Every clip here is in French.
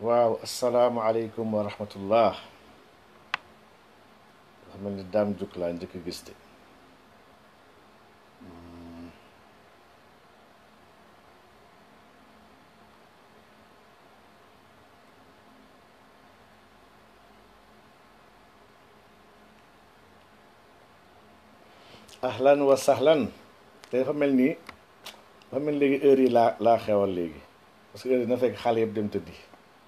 waaw asalaamualeykum wa rahmatullah dafa mel ni daam juk laa njëkk a gis de ahlan wa sahlan te dafa mel ni dafa mel léegi heure yi laa laa xewal léegi parce que heure yi na fekk xale yëpp dem tëddi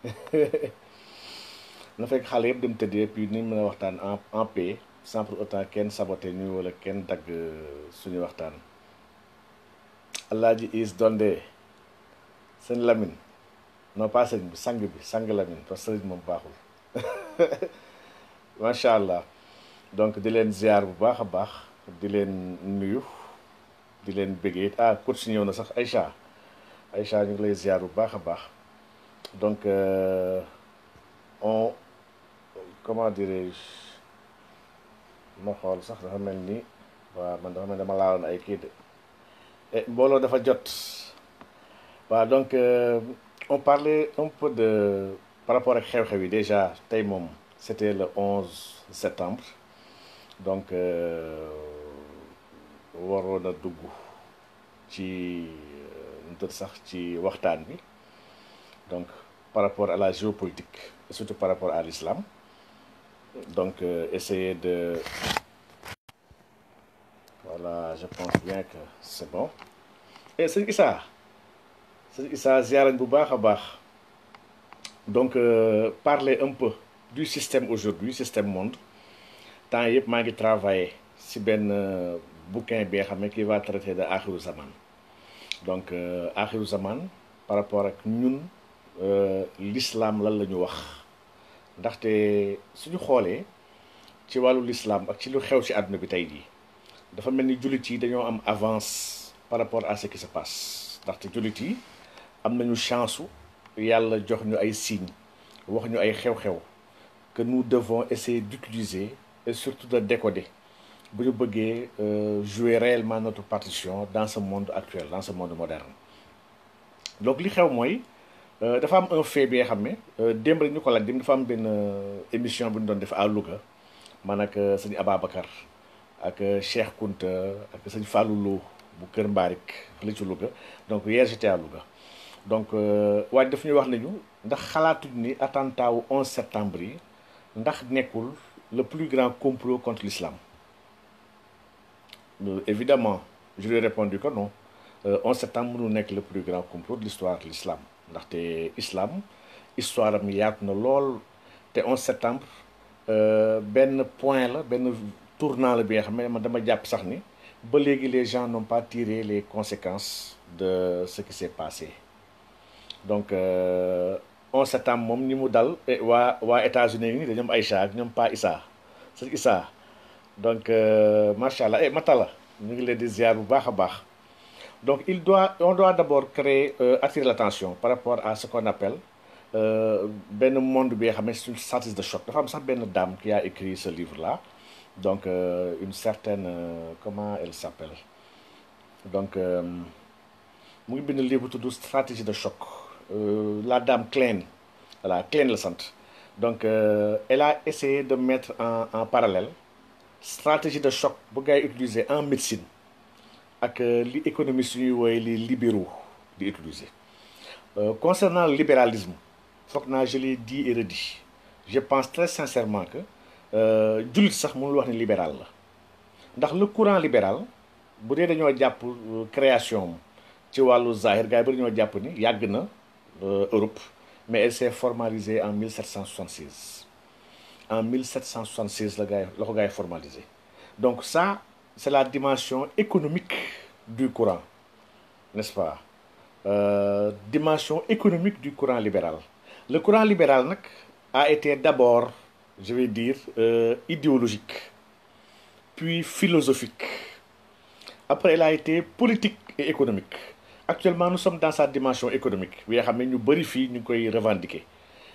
na fekk xale yëpp dem tëddee puis nañ mën a waxtaan en en paix sans pour kenn saboté ñu wala kenn dagg euh, suñu waxtaan Alaaji Is Donde sëñ lamin non pas sëñ bi sang bi sang Lamine parce que sëriñ moom baaxul macha allah donc di leen ziar bu baax a baax di leen nuyu di leen bëggee ah coach ñëw na sax Aïcha Aïcha ñu ngi lay ziar bu baax a baax Donc, euh, on, comment dirais-je ma xool sax dafa mel ni waaw man dafa mel dama laaloon ay kii de eh, mbooloo dafa jot waaw donc euh, on parlait un peu de par rapport ak xew-xew yi déjà tey moom c'était le 11 septembre donc euh, waroon a dugg ci euh, nu sax ci waxtaan bi donc par rapport à la géopolitique, surtout par rapport à l'islam. Donc, essayez euh, essayer de... Voilà, je pense bien que c'est bon. Et c'est ça. C'est ça, Ziaran Donc, euh, parler un peu du système aujourd'hui, système monde. Tant yep, je un si bouquin qui va traiter de Donc, euh, par rapport à nous, euh, l'islam lan lañu wax ndaxte suñu xolé ci walu l'islam ak ci lu xew ci aduna bi tay di dafa melni am avance par rapport à ce qui se passe ndaxte jullit yi am nañu chance su nous jox ñu ay signes wax ñu ay xew-xew que nous devons essayer d'utiliser et surtout de décoder bu ñu bëggee euh, jouer réellement notre partition dans ce monde actuel dans ce monde moderne donc li xew mooy. Euh, dafa am un fait bi nga xam ne euh, démb rek ñu ko laaj dem dafa am benn euh, émission bu ñu doon def à Louga man ak sëñ Ababacar ak Cheikh Kounta ak sëñ Fallou Lo bu Kër Mbaarik fële ci Louga donc hier j'étais à Louga donc waaye daf ñu wax nañu ndax xalaatuñ ni attentat wu 11 septembre yi ndax nekkul le plus grand complot contre l'islam évidemment je lui ai répondu que non 11 septembre mënul nekk le plus grand complot de l'histoire de l'islam ndaxte islam histoire am yaatu na lool 11 septembre euh, benn point la benn tournant la bi mais xam ne dama jàpp sax ni ba les gens n'ont pas tiré les conséquences de ce qui s'est passé donc 11 euh, septembre moom ni mu dal waa waa États-Unis ni dañoom Aïcha ak ñoom n'ont pas isa Issa donc euh, macha allah eh Matala ñu ngi leen di ziar bu baax a donc, il doit, on doit d'abord créer, euh, attirer l'attention par rapport à ce qu'on appelle euh, ben monde bien une stratégie de choc. La femme, ben dame qui a écrit ce livre-là. Donc, euh, une certaine, euh, comment elle s'appelle Donc, euh, il le livre de stratégie de choc. la dame Klein, voilà, Klein le centre. Donc, elle a essayé de mettre en, en parallèle stratégie de choc pour utiliser en médecine ak euh, li économiste ñuy wooye libéraux di utiliser euh, concernant le libéralisme faut que je l'ai dit et redit je pense très sincèrement que euh, jullit sax mënul wax ne libéral la ndax le courant libéral bu dee dañoo jàpp création ci walu zahir gars yi ba dañoo ni yag na Europe mais elle s'est formalisée en 1776 en 1776 la gars yi la ko formalisé donc ça c'est la dimension économique du courant, n'est-ce pas euh, Dimension économique du courant libéral. Le courant libéral a été d'abord, je vais dire, euh, idéologique, puis philosophique. Après, il a été politique et économique. Actuellement, nous sommes dans sa dimension économique. Nous nous revendiquer.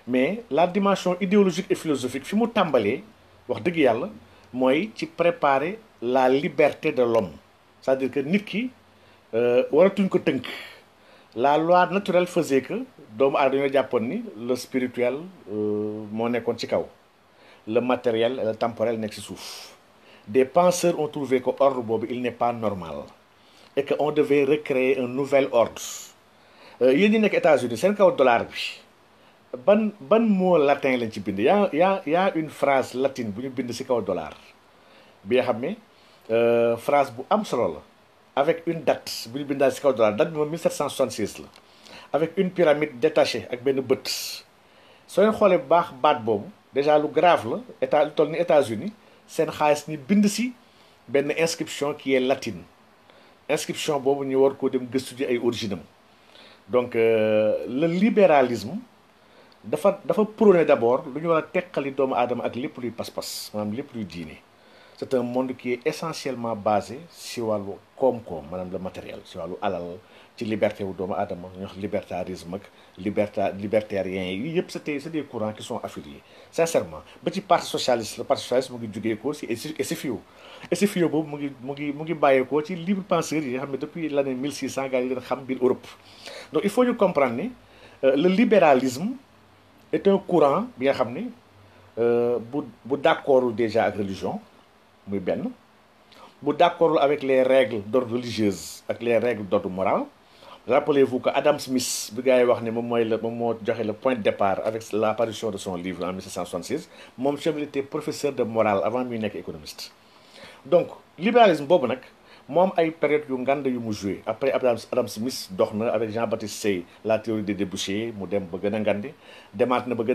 Mais la dimension idéologique et philosophique, si nous avons préparer la liberté de l'homme c'est-à-dire que nit ki euh, waratuñ ko teunk. la loi naturelle faisait que doomu aadama le spirituel euh, mo nekkon ci kaw le matériel et le temporel nekk ci souf. des penseurs ont trouvé que ordre bobu il n'est pas normal et que on devait recréer un nouvel ordre euh, y a nekk États-Unis seen kaw dollars. bi ban ban mot latin lañ ci bind y ya y une phrase latine buñu bind ci kaw dollar bi nga xam euh, phrase bu am solo la avec une date bu ñu bindaa kaw date bi moom 1766 la avec une pyramide détachée ak ben beut soo leen xoolee bu baax baat boobu déjà lu grave la état lu ni États-Unis sen xaalis ni bind si benn inscription qui est latine inscription bobu ñu war ko dem gëstu ji ay origine donc euh, le libéralisme dafa dafa prôner d'abord lu ñu war a doomu Adam, ak lepp luy pas-pas manam lepp luy diiné c'est un monde qui est essentiellement basé sur comme le matériel sur la alal ci liberté le adam, libertarisme le libertarien libertariens ce des courants qui sont affiliés sincèrement le parti socialiste le parti socialiste mu ngi jugee ko c'est c'est SFIO boobu mu ngi mu ngi mu ngi libre penseur, yi depuis l'année 1600 il xam donc il faut comprendre que euh, le libéralisme est un courant bien nga euh, d'accord déjà avec la religion muy benn bu d'accord avec les règles d'ordre religieuse avec les règles d'ordre moral rappelez-vous que Adam Smith bi gars le point de départ avec l'apparition de son livre en 1766 moom chef était professeur de morale avant muy économiste donc libéralisme boobu moi, am une période yu ngand yu mu joué après Adam Smith avec Jean-Baptiste Sey la théorie des débouchés mu dem ba gën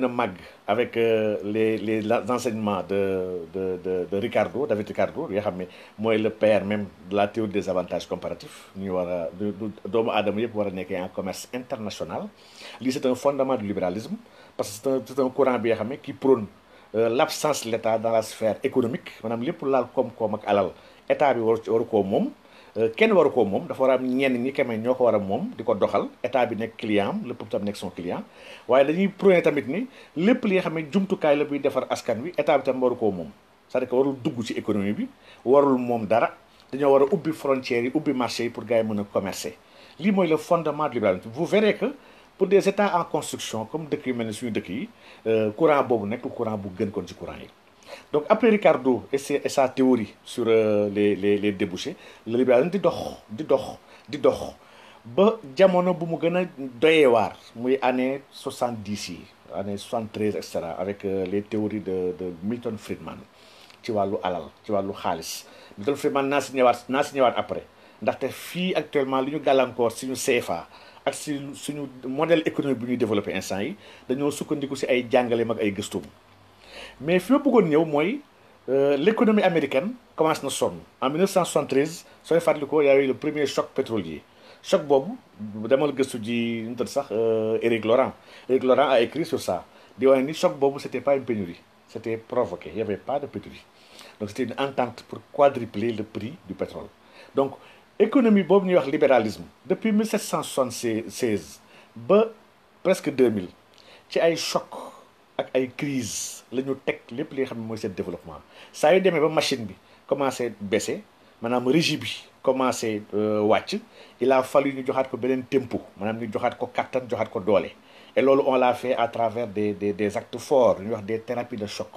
a mag, na avec euh, les les enseignements de de de Ricardo David Ricardo yoo le père même de la théorie des avantages comparatifs Adam war a un aadama commerce international c'est un fondement du libéralisme parce que c'est un courant qui prône euh, l'absence de l'État dans la sphère économique maanaam lépp laal koom-koom ak alal état bi waru waru koo moom euh, kenn waru ko mom dafa war am ñenn ñi quand ñoko wara mom diko doxal état bi nek client am lépp tam nek son client waye dañuy prôné tamit ni lepp li nga jumtu kay la buy défar askan wi état bi tam waru ko mom cest dire que warul dugg ci économie bi warul mom dara dañu wara a ubbi frontières ubbi marché pour gars yi mën commercer li moy le fondement du libéralisme vous verrez que pour des états en construction comme dëkk yu mel suñu dëkk yi euh, courant bobu nek courant bu gën kon ci courant yi donc après Ricardo et, ses, et sa théorie sur euh, les les les débouchés le libéralisme di dox di dox di dox ba jamono bu mu gëna a doyewaar muy année 70 dix année 73 treize et cetera avec euh, les théories de de Milton Friedman ci walu alal ci walu xaliss Milton Friedman n'a signé ñëwaat n'a signé ñëwaat après té fi actuellement lu ñu gàllankoor suñu CFA. ak si suñu modèle économique bu ñu développé instant yi dañoo sukkandiku ci ay jàngaleem ak ay gëstoom mais si on bëggoon euh, l'économie américaine commence na sonn en 1973 Il y a eu le premier choc pétrolier choc boobu demal gëstu ji euh, Laurent Eric Laurent a écrit sur ça dit que le choc bomb, c'était pas une pénurie c'était provoqué il n'y avait pas de pénurie donc c'était une entente pour quadrupler le prix du pétrole donc économie boobu ñuy wax libéralisme depuis 1776 presque 2000 il y a eu un choc ak ay crise lañu tek teg lépp li nga xam ne mooy seen développement saa yu demee ba machine bi commencé baissé maanaam régie bi commencé euh, wàcc il a fallu ñu joxaat ko beneen tempo maanaam ñu joxaat ko kattan joxaat ko doole et loolu on l'a fait à travers des des des actes forts ñu wax des thérapies de choc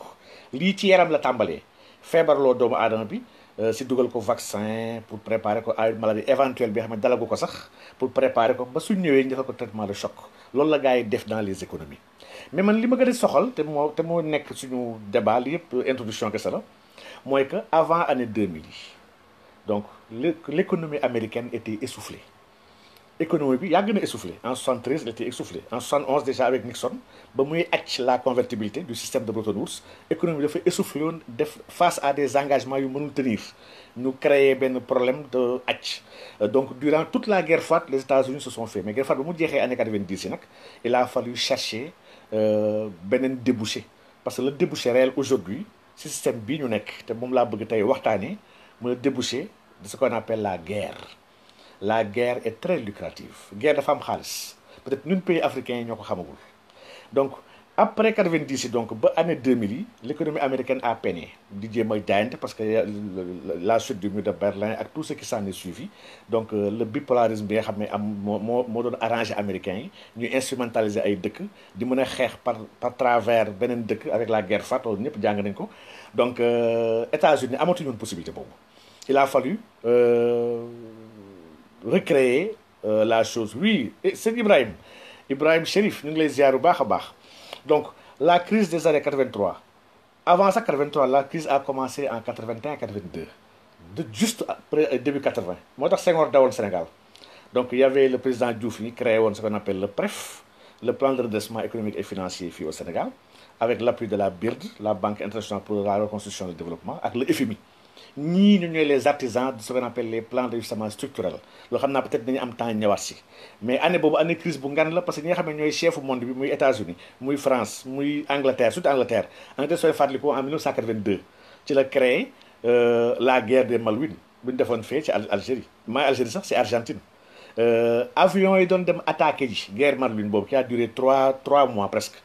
lii ci yaram la tàmbalee feebarloo doomu aadama bi euh, si dugal ko vaccin pour préparer ko à maladie éventuelle bi nga xam dalagu ko sax pour préparer ko ba suñ ñëwee ñu defal ko traitement de choc loolu la gars def dans les économies mais man li ma gën a soxal te mo te mo nekk suñu débat li yëpp introduction que la moy que avant année 2000 donc l'économie américaine était essoufflée L'économie y été essoufflée en 1973, il était essoufflé en 71 déjà avec Nixon il a acc la convertibilité du système de Bretton Woods économie de été essoufflée face à des engagements yu mënul tenir nous créé un problème de acc euh, donc durant toute la guerre froide les États-Unis se sont fait mais guerre froide ba mu année 90 il a fallu chercher un euh, débouché parce que le débouché réel aujourd'hui ce système bii ñu le débouché de ce qu'on appelle la guerre la guerre est très lucrative guerre de femmes xaalis peut-être nous, pays africains yi ñoo savons xamagul donc après 90 donc ba année 2000 l'économie américaine a peiné Didier jéem a parce que la chute du mur de Berlin et tout ce qui s'en est suivi donc euh, le bipolarisme bi nga xam am arrangé américains yi instrumentaliser ay di par par travers les dëkk avec la guerre froide Donc, les jàng nañ ko donc euh, États-Unis montré une possibilité il a fallu. Euh, recréer euh, la chose. Oui, c'est Ibrahim. Ibrahim Sherif, nous les Donc, la crise des années 83. Avant ça, 83, la crise a commencé en 81-82. De juste après euh, début 80. Moi, c'est au Sénégal. Donc, il y avait le président Diouf qui créait ce qu'on appelle le PREF, le plan de redressement économique et financier au Sénégal, avec l'appui de la BIRD, la Banque internationale pour la reconstruction et le développement, avec le FMI ni ñu ñooy les artisans de ce qu'on appelle les plans d'ajustement structurel lo xamna peut être dañu am temps ñëwaat ci mais année bobu année crise bu ngan la parce que ñi nga ñoy chef ñooy monde bi muy États-Unis muy France muy Angleterre surtout Angleterre Angleterre sooy fàttaliku en 1982 ci la créé euh, la guerre des Malouines bu defon defoon ci Algérie mais Algérie sax c'est Argentine euh, avion yi doon dem attaquer ji guerre Malouine bobu qui a duré 3 3 mois presque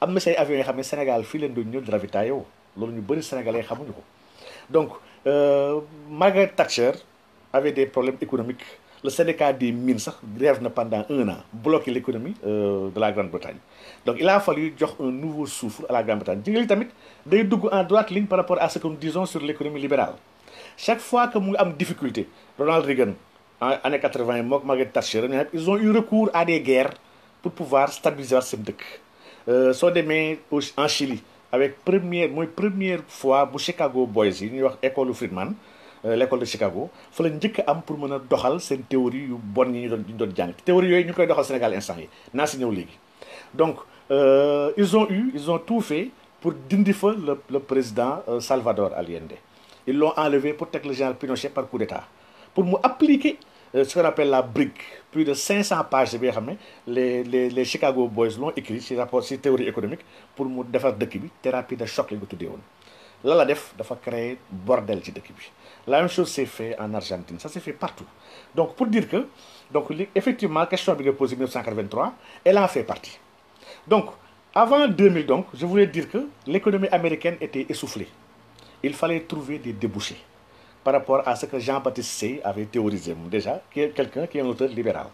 am na say avions yoo xam Sénégal fi leen doon ñëw di ravitaillé lolu ñu bari sénégalais xamuñu ko donc euh, Margaret Thatcher avait des problèmes économiques. Le syndicat des mines grève pendant un an, bloqué l'économie euh, de la Grande-Bretagne. Donc il a fallu un nouveau souffle à la Grande-Bretagne. Il tamit day en droite ligne par rapport à ce que nous disons sur l'économie libérale. Chaque fois que nous avons des difficultés, Ronald Reagan, en années 80, Margaret Thatcher, ils ont eu recours à des guerres pour pouvoir stabiliser leur système. Euh, sont des mains en Chili, avec première première fois bu Chicago Boys Friedman euh, l'école de Chicago fa la njëkk am pour mën doxal théorie yu bonne yi ñu doon théorie yooyu Sénégal instant yi naa donc euh, ils ont eu ils ont tout fait pour dindi le président euh, Salvador Allende ils l'ont enlevé pour teg le général Pinochet par coup d'état pour mu appliquer euh, ce qu'on appelle la brique plus de 500 pages hein, les les les Chicago Boys l'ont écrit c'est rapport sur théorie économique pour faire de de thérapie de choc les gouttes de Là, la def def dafa créer bordel de la même chose s'est fait en Argentine ça s'est fait partout donc pour dire que donc la effectivement question bi été posée 1983 elle en fait partie donc avant 2000 donc je voulais dire que l'économie américaine était essoufflée il fallait trouver des débouchés par rapport à ce que Jean-Baptiste Say avait théorisé déjà, qui quelqu'un qui est un auteur libéral.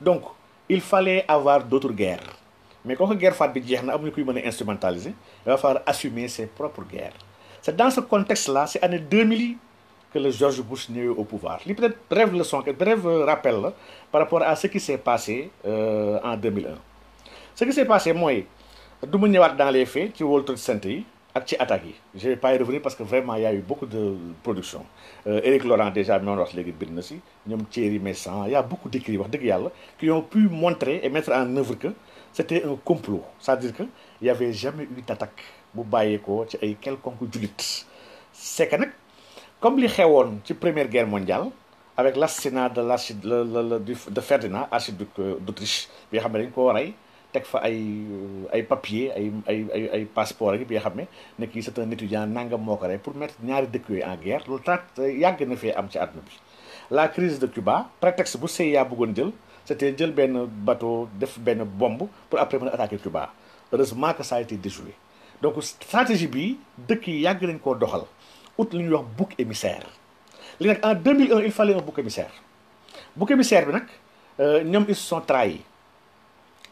Donc, il fallait avoir d'autres guerres. Mais quand la guerre fait des guerres, koy instrumentaliser, il va falloir assumer ses propres guerres. C'est dans ce contexte-là, c'est en 2000 que le George Bush n'est au pouvoir. Il peut-être brève leçon, brève rappel hein, par rapport à ce qui s'est passé euh, en 2001. Ce qui s'est passé moi, duma suis dans les faits ci World je ne vais pas y revenir parce que vraiment y a eu beaucoup de productions. Eric euh, Laurent déjà il Thierry Messan y a beaucoup d'écrivains, qui ont pu montrer et mettre en œuvre que c'était un complot c'est-à-dire qu'il n'y avait jamais eu d'attaque bu bàyyeekoo ci ay quelconque lutte. c'est que il comme li eu la première guerre mondiale avec l'assassinat de Ferdinand archiduc euh, d'Autriche bi xam ne teg fa ay ay papier ay ay ay ay passeport ak bi nga xam ne nekk kii c'est un étudiant nangam moo ko rey pour mettre ñaari dëkk yooyu en guerre loolu tax yàgg na fee am ci àdduna bi la crise de Cuba prétexte bu CIA bëggoon jël te jël benn bateau def benn bomb pour après mën a attaquer Cuba heureusement que ça a été déjoué donc stratégie bi dëkk yi yàgg nañ koo doxal ut lu ñuy wax bouc émissaire li nag en 2001 il fallait un bouc émissaire bouc émissaire bi nag euh, ñoom ils se sont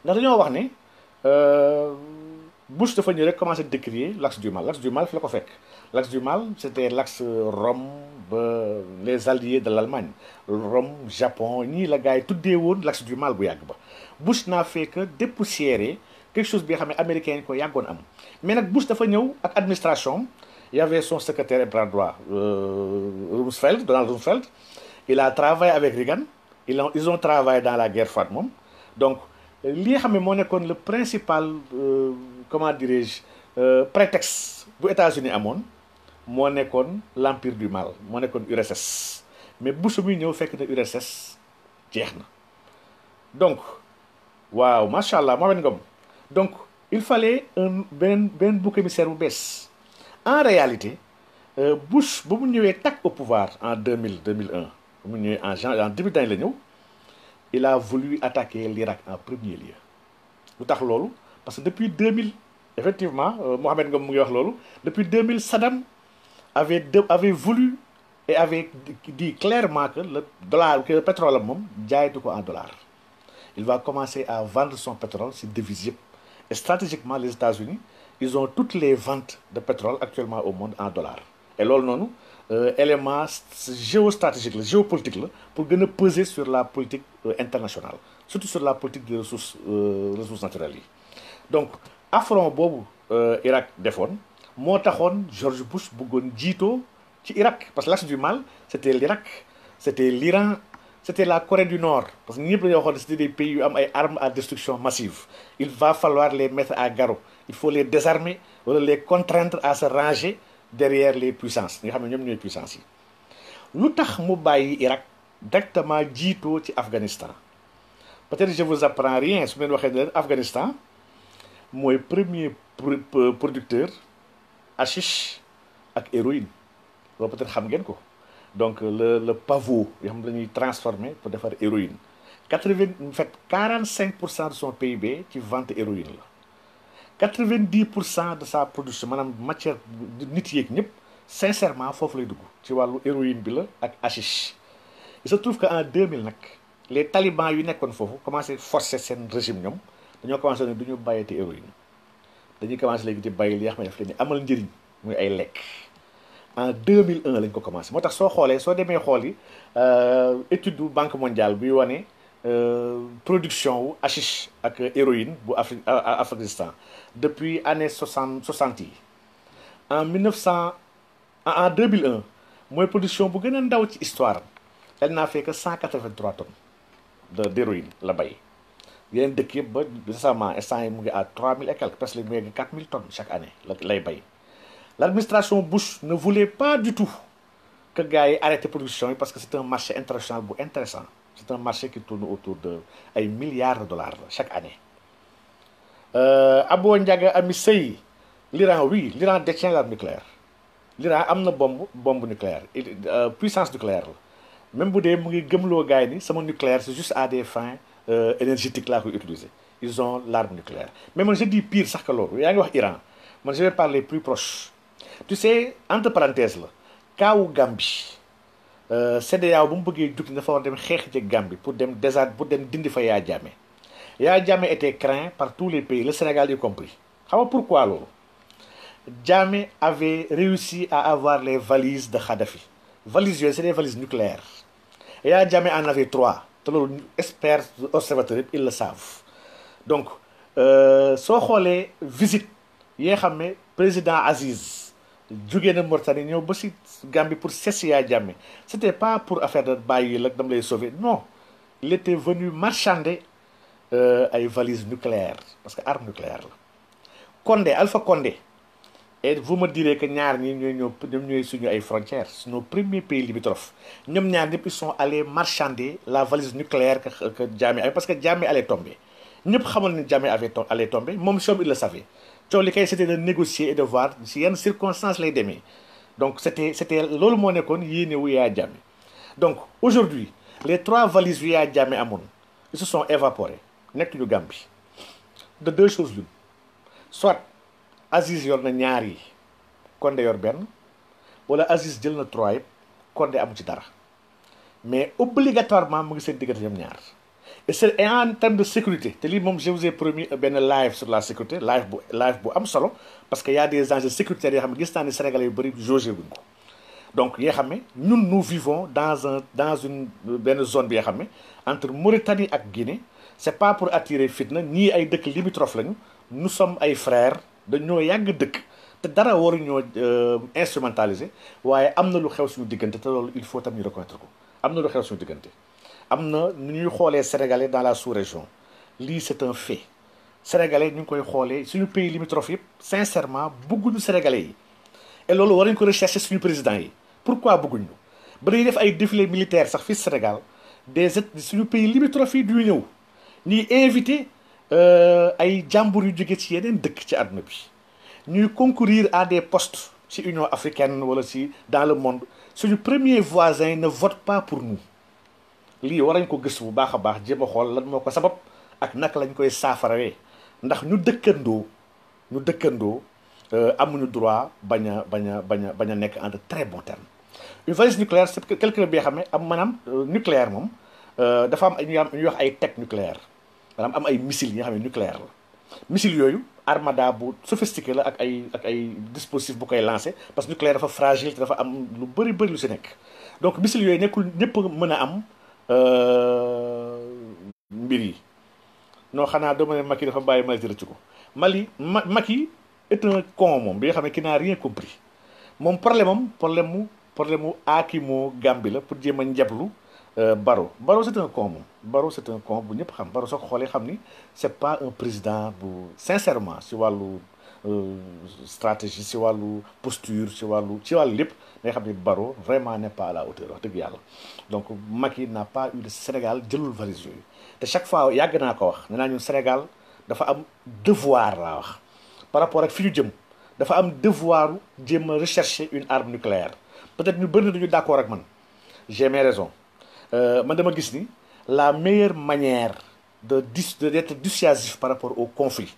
ndax dañoo wax ne euh, Bush dafa ñu commencé à l'axe du mal l'axe du mal ko l'axe du mal c'était l'axe Rome ba les alliés de l'Allemagne Rome Japon ñii la gars yi tuddee l'axe du mal bu Bush n'a fait que dépoussiérer quelque chose bi américain ko am mais nag Bush dafa ñëw ak administration il y avait son secrétaire et bras droit euh, Roosevelt Donald Roosevelt il a travaillé avec Reagan ils ont travaillé dans la guerre froide donc li nga xam ne moo nekkoon le principal euh, comment dirais-je euh, prétexte bu États-Unis amoon moo nekkoon l'empire du mal moo nekkoon URSS mais Bush mi ñëw fekk na URSS jeex na donc waaw macha allah Mohamed Ngom donc il fallait un beneen beneen bouc émissaire bu bees en réalité euh, Bush bu mu ñëwee takk au pouvoir en 2000 2001 mu ñëwee en jan en début d'année la ñëw il a voulu attaquer l'Irak en premier lieu tax parce que depuis 2000 effectivement euh, Mohamed Ngom depuis 2000 Saddam avait avait voulu et avait dit clairement que le dollar que le pétrole est en dollar il va commencer à vendre son pétrole c'est divisible. et stratégiquement les États-Unis ils ont toutes les ventes de pétrole actuellement au monde en dollars et nous nous. Euh, éléments géostratégiques, géopolitiques, pour venir peser sur la politique euh, internationale surtout sur la politique des ressources euh, naturelles donc affront Bobu, Irak défon George Bush bëggoon Jito, Irak parce que l'axe du mal c'était l'Irak c'était l'Iran c'était la Corée du Nord parce que nous, avons des pays qui ont des armes à destruction massive il va falloir les mettre à garrot il faut les désarmer les contraindre à se ranger derrière les puissances nous savons que les puissances. puissance yi lu tax mu Irak directement dans ci Afghanistan peut-être je vous apprends rien mais leen waxee l'Afghanistan, mon premier producteur hashish et héroïne Vous peut-être xam donc le pavot il xam transformé transformer pour faire héroïne 80, en fait 45% de son PIB qui vente héroïne quatre-vingt-dix pour cent de sa production maanaam matière nit yeeg ñëpp sincèrement foofu lay dugg ci wàllu héroïne bi la ak hashish il se trouve que en mille nag les talibans yu nekkoon foofu commencé force seen régime ñoom dañoo commencé ne du ñu bàyyati héroïne dañuy commencé léegi di bàyyi li xam ne daf leen amal njëriñ muy ay lekk en un lañ ko commencé moo tax soo xoolee soo demee xool yi euh, étude bu banque mondiale buy wane. Euh, production wu et ak héroïne bu Afghanistan depuis année 60 60. en 1900 en production bu gën a ndaw ci histoire elle n'a fait que 183 tonnes de d' la bay yeneen dëkk yëpp ba récemment instant yi a ngi à trois et quelques presque mu ngi quatre mille tonnes chaque année la lay bay Bush ne voulait pas du tout que gars yi la production parce que c'est un marché international bu intéressant c'est un marché qui tourne autour de ay milliard de dollars chaque année. Euh, Abou Ndiaga Ami l'Iran, oui, l'Iran détient l'arme nucléaire. L'Iran a une bombe, bombe nucléaire, euh, puissance nucléaire. Même si mu pas gëmloo que ni mon nucléaire c'est juste à des fins euh, énergétiques qu'ils koy utiliser ils ont l'arme nucléaire mais moi je dis pire ça que l'autre. Il ngi wax Iran Moi, je vais parler plus proche tu sais entre parenthèses là, Gambi, euh, c'est bu mu bëggee jug dafa war dem xeexi ci Gambie pour dem désert pour dem dindi fa Yaya Jame. Yaya Jame était craint par tous les pays le Sénégal y compris xam nga pourquoi loolu Jame avait réussi à avoir les valises de Kadhafi valises c'est des valises nucléaires Yaya Jame en avait trois Tous les experts observateurs ils le savent donc euh, soo xoolee visite yi nga xam ne président Aziz jógee na Mauritanie ñëw ba si pour cesser Djamé. c'était pas pour affaire de bàyyi de sauver non il était venu marchander euh, ay valises nucléaires parce que arme nucléaire Là. Condé Alpha Condé et vous me direz que nous sommes sur les frontières. C'est nos premiers pays limitrophes Nous sommes sont allés marchander la valise nucléaire que que avait parce que Djamé allait tomber Nous savons ne que avait allait tomber Même si il le savait li c'était de négocier et de voir si une circonstances Là, demi donc c'était c'était loolu moo nekkoon yéene wu donc aujourd'hui les trois valises yu Yaya Jammeh ils se sont évaporées le Gambi. de deux choses l'une soit Aziz yor na ñaar yi est yor wala Aziz est na trois yëpp Condé ci mais obligatoirement mu ngi seen diggante ñoom et c'est en termes de sécurité je vous ai promis un live sur la sécurité live live bu am parce que y a des enjeux sécuritaires yoo qui ne gis naa Sénégalais yu bëri donc yoo xam ñun nous vivons dans un dans une benn zone bi yoo entre Mauritanie et Guinée C'est pas pour attirer fitna ni ay deuk limitrophes lañu nous sommes ay frères dañoo yag deuk te dara waruñoo euh, instrumentaliser waye amna lu xew suñu diggante te loolu il faut tam ñu reconnaître ko amna lu xew suñu diggante am ñuy xolé sénégalais dans la sous-région li c'est un fait sénégalais ñu ngi koy xoolee suñu pays limitrophes yëpp sincèrement bëgguñu sénégalais yi et loolu war nañu ko rechercher suñu président yi pourquoi bëgguñu ba dañuy def ay défilé militaire sax fii Sénégal des suñu pays limitrophes yi du ñëw ñuy invité euh, ay jàmbur yu jóge ci yeneen dëkk ci àdduna bi ñuy concourir à des postes ci Union africaine wala ci dans le monde suñu premier voisin ne vote pas pour nous lii war nañ ko gëstu bu baax a baax jéem a xool lan moo ko sabab ak naka lañ koy saafarawee ndax ñu dëkkandoo ñu dëkkandoo euh, amuñu droit bañ a bañ a bañ bañ nekk en de très bons termes une valise nucléaire c'est quelqu'un bi nga xam ne am maanaam euh, nucléaire moom euh, dafa am ñu am ñuy wax ay tech nucléaire maanaam am ay missiles yi xam ne nucléaire la missiles yooyu armada bu sophistiqué la ak ay ay dispositif bu koy lancé parce que nucléaire dafa fragile te dafa am lu bëri bëri lu si nekk donc missiles yooyu nekkul ñëpp mën a am mbir yi non xanaa dama ne Mali ko Mali ma Macky est un con moom bi n'a rien compris moom problème problème problème pour a Baro euh, Baro c'est un con Baro c'est un con bu Baro c'est pas un président bu sincèrement euh, stratégie posture si wàllu ci wàllu Baro vraiment pas à la hauteur donc Macky n'a pas eu le Sénégal jëlul valise te chaque fois yàgg naa ko wax nee naa ñun Sénégal dafa am devoir laa wax par rapport ak fi ñu jëm dafa am devoir de rechercher une arme nucléaire peut-être ñu bëri dañu d'accord avec man j'ai mes raisons euh, man dama gis ni la meilleure manière de d'être dissuasif par rapport au conflit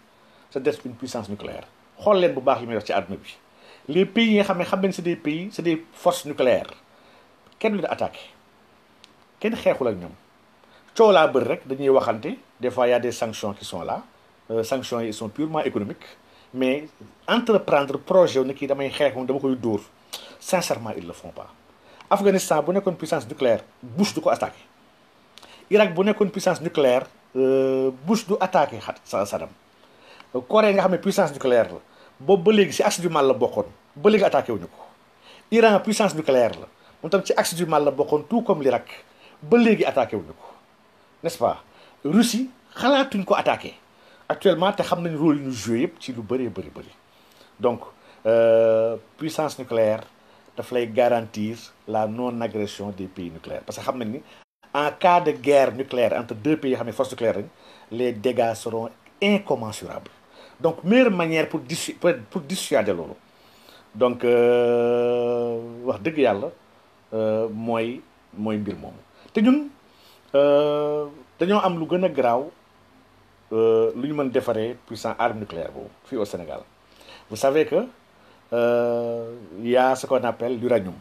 c'est d'être une puissance nucléaire xool leen bu baax yi may wax ci les pays yi nga xam c'est des pays c'est des forces nucléaires kenn est l'attaque? attaqué kenn xeexul ak coolaa bër rek dañuy waxante des fois y a des sanctions qui sont là euh, sanctions yi sont purement économiques mais entreprendre projet wu ne kii damay xeex moom dama koy dóor sincèrement ils le font pas Afghanistan bu une puissance nucléaire Bush du ko attaquer. Irak bu une puissance nucléaire euh, Bush du attaquer, xa Saddam euh, Corée nga xam une puissance nucléaire la boobu ba léegi si axe du mal la bokkoon ba léegi attaqué ko Iran puissance nucléaire on moom tam ci du mal la bokkoon tout comme l'Irak ba léegi au wuñu ko n'est-ce pas Russie xalaatuñ ko attaqué actuellement a joué un rôle de ñu joué yëpp ci lu bëree donc euh, puissance nucléaire da fay garantir la non agression des pays nucléaires parce que ni en cas de guerre nucléaire entre deux pays qui force nucléaire les dégâts seront incommensurables donc meilleure manière pour dissuader loolu donc euh, wax yalla euh moy moy mbir mom. ñun. Euh, dañoo am lu gën a garaaw euh, lu ñu mën defaree puissant arme nucléaire boobu fii au Sénégal vous savez que euh, y a ce qu'on appelle l'uranium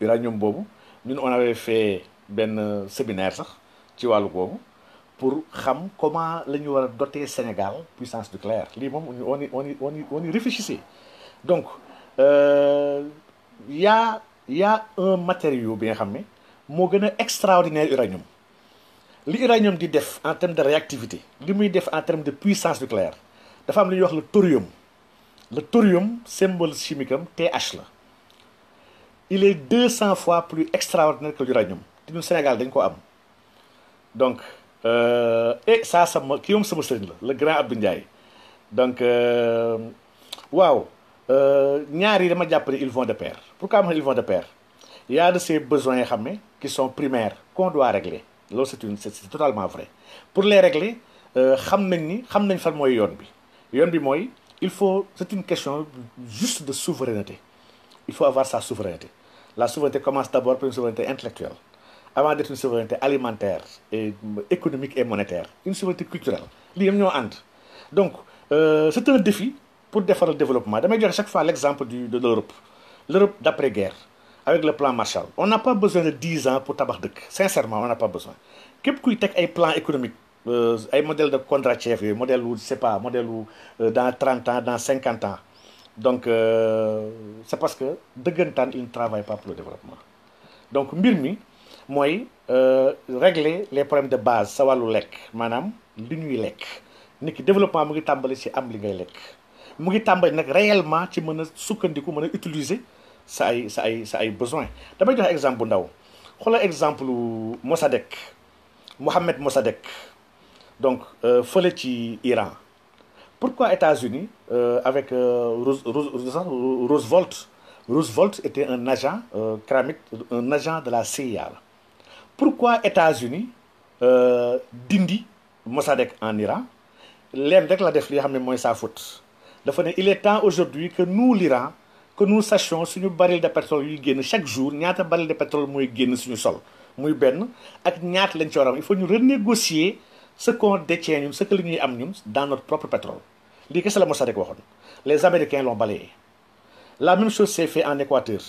uranium boobu ñun on avait fait benn séminaire sax ci wàllu boobu pour xam comment la ñu war a doter Sénégal puissance nucléaire lii moom on y on y on y on y réfléchissait donc euh, y a il y a un matériau bi nga xam ne. Il gën extraordinaire uranium L'uranium uranium di en termes de réactivité li muy def en termes de puissance nucléaire dafa am lu le thorium le thorium symbole chimique TH il est 200 fois plus extraordinaire que l'uranium di ñun Sénégal dañ ko am donc euh, et ça c'est sama le grand Abdou donc euh, waaw euh, ñaar yi dama ils vont de pair pourquoi ils vont de pair y a de ces besoins qui sont primaires qu'on doit régler c'est une c'est totalement vrai pour les régler euh, bi il faut c'est une question juste de souveraineté il faut avoir sa souveraineté la souveraineté commence d'abord par une souveraineté intellectuelle avant d'être une souveraineté alimentaire et économique et monétaire une souveraineté culturelle donc euh, c'est un défi pour défendre le développement damay à chaque fois l'exemple de l'Europe l'Europe d'après-guerre avec le plan Marshall on n'a pas besoin de 10 ans pour tabac d'eux. sincèrement on n'a pas besoin Quel kuy ait ay plan économique un euh, modèle de contrat chef un modèle où, je sais pas modèle euh, dans 30 ans dans 50 ans donc euh, c'est parce que de temps, il ne travaille pas pour le développement donc mbir moi, régler les problèmes de base ça va lek, madame, li lek. lekk que développement mu ngi est ci am li ngay lek. mu ngi tàmbali un réellement ci mën a tu mën utiliser ça a ça besoin D'abord, un exemple bu ndaw où exemple Mossadegh Mohamed Mossadegh donc euh, fële ci Iran pourquoi États-Unis euh, avec euh, Roosevelt Roosevelt était un agent un agent de la CIA pourquoi États-Unis dindi Mossadegh en Iran Il rek la def li sa faute il est temps aujourd'hui que nous l'Iran que nous sachions nous baril de pétrole qui gagne chaque jour un baril de pétrole gagne sur le sol muy il faut nous renégocier ce qu'on détient ce que nous avons dans notre propre pétrole les américains l'ont balayé la même chose s'est fait en Équateur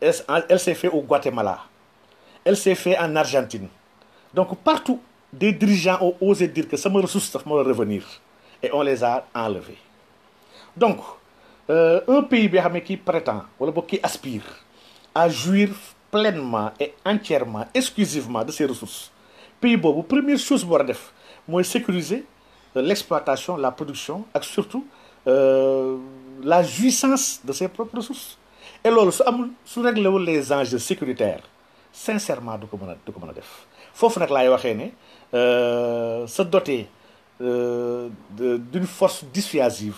elle s'est fait au Guatemala elle s'est fait en Argentine donc partout des dirigeants ont osé dire que me ressource ça revenir et on les a enlevés donc euh, un pays qui prétend wala qui aspire à jouir pleinement et entièrement exclusivement de ses ressources pays la première chose pour def sécuriser euh, l'exploitation la production et surtout euh, la jouissance de ses propres ressources et là, su amul les enjeux sécuritaires sincèrement du ko mën du def se doter d'une force dissuasive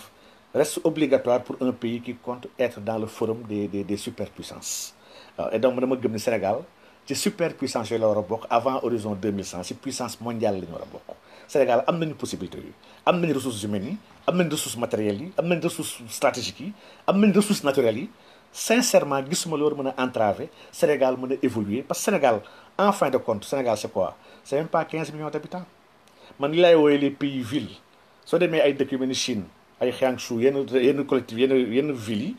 reste obligatoire pour un pays qui compte être dans le forum des des superpuissances et donc je me dis Sénégal le superpuissance de la avant horizon 2100 c'est une puissance mondiale la Sénégal Sénégal am des possibilité yi am ressource ressources humaines une ressource matérielle, ressources matérielles ressource stratégique, des ressources stratégiques naturelle. ressources naturelles sincèrement je suis mën a entraver Sénégal a évoluer parce que le Sénégal en fin de compte Sénégal c'est quoi c'est même pas 15 millions d'habitants Mais il y a les pays villes Si vous ay des documents de Chine. Il y a yenn collectif villes ville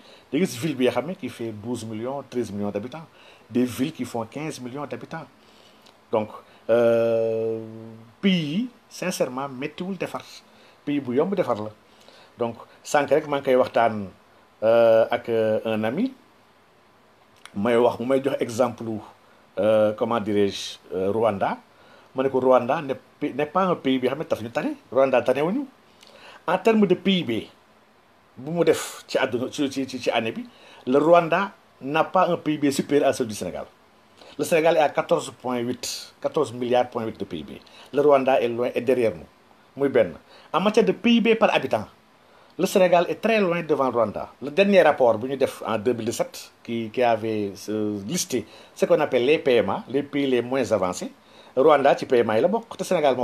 bi qui fait 12 millions 13 millions d'habitants des villes qui font 15 millions d'habitants donc euh, pays sincèrement sincèrement méttiwul Le pays bu yomb défar la donc sank rek man kay koy euh ak euh, un ami may wax mu may jox exemple euh, comment dirais-je Rwanda ma ko Rwanda n'est pas un pays bi est très bien. ñu tané Rwanda wuñu en termes de PIB le Rwanda n'a pas un PIB supérieur à celui du Sénégal le Sénégal est à 14,8 14 milliards de PIB le Rwanda est loin et derrière nous en matière de PIB par habitant le Sénégal est très loin devant le Rwanda le dernier rapport en 2017 qui qui avait euh, listé ce qu'on appelle les PMA les pays les moins avancés le Rwanda le PMA la Sénégal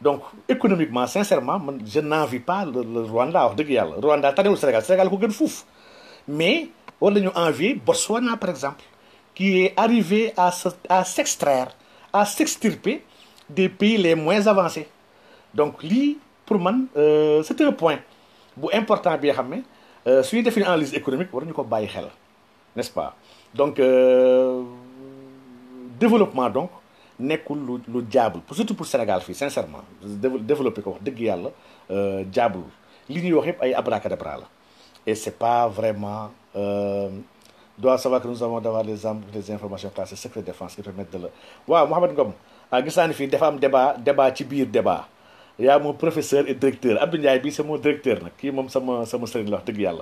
donc économiquement sincèrement je n'envie pas le le Rwanda wax Rwanda Sénégal Sénégal ko gën mais on envie envier Botswana par exemple qui est arrivé à s'extraire à s'extirper des pays les moins avancés donc pour man euh, c'est un point bu important bi xamé euh, ne suñu une analyse économique war ñu ko bayyi xel n'est-ce pas donc euh, développement donc nekkul lu lu jaabul surtout pour le Sénégal sincèrement Développer ko wax dëgg yàlla euh, jaabul li ñuy wax yëpp ay abracadabra la et c'est pas vraiment euh, doit savoir que nous avons avoir les des informations classées secret défense qui permettent de le. waaw Mouhamed Ngom ah gis naa débat, débat, dafa am débat débat ci y débat mon professeur et directeur Abdou Ndiaye c'est mon directeur Qui kii moom sama sama la wax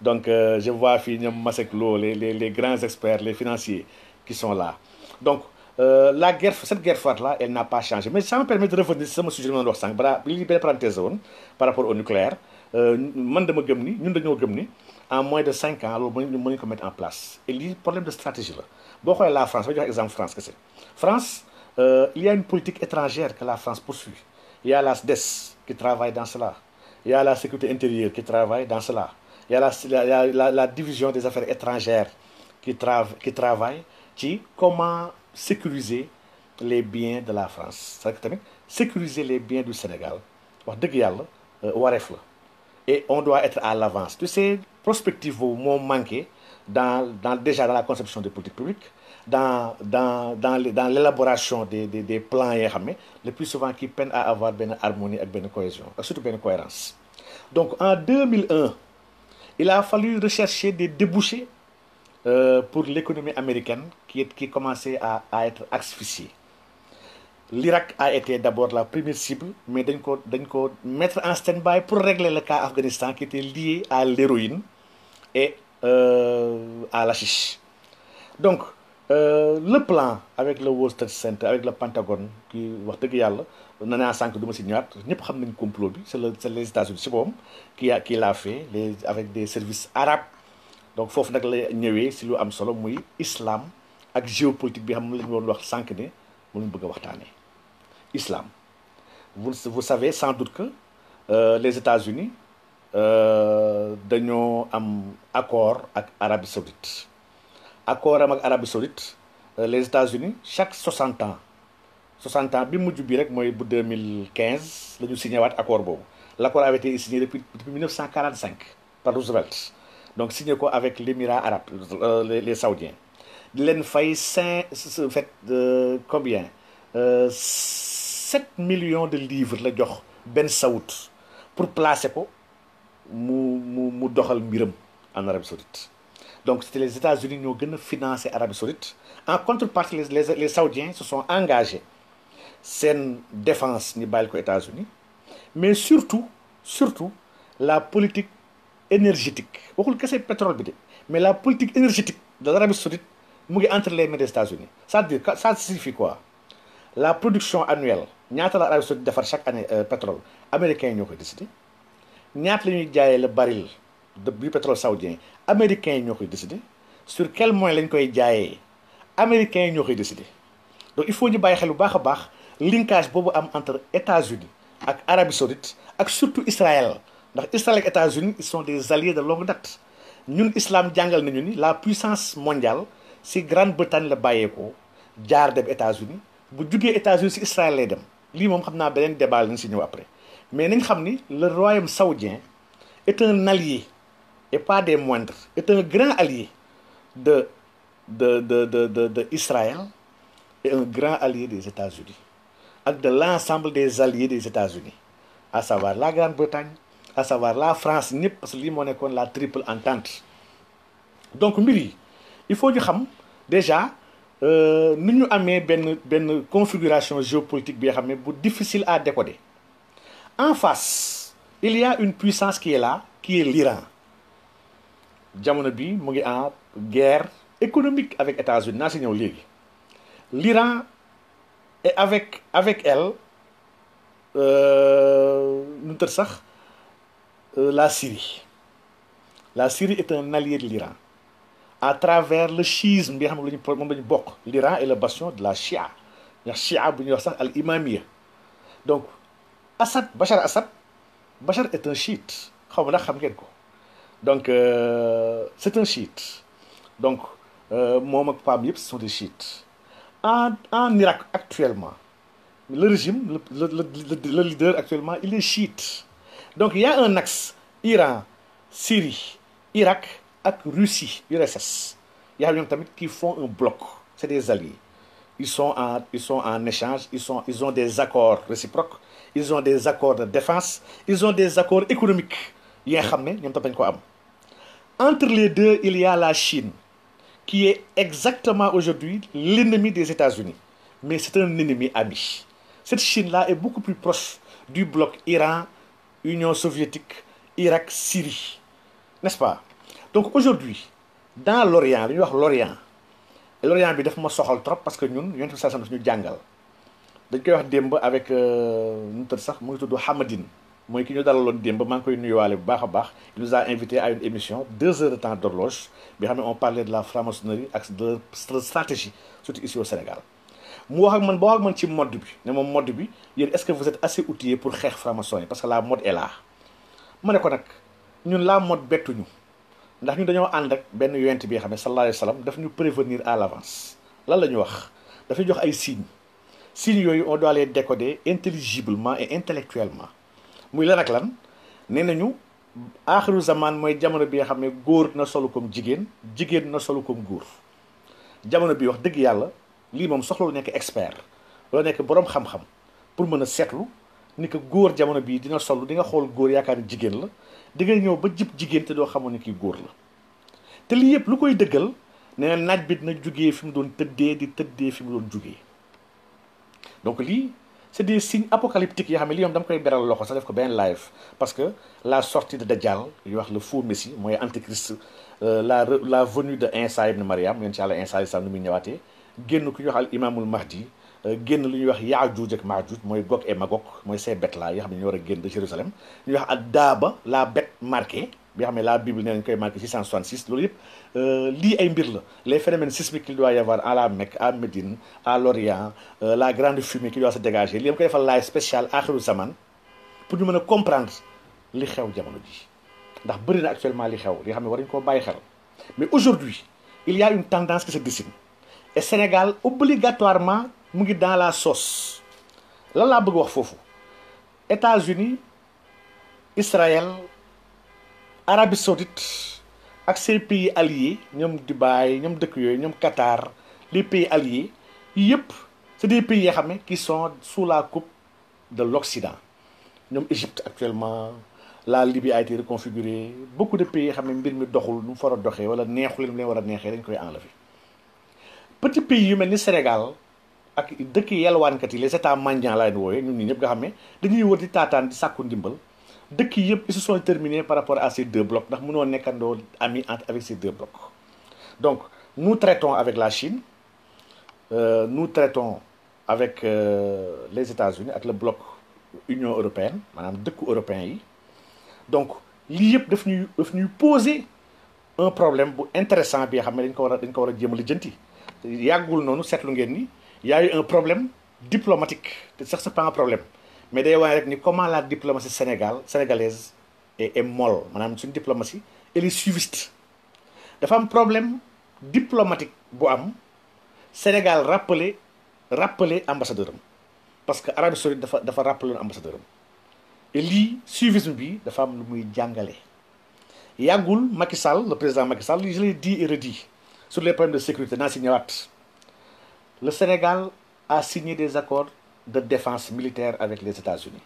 donc euh, je vois fii ñoom Masek les les grands experts les financiers qui sont là donc euh, la cette guerre froide-là, elle n'a pas changé. Mais ça me permet de revenir sur ce sujet il je parenthèse par rapport au nucléaire. Euh, nous, en moins de 5 ans, nous pouvons mettre en place. Et le problème de stratégie, là. Bon, la France, je vais exemple France. Que France, euh, il y a une politique étrangère que la France poursuit. Il y a la SDES e qui travaille dans cela. Il y a la sécurité intérieure qui travaille dans cela. Il y a la, la, la division des affaires étrangères qui, qui travaille qui comment sécuriser les biens de la France sécuriser les biens du Sénégal euh, et on doit être à l'avance tu sais prospective manquer manqué dans déjà dans la conception des politiques publiques dans dans dans l'élaboration des plans et le plus souvent qui peinent à avoir Une harmonie et une cohésion surtout une cohérence donc en 2001 il a fallu rechercher des débouchés euh, pour l'économie américaine qui, commençait à, être asphyxié. L'Irak a été d'abord la première cible, mais d'un côté, mettre un stand-by pour régler le cas Afghanistan qui était lié à l'héroïne et euh, à la chiche. Donc, euh, le plan avec le Wall Street Center, avec le Pentagone, qui, est en yalla de se sank xam complot c'est c'est les États-Unis qui a qui l'a fait avec des services arabes donc fofu nak la ñëwé si lu am solo muy islam ak géopolitique bi xam la géopolitique, c'est wax que ne la bëgg islam vous vous savez sans doute que euh, les États-Unis euh, dañoo am accord ak Arabie Saoudite accord am ak Arabie Saoudite euh, les États-Unis chaque 60 ans 60 ans bi mujj bi rek moy bu 2015 ils ont signé waat accord l'accord avait été signé depuis 1945 par Roosevelt donc signé ko avec l'émirat arabe les les saoudiens leen fay fait euh, combien 7 euh, millions de livres la Ben pour placer ko mu en Arabie Saoudite donc c'était les États-Unis qui ont financé l'Arabie Saoudite en contrepartie les les saoudiens se sont engagés C'est une défense ni États-Unis mais surtout surtout la politique énergétique waxul pétrole mais la politique énergétique de l'Arabie Saoudite il entre les états unis Ça ça signifie quoi la production annuelle ñaata la Arabie de faire chaque année euh, pétrole américains n'y Les pas décidé ñaata le baril de pétrole saoudien américains ont décidé sur quel moyen lañ koy Les américains ont décidé donc il faut ñu bàyyi xel linkage entre États-Unis et Arabie Saoudite et surtout Israël ndax Israël les États-Unis sont des alliés de longue date Nous, islam nañu la puissance mondiale si Grande-Bretagne la ko jaar deb États-Unis bu les États-Unis si Israël lay dem li mom xamna benen débat lañ si ñëw après mais nañ xamni le royaume saoudien est un allié et pas des moindres est un grand allié de de de de de Israël et un grand allié des États-Unis ak de l'ensemble des alliés des États-Unis à savoir la Grande-Bretagne à savoir la France parce que nous avons la triple entente donc mbiri il faut ñu xam déjà nous avons une configuration géopolitique difficile à décoder en face il y a une puissance qui est là qui est l'Iran jamono bi guerre économique avec États-Unis l'Iran est avec avec elle euh, nous euh, la Syrie la Syrie est un allié de l'Iran à travers le schisme bi nga xam la l'Iran est le bastion de la Shia La Shia bu donc Assad Bachar Assad Bachar est un chiite donc euh, c'est un chiite donc euh, Mohamed ak sont des chiites en Irak actuellement le régime le le leader actuellement il est chiite donc il y a un axe Iran Syrie Irak ak Russie URSS il y a des tamit qui font un bloc c'est des alliés ils sont en ils sont en échange ils sont ils ont des accords réciproques ils ont des accords de défense ils ont des accords économiques entre les deux il y a la Chine qui est exactement aujourd'hui l'ennemi des États-Unis mais c'est un ennemi ami cette Chine-là est beaucoup plus proche du bloc Iran Union soviétique Irak Syrie n'est-ce pas donc aujourd'hui dans l'Orient li ñuy wax l'Orient l'Orient bi daf ma soxal trop parce que ñun yonent bi saa suñu jàngal dañ koy wax démb avec euh, notre sax mu ngi tudd Hamadine mooy ki ñu dalaloon démb maa ngi koy nuyuwaale bu baax a baax il nous a invité à une émission deux heures de temps d'horloge bi xam ne on parlait de la franc-maçonnerie ak de stratégie surtout ici au Sénégal mu wax ak man boo wax ak man ci mode bi ne moom mode bi yéen est-ce que vous êtes assez outillé pour xeex franc-maçon yi parce que la mode est là ma ne ko nag ñun la mode bettuñu ndax ñu dañoo ànd ak benn yonent bi nga xam ne sallallahu alayhi wa ñu prévenir à l'avance lan la ñu wax dafa jox ay signes signes yooyu on doit les décoder intelligiblement et intellectuellement muy lan ak lan nee nañu aaxiru zaman mooy jamono bi nga xam ne góor na solu comme jigéen jigéen na solu comme góor jamono bi wax dëgg yàlla lii moom soxla lu nekk expert loo nekk boroom xam-xam pour mën a seetlu ni ko góor jamono bii dina sol di nga xool góor yaakaar ni jigéen la di nga ñëw ba jib jigéen te doo xamoon ne kii góor la te lii yëpp lu koy dëggal ne na naaj bi dina jugee fi mu doon tëddee di tëddee fi mu doon jugee donc lii c'est des signes apocalyptiques yoo xam ne lii moom dama koy beral loxo sax def ko benn live parce que la sortie de Dajjal yu wax le faux messie mooy antichrist euh, la la venue de Insa ibn Mariam yéen ci yàlla Insa islam nu muy ñëwaatee génn ku ñuy wax al imaamul mahdi génn lu ñuy wax yaajuuj ak maajuuj mooy Gog et Magog mooy ces bêtes là yi xam ne ñu war a génn de Jérusalem ñuy wax ak daaba la bête marquée bi xam ne la Bible nee nañ koy marqué 666 loolu yëpp euh, lii ay mbir la les phénomènes sismiques qu'il doit y avoir à la Mecque à Médine à l'Orient euh, la grande fumée qui doit se dégager li am koy defal laay spécial axiru zaman pour ñu mën a comprendre li xew jamono ji ndax bëri na actuellement li xew li xam ne war nañu koo bàyyi xel mais aujourd'hui il y a une tendance qui se dessine et Sénégal obligatoirement mu dans la sauce lan la États-Unis Israël Arabie saoudite ak pays alliés Qatar les pays alliés ce sont des pays qui sont sous la coupe de l'Occident Égypte actuellement la Libye a été reconfigurée beaucoup de pays qui ont mbir mi pays yu ak dëkk yelwaankat yi les états mendiants laa leen wooyee ñun ñii ñëpp nga xam ne dañuy wër di taataan di sàkku ndimbal dëkk yëpp ils sont terminés par rapport à ces deux blocs ndax mënoo nekkandoo ami entre avec ces deux blocs donc nous traitons avec la Chine euh, nous traitons avec euh, les États-Unis ak le bloc Union européenne maanaam dëkku européen yi donc lii yëpp daf ñuy daf ñuy poser un problème bu intéressant bi nga xam ne dañ ko war a dañ ko war a jéem a lijjanti yàggul noonu seetlu ngeen ni. Il y a eu un problème diplomatique c'est n'est pas un problème mais d'ailleurs, comment la diplomatie sénégalaise est est molle c'est une diplomatie elle est suiviste dafa un problème diplomatique bu Sénégal a rappelé l'ambassadeur. parce que Arabie Saoudite dafa rappelé l'ambassadeur. ambassadeur elle et lii suivisme bi dafa am lu muy Macky le président Macky Sall je l'ai dit et redit sur les problèmes de sécurité nationale. Le Sénégal a signé des accords de défense militaire avec les États-Unis.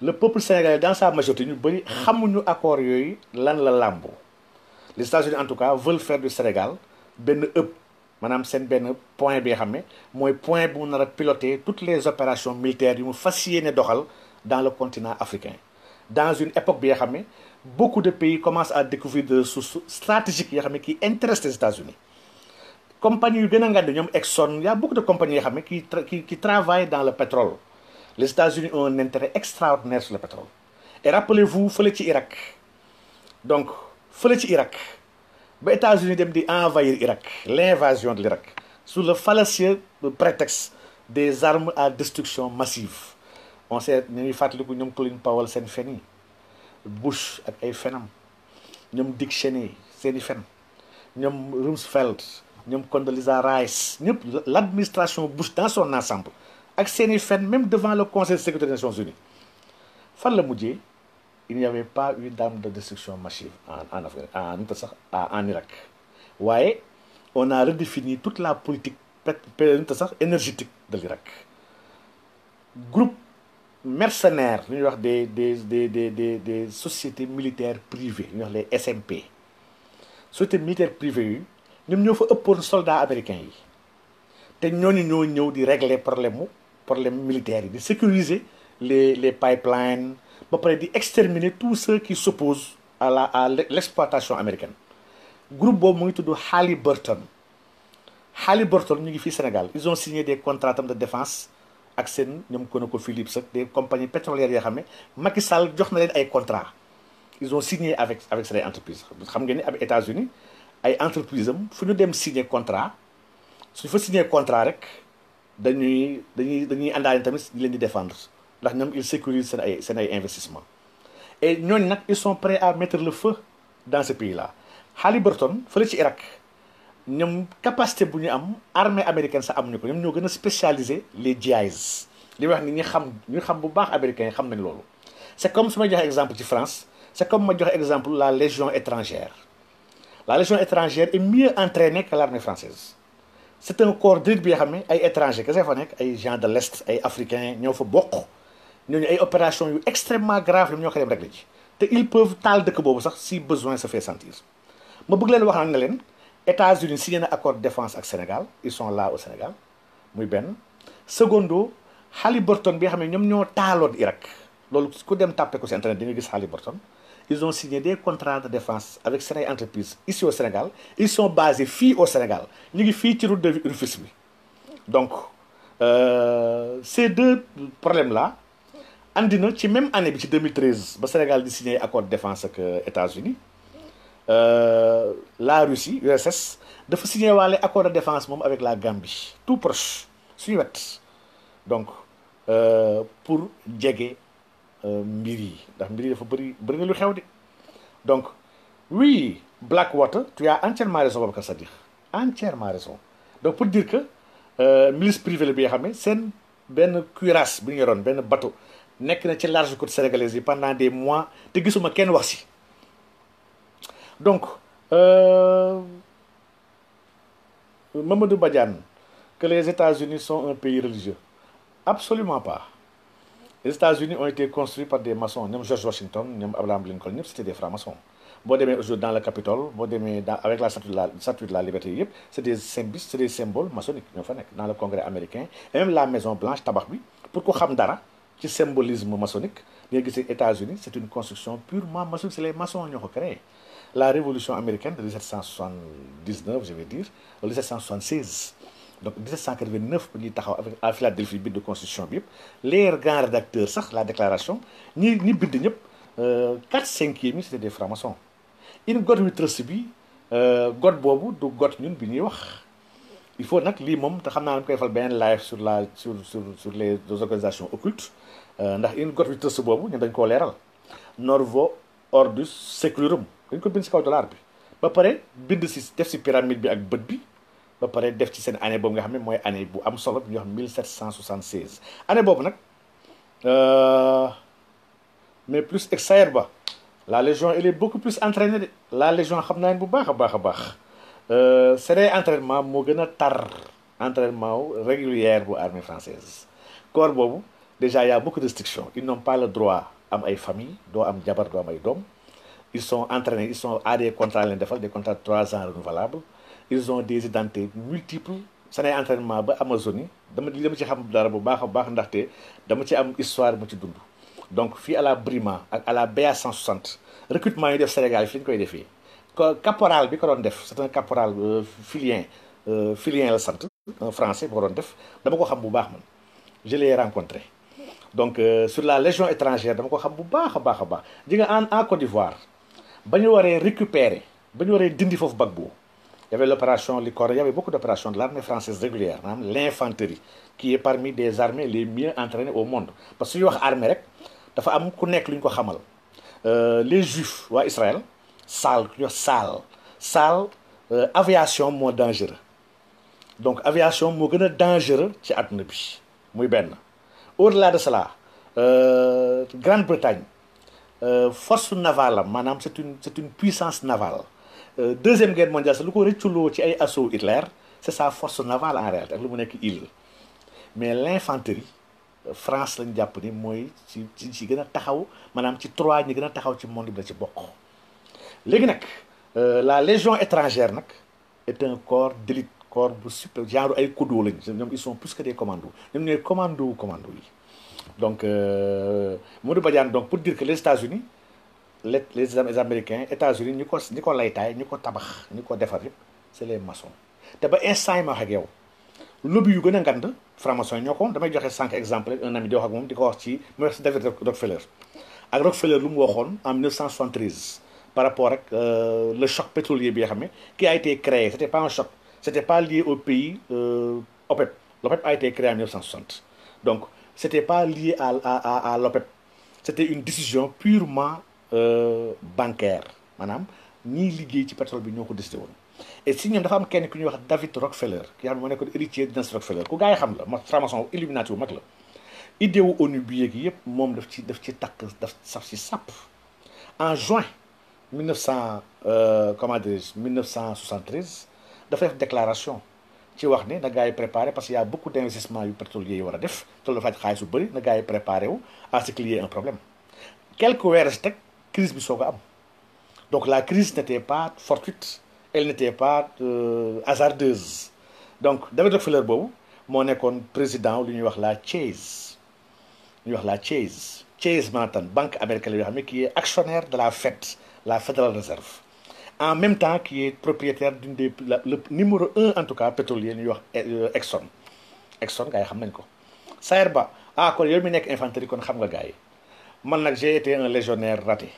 Le peuple sénégalais, dans sa majorité, nous savons accord yoy lan la Les États-Unis, en tout cas, veulent faire du Sénégal un Madame Sen ben point bi xamé moy point bu piloter toutes les opérations militaires qui mu fasiyene dans le continent africain. Dans une époque bi beaucoup de pays commencent à découvrir des ressources stratégiques qui intéressent les États-Unis compagnie y' a beaucoup de compagnies qui travaillent dans le pétrole les États-Unis ont un intérêt extraordinaire sur le pétrole et rappelez-vous fële ci Irak donc fële ci Irak Les États-Unis ont di envahir l'invasion de l'Irak sous le fallacieux prétexte des armes à destruction massive on sait fait le fàttaliku de Colin Powell seen fen Bush ak ay Nous avons Dick Cheney seen i Rumsfeld ñoom Condoleezza Rice ñëpp l' administration dans son ensemble ak même devant le conseil de sécurité des nations unies fan la il n'y avait pas eu d'armes de destruction massive en Irak sax on a redéfini toute la politique énergétique de l'Irak groupe mercenaires des sociétés militaires privées les SMP sociétés militaires privées ñoom ñoo fa ëppoon soldats américains yi te ñooñu ñoo ñëw di régler problème mu problème militaire yi sécuriser les les pipelines ba pare di exterminer tous ceux qui s'opposent à la à l'exploitation américaine groupe boobu mu ngi tudd Halliburton Halliburton ñu ngi fii Sénégal ils ont signé des contrats de défense ak seen ñoom ko des compagnies pétrolières yoo xam ne Macky Sall jox na leen ay contrats ils ont signé avec avec ces entreprises xam ngeen ni ab États-Unis ay entreprise am fu ñu dem signer contrat suñu fa signer contrat rek dañuy dañuy dañuy àndaale tamit di leen di défendre ndax ñoom ils sécurisent seen ay seen ay investissement et ñooñu nag ils sont prêts à mettre le feu dans ce pays là Haliburton, fële ci Irak ñoom capacité bu ñu am armée américaine sax amuñu ko ñoom ñoo gën a les GIs li wax ni ñi xam ñu xam bu baax américains xam nañ loolu c' est comme su ma joxe exemple ci France c' est comme ma joxe exemple la légion étrangère la légion étrangère est mieux entraînée que l'armée française c'est un corps d'élite bi nga étrangers les gens de l'est les africains ñoo fa bokk Ils ay des opérations extrêmement graves. ils peuvent taler de boobu si besoin se fait sentir Je bëgg vous dire que les États-Unis signé un accord de défense avec le Sénégal ils sont là au Sénégal muy ben. secondo Halliburton bi en train de ñoo Irak loolu vous dem internet di nga ils ont signé des contrats de défense avec Sénégal entreprises ici au Sénégal ils sont basés fille au Sénégal Ils de Rufisque donc euh, ces deux problèmes là en même année 2013 le Sénégal a signé accord de défense les euh, États-Unis euh, la Russie l'USS, de signé un accord de défense avec la Gambie tout proche suñu donc pour dégager. Euh, mbir yi ndax mbir yi dafa bëri bëri na lu xew donc oui Blackwater tu as entièrement raison Babacar Sadikh entièrement raison donc pour dire que euh, milice privée la bi nga xam ne seen benn cuirasse bi ñu benn bateau nekk na ci large côte sénégalaise yi pendant des mois te gisuma kenn wax si donc euh, Mamadou Badiane que les États-Unis sont un pays religieux absolument pas les États-Unis ont été construits par des maçons même George Washington même Abraham Lincoln c'était des francs-maçons aujourd'hui dans le Capitole avec la statue de la liberté c'est des symboles maçonniques dans le congrès américain et même la maison blanche tabax bi pour ko xam dara symbolisme maçonnique les États-Unis c'est une construction purement maçonnique c'est les maçons qui ont créé la révolution américaine de 1779 je vais dire 1776 donc 1789 taxaw avec constitution les grands rédacteurs sax la déclaration ñi ñi bind ñëpp 4-5 euh, e c'était des francs-maçons God we trust bi euh, God bobu du God il faut live sur la sur sur sur les organisations occultes euh, ndax God we trust ñun dañ ko léral Norvo Ordus ko bi ba def pyramide bi ak ba paré def ci sen année bobu nga xamné moy année bu am solo ñu wax 1776 année nak euh mais plus extérieur ba la légion elle est beaucoup plus entraînée la légion xam bu baax a baax un euh, entraînement mo gën tar entraînement régulière bu armée française corps bobu déjà y a beaucoup de restrictions ils n'ont pas le droit am ay famille do am jabar do am ay ils sont entraînés ils sont à des contrats defal des contrats trois ans renouvelables ils ont des identités multiples sanay entraînement ba Amazonie dama di dama ci xam dara bu baax a baax ndaxte dama ci am histoire bu ci dund donc fi à la Brima ak à la BA 160 recrutement yi def Sénégal fi koy caporal bi ko doon def c'est un caporal euh, filien euh, filien la sante un français ko doon def dama ko xam bu baax man je l'ai rencontré donc euh, sur la légion étrangère dama ko xam bu baax a baax a baax nga en en Côte d'Ivoire bañu waré récupérer bañu waré dindi foofu bagbo il y avait l'opération Licor, il y avait beaucoup d'opérations de l'armée française régulière, l'infanterie, qui est parmi des armées les mieux entraînées au monde. Parce que les armées armée, rek, dafa am ku nekk euh, les juifs ou Israël sal ».« sale, sale, euh, aviation moins dangereux donc aviation moins plus dangereux ci àdduna au-delà de cela euh, Grande-Bretagne force navale c'est une c'est une puissance navale euh, deuxième guerre mondiale sax lu ko rëcculoo ci ay assaut Hitler c' est sa force navale en réalité ak lu mu nekk île mais l' infanterie euh, France lañ jàpp ni mooy ci ci gën a taxaw maanaam ci trois ñi gën a taxaw ci monde bi la ci bokk. léegi nag euh, la légion étrangère nag est un corps d' élite corps bu super genre ay kuddoo lañ ñoom ils sont plus que des commandos ñoom ñooy commando commando yi donc Modou Badiane donc pour dire que les États-Unis les les américains États-Unis ñu ko les ko nous ko tabax ñu ko defar c'est les maçons te ba instant qui ma wax ak yow lobby yu faire a ngand franc damay exemples un ami di wax ak moom di wax ci David Rockefeller ak Rockefeller en 1973 par rapport rek euh, le choc pétrolier bi qui a été créé c'était pas un choc c'était pas lié au pays euh, OPEP l'OPEP a été créé en 1960 donc c'était pas lié à à à à l'OPEP c'était une décision purement euh, bancaire manam ni liggéey ci pétrole bi ñoo ko décidé woon et si ñoom dafa am kenn ku ñuy wax David Rockefeller ki nga xam ne moo nekkoon héritier dynastie Rockefeller ku gars yi xam la ma franc-maçon illuminati bu mag la idée wu ONU bi yeeg yëpp moom daf ci daf ci takk daf saf ci sàpp en juin 1900 euh, comment dire 1973 dafa def déclaration ci wax ne na gars yi préparé parce que y a beaucoup d' investissement yu pétrolier yi war a def te dafa xaalis bu bëri na gars yi préparé wu à ce qu'il y ait un problème quelques weer si crise bi donc la crise n'était pas fortuite elle n'était pas euh, hasardeuse donc David Rockefeller mon écon président lu ñuy wax la Chase ñuy wax la Chase Chase Manhattan banque américaine qui est actionnaire de la Fed la Federal Reserve en même temps qui est propriétaire d'une des le numéro un en tout cas pétrolier ñuy wax euh, Exxon Exxon gars yi xam nañ ko Sayer Ba ah kon yow mi nekk infanterie kon xam nga gars man j'ai été un légionnaire raté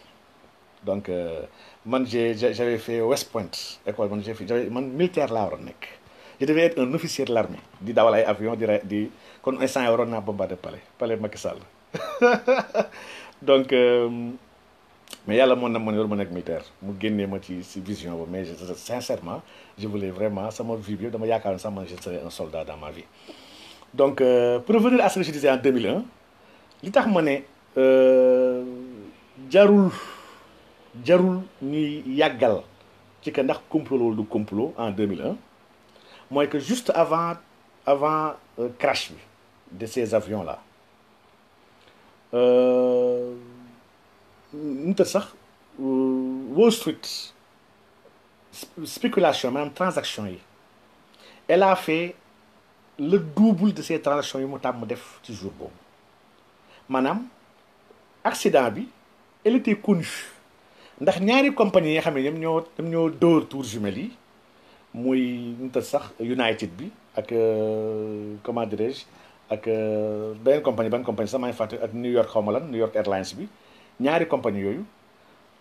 donc euh, man j'ai j'avais fait West Point école mon j'ai fait militaire là, je devais être un officier de l'armée di dawal un avion di di kon instant yi waroon naa palais palais Macky Sall donc euh, mais il y na ma monde war militaire Je n'ai ma ci vision mais sincèrement je voulais vraiment ça vie dama je serais un soldat dans ma vie donc euh, pour revenir à ce que je disais en 2001 l'État tax ma euh, jarul jarul ni yagal ci que ndax complot du en 2001 que juste avant avant euh, crash de ces avions là euh, Wall Street spéculation même transaction elle a fait le double de ces transactions yi mu tàmm def ci jour madame accident bi elle était connue ndax ñaari compagnie yi nga xam ne ñoo ñoo door tour jumelles yi muy ñu sax United bi ak euh, comment dirais ak ben compagnie ban compagnie sax maa New York xaw New York Airlines bi ñaari compagnie yoyu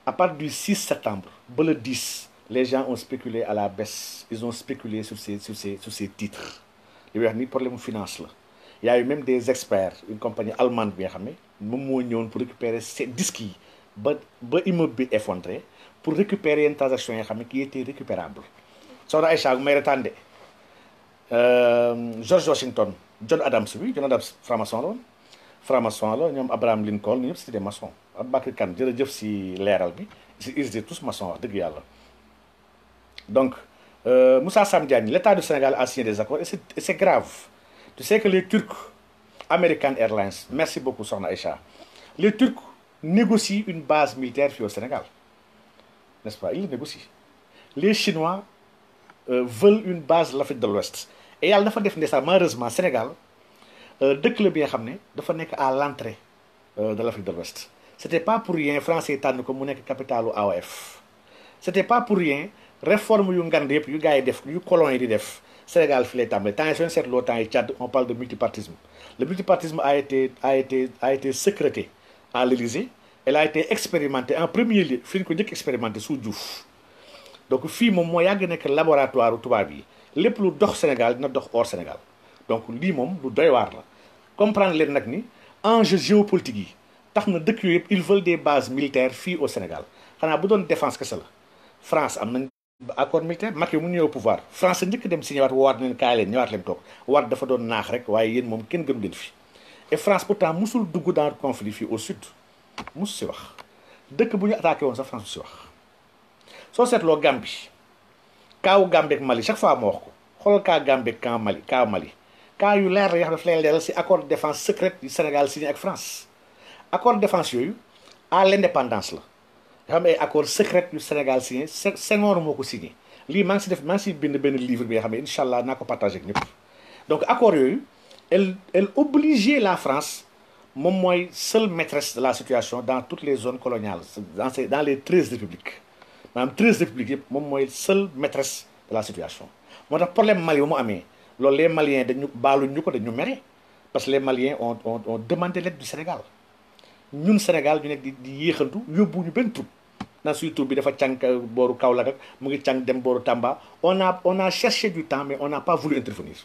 à partir du 6 septembre le 10 les gens ont spéculé à la baisse ils ont spéculé sur ces sur ces sur ces titres li wax ni problème finance la y a eu même des experts une compagnie allemande bi pour récupérer ces disques yi ba ba immeuble effondré pour récupérer une transaction qui était récupérable soxna Aïcha may retande euh, George Washington John Adams bi John Adams franc-maçon la woon maçon Abraham Lincoln c'était des maçons Kane jërëjëf si leeral bi ils étaient tous maçons dëgg yàlla donc euh, Moussa Sam Diagne l'État du Sénégal a signé des accords et c'est grave tu sais que les Turcs American Airlines merci beaucoup Sona Aïcha les Turcs négocient une base militaire au Sénégal n'est-ce pas ils négocient les Chinois euh, veulent une base l'Afrique de l'Ouest et yàlla dafa def ça malheureusement Sénégal Le euh, le bi nga ne à l'entrée euh, de l'Afrique de l'Ouest n'était pas pour rien français tànn comme mu nekk capitale AOF c'était pas pour rien réforme yu ngand yëpp yu gars def Sénégal fait l'état, mais tant yi l'OTAN et Tchad on parle de multipartisme le multipartisme a été a été a été secrété à l'Élysée elle a été expérimenté en premier lieu Il a ko expérimenté sous Diouf donc fi mon moyen yàgg laboratoire tubaab yi lépp lu dox Sénégal dina d'or hors Sénégal donc lii moom lu doy waar la comprendre les nag ni jeu géopolitique yi ils veulent des bases militaires fi au Sénégal a bu de défense que la France a... accord militaire Macky mu ñëw pouvoir France njëkk dem signé waat woowaat leen kaay leen ñëwaat leen toog waat dafa doon naax rek waaye yéen moom kenn gënu leen fi et France pourtant musul dugg dans le conflit fii au sud musu si wax dëkk bu ñu attaqué woon sax France musu si wax soo seetloo Gambie kaaw Gambie ak Mali chaque fois ma wax ko xoolal kaa Gambie ak kaa Mali kaa yu leer la yoo daf lay leeral si accord de défense secrète du Sénégal signé ak France accord de yooyu à l' indépendance la dafa ay accord secret yu Sénégal signé Senghor moo ko signé lii maa ngi si def maa ngi si bind benn livre bi nga xam ne incha allah naa ko partagé ak ñëpp donc accord yooyu elle elle obligeait la France moom mooy seule maîtresse de la situation dans toutes les zones coloniales dans ces dans les treize républiques maanaam treize républiques yëpp moom mooy seule maîtresse de la situation moo tax problème Mali ba mu amee loolu les Maliens dañu baalu ñu ko dañu mere parce que les Maliens ont ont ont demandé l'aide du Sénégal ñun Sénégal ñu nekk di di yéexantu yóbbu ñu benn troupe on a cherché du temps mais on n'a pas voulu intervenir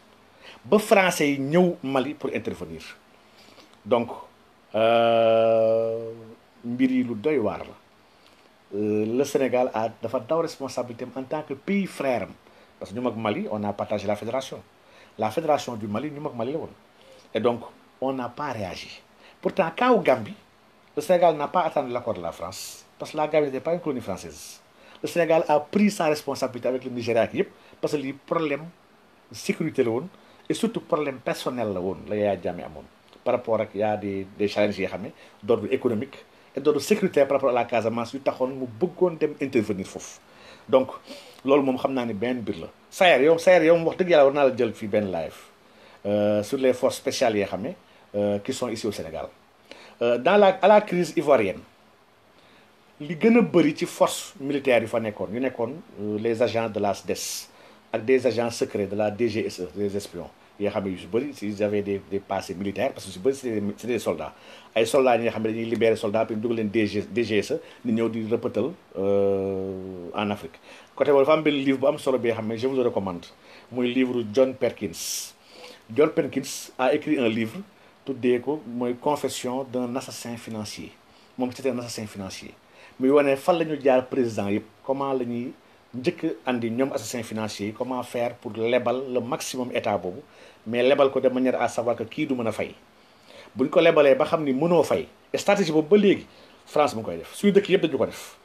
Les français venus au Mali pour intervenir donc euh, yi euh, le Sénégal a une daw responsabilité en tant que pays frère parce que ñu mag Mali on a partagé la fédération la fédération du Mali ñu au Mali et donc on n'a pas réagi pourtant quand au Gambie le Sénégal n'a pas attendu l'accord de la France parce que la n'était pas une colonie française le Sénégal a pris sa responsabilité avec le Nigeria parce que problèmes de sécurité et surtout problème personnel par rapport à des challenges d'ordre économique et d'ordre sécuritaire par rapport à la Casamance je mu intervenir donc que live euh, sur les forces spéciales euh, qui sont ici au Sénégal euh, dans la crise ivoirienne li y a bëri ci force militaire yi fa nekkoon ñu euh, les agents de la SDES e ak des agents secrets de la DGSE des espions yi yu bëri ils avaient des des passés militaires parce que c'était des soldats ay soldats yi nga les soldats dañuy libérer soldats puis dugal leen DGSE ni ñëw di euh en Afrique côté vous dafa am livre bu am solo bi je vous le recommande moy livre John Perkins John Perkins a écrit un livre tout ko moy confession d'un assassin financier mom c'était un assassin financier muy wane fan lañu jaar président yëpp comment la ñuy njëkk andi ñoom assassin financier yi comment faire pour lebal le maximum état boobu mais lebal ko de manière à savoir que kii du mën a fay buñ ko lebalee ba xam ni mënoo fay stratégie boobu ba léegi France mu ngi koy def suñu dëkk yëpp dañu ko def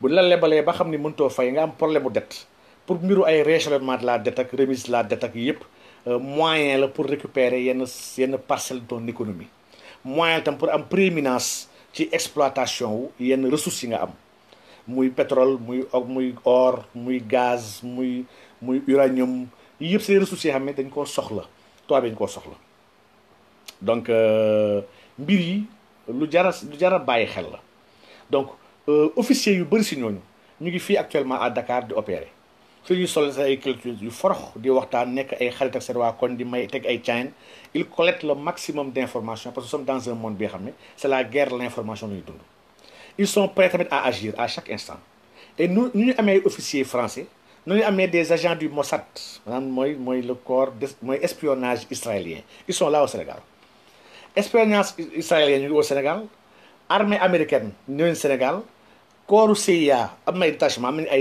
buñ la lebalee ba xam ni mëntoo fay nga am problème mu dette pour mbiru ay rééchelonnement de la dette ak remise de la dette ak yëpp euh, moyen la pour récupérer yenn yenn parcelle de ton économie moyen tam pour am prééminence ci exploitation wu yenn ressources yi nga am muy pétrole muy muy or muy gaz muy muy uranium yi yëpp ces ressources yi xam dañ ko soxla tubaab dañ ko soxla donc euh, mbir yi lu jara lu jara bàyyi xel la donc euh, officier yu bari ci ñooñu ñu ngi fi actuellement à Dakar di opérer Ceux ñuy sol les ay culture yu forox di waxtaan nekk ay xarit ak kon di may teg ay il collecte le maximum d'informations, parce que nous sommes dans un monde bien xam c'est la guerre de l'information ils sont prêts à agir à chaque instant et nous, ñu avons des officiers français nous ñu des agents du Mossad maanaam mooy le corps d'espionnage espionnage israélien ils sont là au Sénégal espionnage israélien au Sénégal armée américaine au Sénégal corps CIA antennes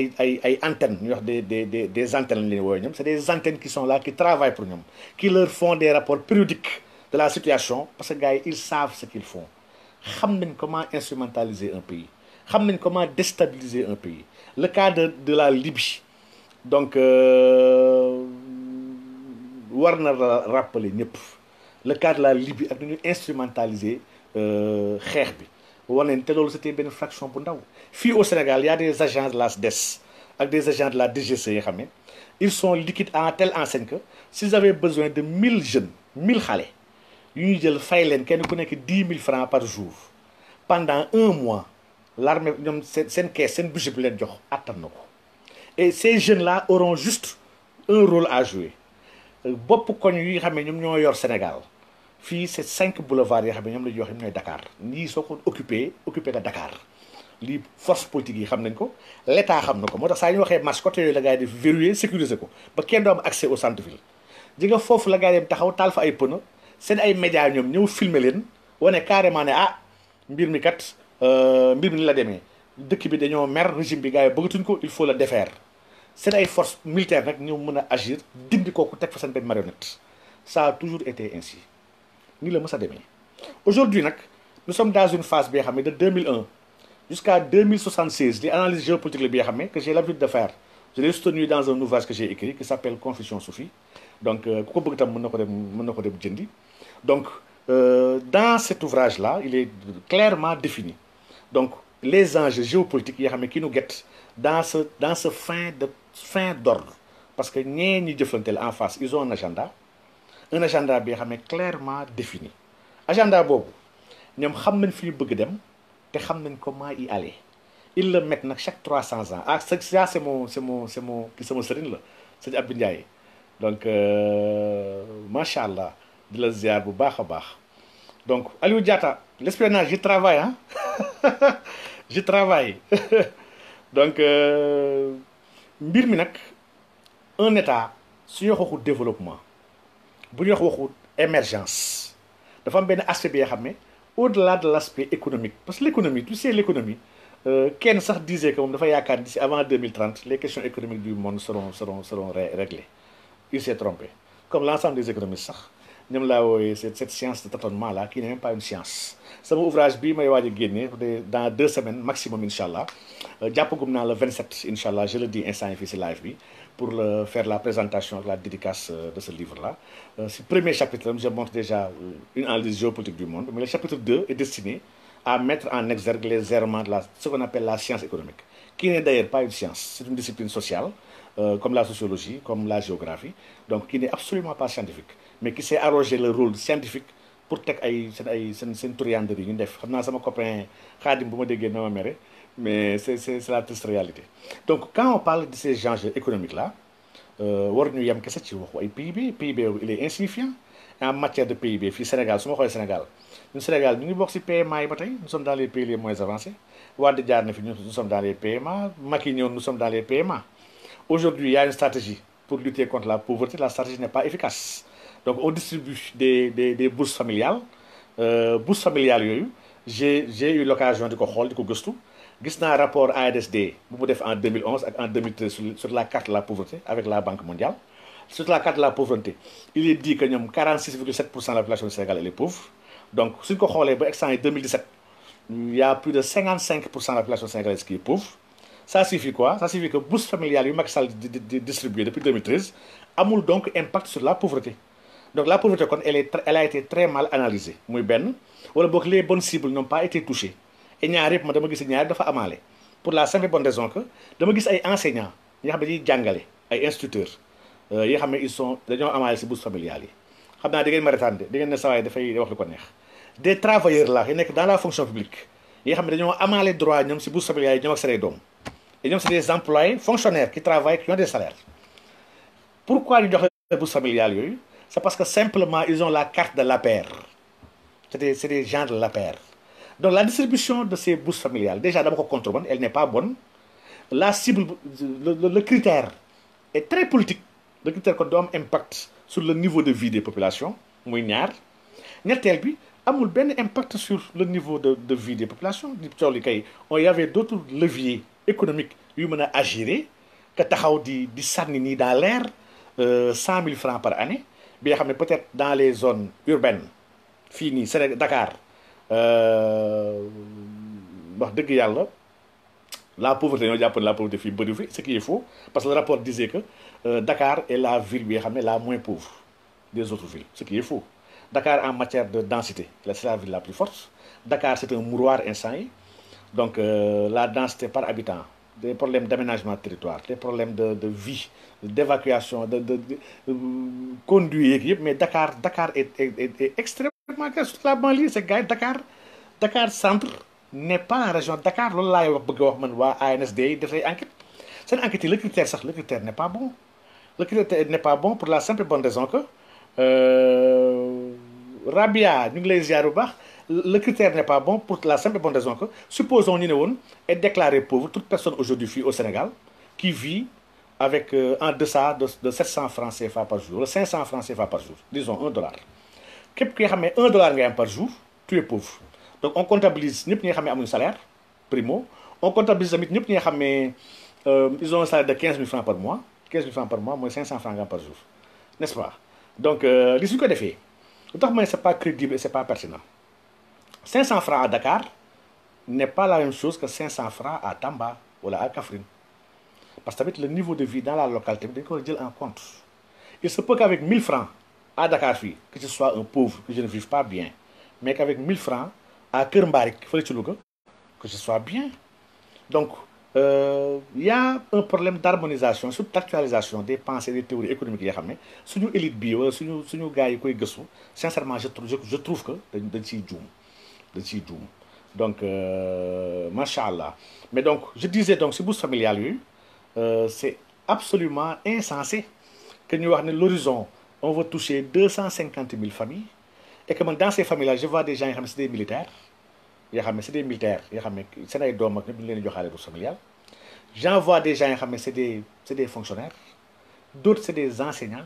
des antennes des antennes qui sont là qui travaillent pour nous, qui leur font des rapports périodiques de la situation parce que gars ils savent ce qu'ils font Ils comment instrumentaliser un pays Ils comment déstabiliser un pays le cas de la Libye donc euh, Warner na rappeler le cas de la Libye ak instrumentalisé, ñu instrumentaliser euh, xeex bi war a c'était une fraction bu ndaw au Sénégal, il y a des agents de la SDES avec des agents de la DGC. Ils sont liquides à telle enseigne que s'ils avaient besoin de 1000 jeunes, 1000 chalets, ils ont fait que 10 000 francs par jour. Pendant un mois, l'armée, c'est une budget pour les Et ces jeunes-là auront juste un rôle à jouer. Si koñ yi nga xamé ñom ñoo Sénégal fi ces 5 boulevards yi ñom la Dakar Ils sont occupés à Dakar lii force politique yi xam nañ ko l'état xam na ko moo tax saa ñu waxee marche côté yooyu la gars yi def verrouiller sécuriser ko ba kenn doo am accès au centre ville ji nga foofu la gars yi taxaw taal fa ay pneu seen ay médias ñoom ñëw filmer leen wane carrément ne ah mbir mi kat euh, mbir mi ni la demee dëkk bi dañoo mer régime bi gars yi bëggatuñ ko il faut la défaire seen ay force militaire nag ñëw mën a agir dindi kooku teg fa seen benn marionnette ça a toujours été ainsi ni la mësa a demee aujourd'hui nag nous sommes dans une phase bi nga xam ne de 2001 jusqu'à 2076 les analyses géopolitiques que j'ai l'habitude de faire je l'ai soutenu dans un ouvrage que j'ai écrit qui s'appelle Confession Sophie. donc euh, donc euh, dans cet ouvrage là il est clairement défini donc les enjeux géopolitiques qui nous guettent dans ce dans ce fin de fin d'ordre parce que ni qui sont en face ils ont un agenda un agenda clairement défini agenda bobo, ñoom fi comment y aller il le met chaque 300 ans ah, c'est mon c'est donc macha allah la donc Aliou travaille Je travaille hein? donc euh, mbir un état su ñu développement émergence dafa au-delà de l'aspect économique parce que l'économie tu sais l'économie euh, Ken Sark disait qu'avant avant 2030 les questions économiques du monde seront seront seront réglées il s'est trompé comme l'ensemble des économistes sax ñoom laa cette science de tâtonnement là qui n'est même pas une science Mon ouvrage je may waaj dans deux semaines maximum Inch'Allah. Euh, je le 27 Inshallah, je le dis instant yi live bi pour faire la présentation, la dédicace euh, de ce livre-là. Euh, ce premier chapitre, je montre déjà euh, une analyse géopolitique du monde, mais le chapitre 2 est destiné à mettre en exergue les errements de ce qu'on appelle la science économique, qui n'est d'ailleurs pas une science, c'est une discipline sociale, comme la sociologie, comme la géographie, donc qui n'est absolument pas scientifique, mais qui s'est arrogé le rôle scientifique pour ay ay copain Khadim mais c'est la triste réalité. Donc, quand on parle de ces enjeux économiques-là, euh, PIB, PIB il est insignifiant. En matière de PIB, le Sénégal c'est le Sénégal Le Sénégal nous ci PMA nous sommes dans les pays les moins avancés nous sommes dans les PMA nous sommes dans les PMA. Aujourd'hui, il y a une stratégie pour lutter contre la pauvreté. La stratégie n'est pas efficace. Donc, on distribue des, des, des bourses familiales. Euh, bourses familiales, j'ai eu l'occasion de voir, de gis naa rapport ARSD bu mu def en 2011 ak en 2013 sur la carte de la pauvreté avec la Banque mondiale sur la carte de la pauvreté il est dit que 46,7 de la population sénégalaise est pauvre donc si ko xoolee ba instant 2017 il y a plus de 55 de la population sénégalaise qui est pauvre ça signifie quoi ça signifie que bourse familial, yu Macky Sall distribué depuis 2013 amul donc impact sur la pauvreté donc la pauvreté elle a été très mal analysée muy bien wala les bonnes cibles n'ont pas été touchées et ñaar yëpp ma dama gis ñaar dafa amaale pour la simple bonne raison que dama gis ay enseignants ñi xam dañuy jàngale ay instituteurs euh, yi xam ne ils sont dañoo amaale si bourse familiale yi xam naa da ngeen ma retaan de da ngeen ne sawaay dafay wax lu ko neex des travailleurs là yi nekk dans la fonction publique yi xam ne dañoo amaale droit ñoom si bourse familiale yi ñoom ak seen doom et ñoom c'est des employés fonctionnaires qui travaillent qui ont des salaires pourquoi ñu joxe bourse familiale yooyu c'est parce que simplement ils ont la carte de l'APR c'est des c'est des gens de la paire donc la distribution de ces bourses familiales, déjà d'abord contrebande, elle n'est pas bonne. le, critère est très politique. Le critère qu'on doit impact sur le niveau de vie des populations, muy il bi amul impact sur le niveau de vie des populations Il y avait d'autres leviers économiques humains à a agir que taxaw dans l'air 100 euh, 000 francs par année mais peut-être dans les zones urbaines finies, c'est Dakar euh, wax dëgg la pauvreté ñoo la pauvreté ce qui est faux parce que le rapport disait que euh, Dakar est la ville bi la moins pauvre des autres villes ce qui est faux Dakar en matière de densité c'est la ville la plus forte Dakar c'est un mouroir insane donc euh, la densité par habitant des problèmes d'aménagement de territoire des problèmes de de vie d'évacuation de de, conduite mais Dakar Dakar est est est extrêmement banlieue, c'est gars Dakar Dakar centre n'est pas en région Dakar loolu ce wax bëgg a wax man ANSD yi enquête Cette enquête le critère le critère n'est pas bon le critère n'est pas bon pour la simple bonne raison que euh, Rabia ñu ngi le critère n'est pas bon pour la simple bonne raison que supposons ñu est déclaré pauvre toute personne aujourd'hui au Sénégal qui vit avec euh, en deçà de 700 francs CFA par jour 500 francs CFA par jour disons 1 dollar képp tu as 1 dollar par jour tu es pauvre donc on comptabilise ñi salaire primo on comptabilise euh, ils ont un salaire de 15 000 francs par mois 15 000 francs par mois moins 500 francs par jour nest ce pas donc euh, l'issue qu'on a defee c'est pas crédible et pas pertinent 500 francs à Dakar n'est pas la même chose que 500 francs à Tamba ou à Kaffrine parce que le niveau de vie dans la localité on ko en compte il se peut qu'avec 1000 francs à Dakar que je sois un pauvre que je ne vive pas bien mais qu'avec 1000 francs à Kermbarik, que je sois bien donc il euh, y a un problème d'harmonisation surtout d'actualisation des pensées des théories économiques yoo xam ne suñu élite si nous sommes nous gars qui koy sincèrement je trouve que c'est un ciy donc euh, mais donc je disais donc si vous familiale euh, c'est absolument insensé que nous wax l'horizon on va toucher 250 000 familles. Et que dans ces familles-là, je vois des gens qui sont des militaires. C'est des militaires. C'est des J'en vois des gens qui sont des fonctionnaires. D'autres, c'est des enseignants.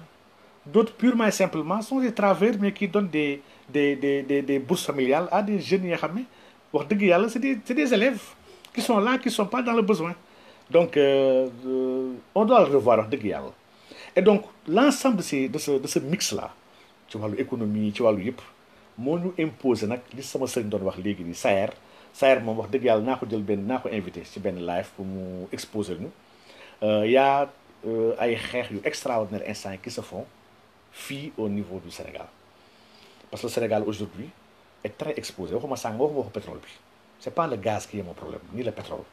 D'autres, purement et simplement, sont des travailleurs, mais qui donnent des, des, des, bourses familiales à des jeunes. C'est des, des élèves qui sont là, qui ne sont pas dans le besoin. Donc, euh, euh, on doit le revoir et donc l'ensemble de de ce de ce mix là tu vois, l'économie, tu vois, le nous ñu imposé nak, li sama serigne doon wax légui ça Saer Saer mom wax deug yalla nako jël invité ci ben live pour mu exposer ñu euh, euh, ay xeex yu extraordinaire instant qui se font fi au niveau du Sénégal parce que le Sénégal aujourd'hui est très exposé waxuma à waxuma wax pétrole bi c'est pas le gaz qui est mon problème ni le pétrole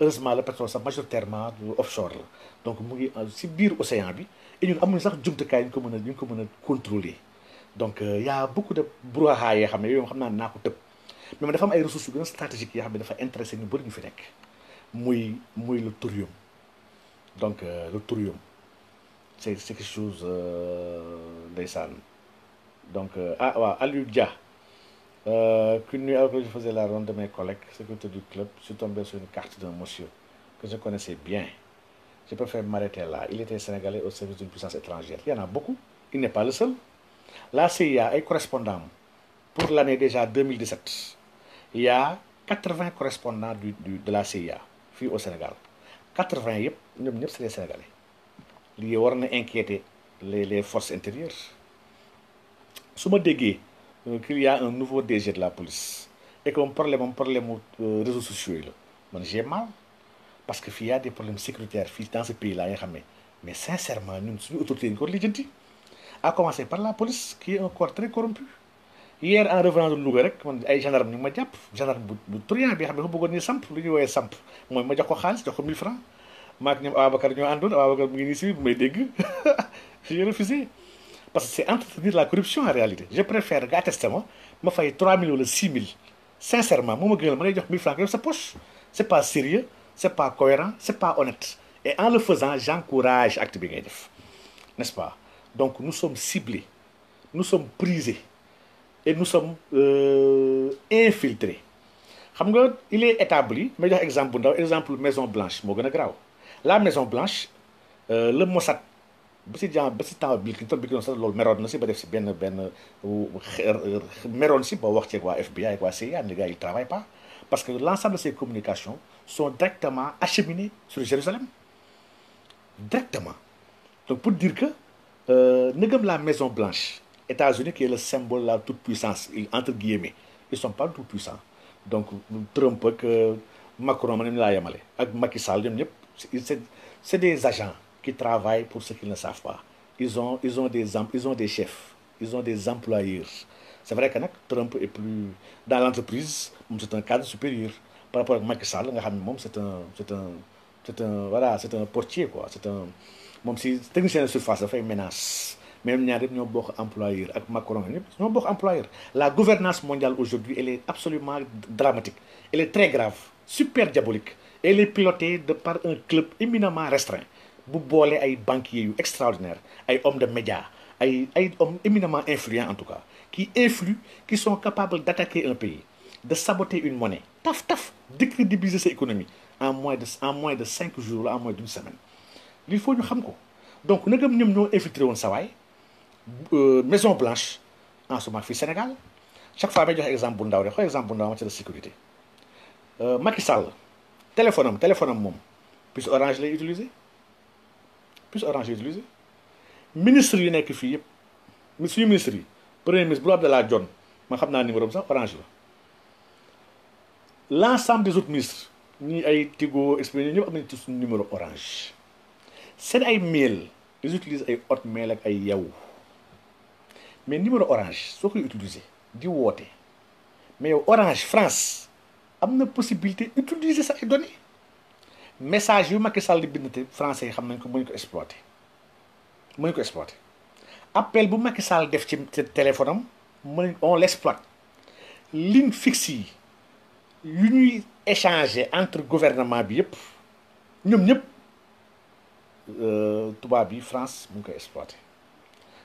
heureusement le pétrole ça majoritairement offshore donc mu ngi si euh, bir océan bi et nous avons sax jumtukaay ñu ko mën ñu ko contrôler donc il euh, y a beaucoup de brouhaha mais xam ne yooyu moom xam mais dafa am ay ressources a stratégiques yoo xam dafa intéressé ñu bëri fi muy le thorium donc euh, le thorium C'est quelque chose euh, ndeysaan donc ah waaw Aliou Dia nuit je faisais la ronde de mes collègues secrétaire du club je suis tombé sur une carte d'un monsieur que je connaissais bien je préfère m'arrêter là. Il était sénégalais au service d'une puissance étrangère. Il y en a beaucoup. Il n'est pas le seul. La CIA est correspondante pour l'année déjà 2017. Il y a 80 correspondants de la CIA au Sénégal 80 yep, ñoom ñëpp c'est des Sénégalais Ils y a inquiéter les forces intérieures je me dis qu'il y a un nouveau DG de la police et qu'on parle problème problème euh, réseaux sociaux j'ai mal parce que fii y a des problèmes sécuritaires fii dans ce pays là yoo xam mais sincèrement nous suñu autorité dañu ko war lijjanti à commencer par la police qui est un corps très corrompu hier en revenant de Louga rek man gendarme ni ngi ma jàpp gendarme du bu truand bi xam ne ni samp lu ñuy woowee samp mooy ma jox ko xaalis jox ko 1000 francs maa ak ñoom Ababacar ñoo àndoon Ababacar mu ngi nii si bu may dégg j'ai refusé parce que c'est entretenir la corruption en réalité je préfère ga testament ma fay 3000 wala 6000 sincèrement moo ma gënal ma lay jox 1000 francs nga sa poche c'est pas sérieux c'est pas cohérent c'est pas honnête et en le faisant j'encourage acte n'est-ce pas donc nous sommes ciblés nous sommes prisés et nous sommes euh, infiltrés il est établi meilleur exemple exemple Maison Blanche moo la Maison Blanche euh, le Mossad si un peu un temps un peu de temps, un temps, un FBI temps, CIA ne travaille pas parce que l'ensemble de ces communications sont directement acheminés sur Jérusalem. Directement. Donc pour dire que, euh, comme la Maison Blanche, États-Unis qui est le symbole de la toute-puissance, entre guillemets, ils ne sont pas tout puissants. Donc Trump, que euh, Macron, avec Macky Sall, c'est des agents qui travaillent pour ce qu'ils ne savent pas. Ils ont, ils ont, des, ils ont des chefs, ils ont des employeurs. C'est vrai que Trump est plus dans l'entreprise, c'est un cadre supérieur par rapport à Macky Sall nga c'est un c'est un c'est un voilà c'est un portier quoi c'est un technicien de surface menace même ñaar yëpp ñoo bokk employeur ak Macron employeur la gouvernance mondiale aujourd'hui elle est absolument dramatique elle est très grave super diabolique elle est pilotée par un club éminemment restreint bu boole ay banquiers extraordinaires ay hommes de médias ay ay hommes éminemment influents en tout cas qui influent qui sont capables d'attaquer un pays de saboter une monnaie taf taf décrédibiliser sa économie en moins de en moins de jours en moins d'une semaine il faut nous xam ko donc nous avons ñoo un travail. Euh, Maison Blanche en ce moment au Sénégal chaque fois il y exemple un exemple en de sécurité euh, Macky Sall téléphone téléphone am Puis orange l'a utilisé, puis orange l'a utilisé. ministre yu nekk ministre Monsieur premier ministre le premier ministre la Abdallah Dionne ma xam naa numéro sax orange la l'ensemble des autres ministres ils ay Tigo Expresso ñëpp numéro orange C'est ay mail ils utilisent ay mail ak ay Yahoo mais numéro orange ce qu'ils utilisent, di water. mais orange France am une possibilité d'utiliser ces données données message yu Macky sal di française français yi xam nañ ko exploité. ko exploiter mënuñ ko exploiter appel bu Macky Sall def ci téléphone on l'exploite ligne fixe yu ñuy échanger entre gouvernement bi yëpp ñoom ñëpp euh, France mu ngi koy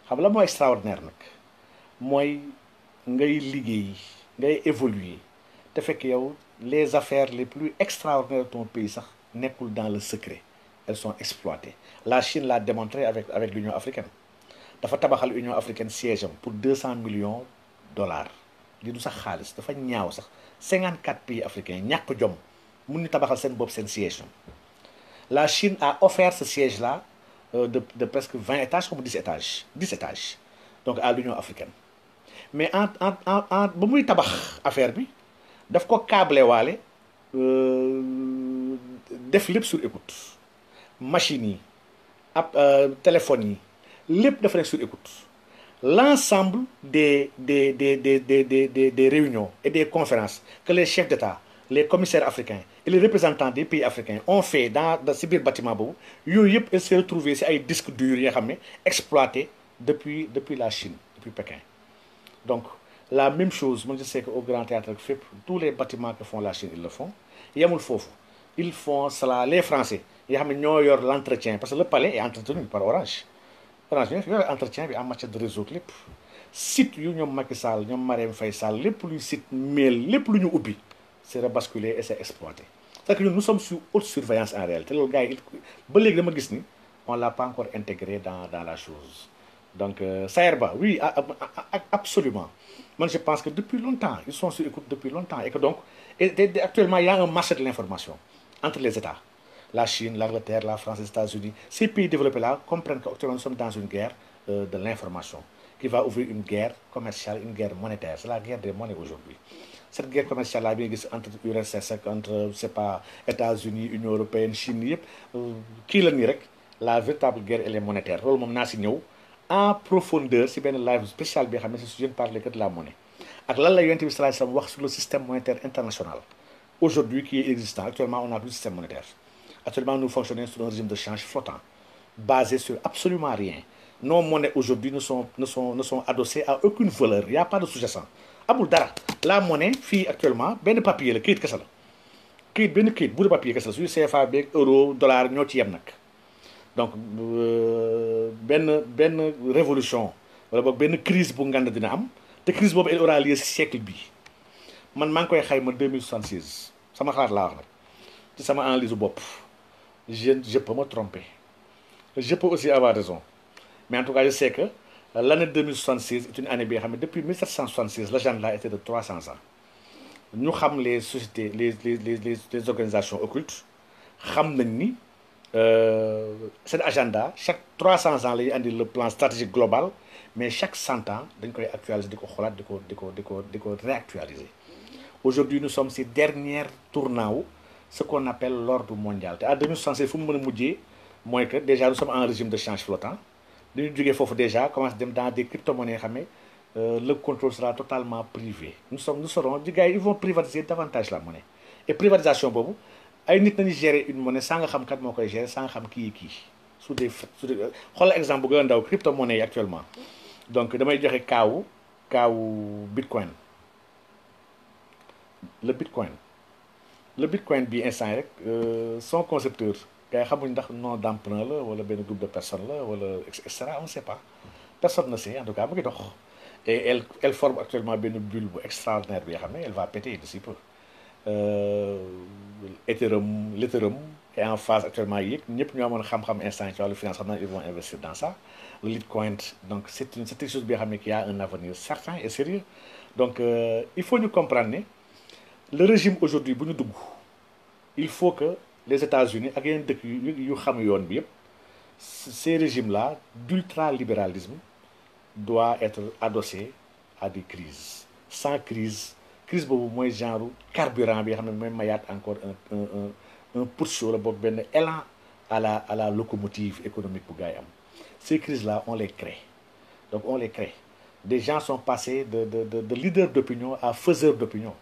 xam la mooy extraordinaire nag mooy ngay liggéey ngay évoluer te fekk yow les affaires les plus extraordinaires de ton pays sax pas dans le secret elles sont exploitées la Chine l'a démontré avec l'Union africaine dafa tabaxal Union africaine siège pour 200 millions millions dollars li du sax xaalis dafa ñaaw sax 54 pays africains ñàkk jom mun ñu tabaxal seen bopp seen siège la Chine a offert ce siège là euh, de de presque 20 étages comme 10 étages 10 étages donc à l'Union africaine mais en en en il ba muy tabax affaire bi daf ko câblé waale euh, def lépp sur écoute machines yi ab euh, téléphones yi lépp dafa rek sur écoute l'ensemble des des, des, des, des, réunions et des conférences que les chefs d'État, les commissaires africains et les représentants des pays africains ont fait dans, dans bâtiments bâtiment ils se retrouvent disques durs exploités depuis depuis la Chine depuis Pékin donc la même chose moi je sais qu'au Grand Théâtre tous les bâtiments que font la Chine ils le font ils font cela les Français ils ont l'entretien parce que le palais est entretenu par Orange Franchement, a fi entretien bi en matière de réseau clip site yu ñoom Macky Sall ñoom Marème Faye sites, site mail lu ñu c'est rebasculé et c'est exploité que nous sommes sur haute surveillance en réalité On gars ba dama gis ni on l'a pas encore intégré dans dans la chose donc euh, Saherba oui absolument moi je pense que depuis longtemps ils sont sur écoute depuis longtemps et que donc et actuellement il y a un marché de l'information entre les États la Chine, l'Angleterre, la France, les États-Unis, ces pays développés-là comprennent qu'actuellement nous sommes dans une guerre euh, de l'information qui va ouvrir une guerre commerciale, une guerre monétaire. C'est la guerre des monnaies aujourd'hui. Cette guerre commerciale-là, entre l'URSS, entre pas, États-Unis, Union européenne, Chine, qui euh, le la véritable guerre elle est monétaire. loolu moom naa en profondeur si une live spécial bi xam ne parle parler que de la monnaie Alors, là, la y a salaay sur le système monétaire international aujourd'hui qui est existant actuellement on n'a plus de système monétaire. Actuellement, nous fonctionnons sur un régime de change flottant, basé sur absolument rien. Nos monnaies aujourd'hui ne sont, ne, sont, ne sont adossées à aucune valeur. Il n'y a pas de sous-jacent. Aboul Dara, la monnaie, fille actuellement, ben papier, le kit que ça. Kit, ben kit, bout de papier que ça. Sur CFA, euro, dollar, nous y Donc, ben, ben révolution, ben crise pour nous dina am. Cette crise bobu elle aura lieu siècle bi. Man man koy xayma 2076. Sama xaar la wax nak. Ci sama analyse bop je, peux me tromper. Je peux aussi avoir raison. Mais en tout cas, je sais que euh, l'année 2066 est une année bien. Depuis 1766, l'agenda était de 300 ans. Nous les sociétés, les, organisations occultes. Nous euh, cet agenda, chaque 300 ans, il y a le plan stratégique global, mais chaque 100 ans, on avons actualiser, réactualiser. Aujourd'hui, nous sommes ces derniers tournants ce qu'on appelle l'ordre mondial En 2060, il faut que déjà nous sommes en régime de change flottant Nous jógee déjà commence dans des crypto-monnaies euh, le contrôle sera totalement privé nous sommes nous serons des gars ils vont privatiser davantage la monnaie et privatisation boobu ay nit gérer une monnaie sans nga xam kat qui. gérer saa nga xam kii qui. Sous crypto-monnaie actuellement donc damay aurait KO, KO bitcoin le bitcoin le bitcoin bi instant rek euh, son concepteur kay xamuñ ndax nom d'emprunt la wala ben groupe de personnes etc. wala on ne sait pas personne ne sait en tout cas mu ngi dox et elle forme actuellement une bulle extraordinaire bi elle va péter d'ici peu euh, Ethereum l'Ethereum est en phase actuellement yek ñep ñu pas xam-xam instant qui ils vont investir dans ça le Bitcoin, donc c'est une c'est une chose qui a un avenir certain et sérieux donc euh, il faut nous comprendre le régime aujourd'hui il faut que les États-Unis ak yeneen dëkk yu xam ces régimes là d'ultralibéralisme doit être adossé à des crises sans crise crise boobu mooy genre carburant bi nga xam ne mooy encore un un un un élan à la à la locomotive économique pour gars ces crises là on les crée donc on les crée des gens sont passés de de de de leaders d'opinion à faiseurs d'opinion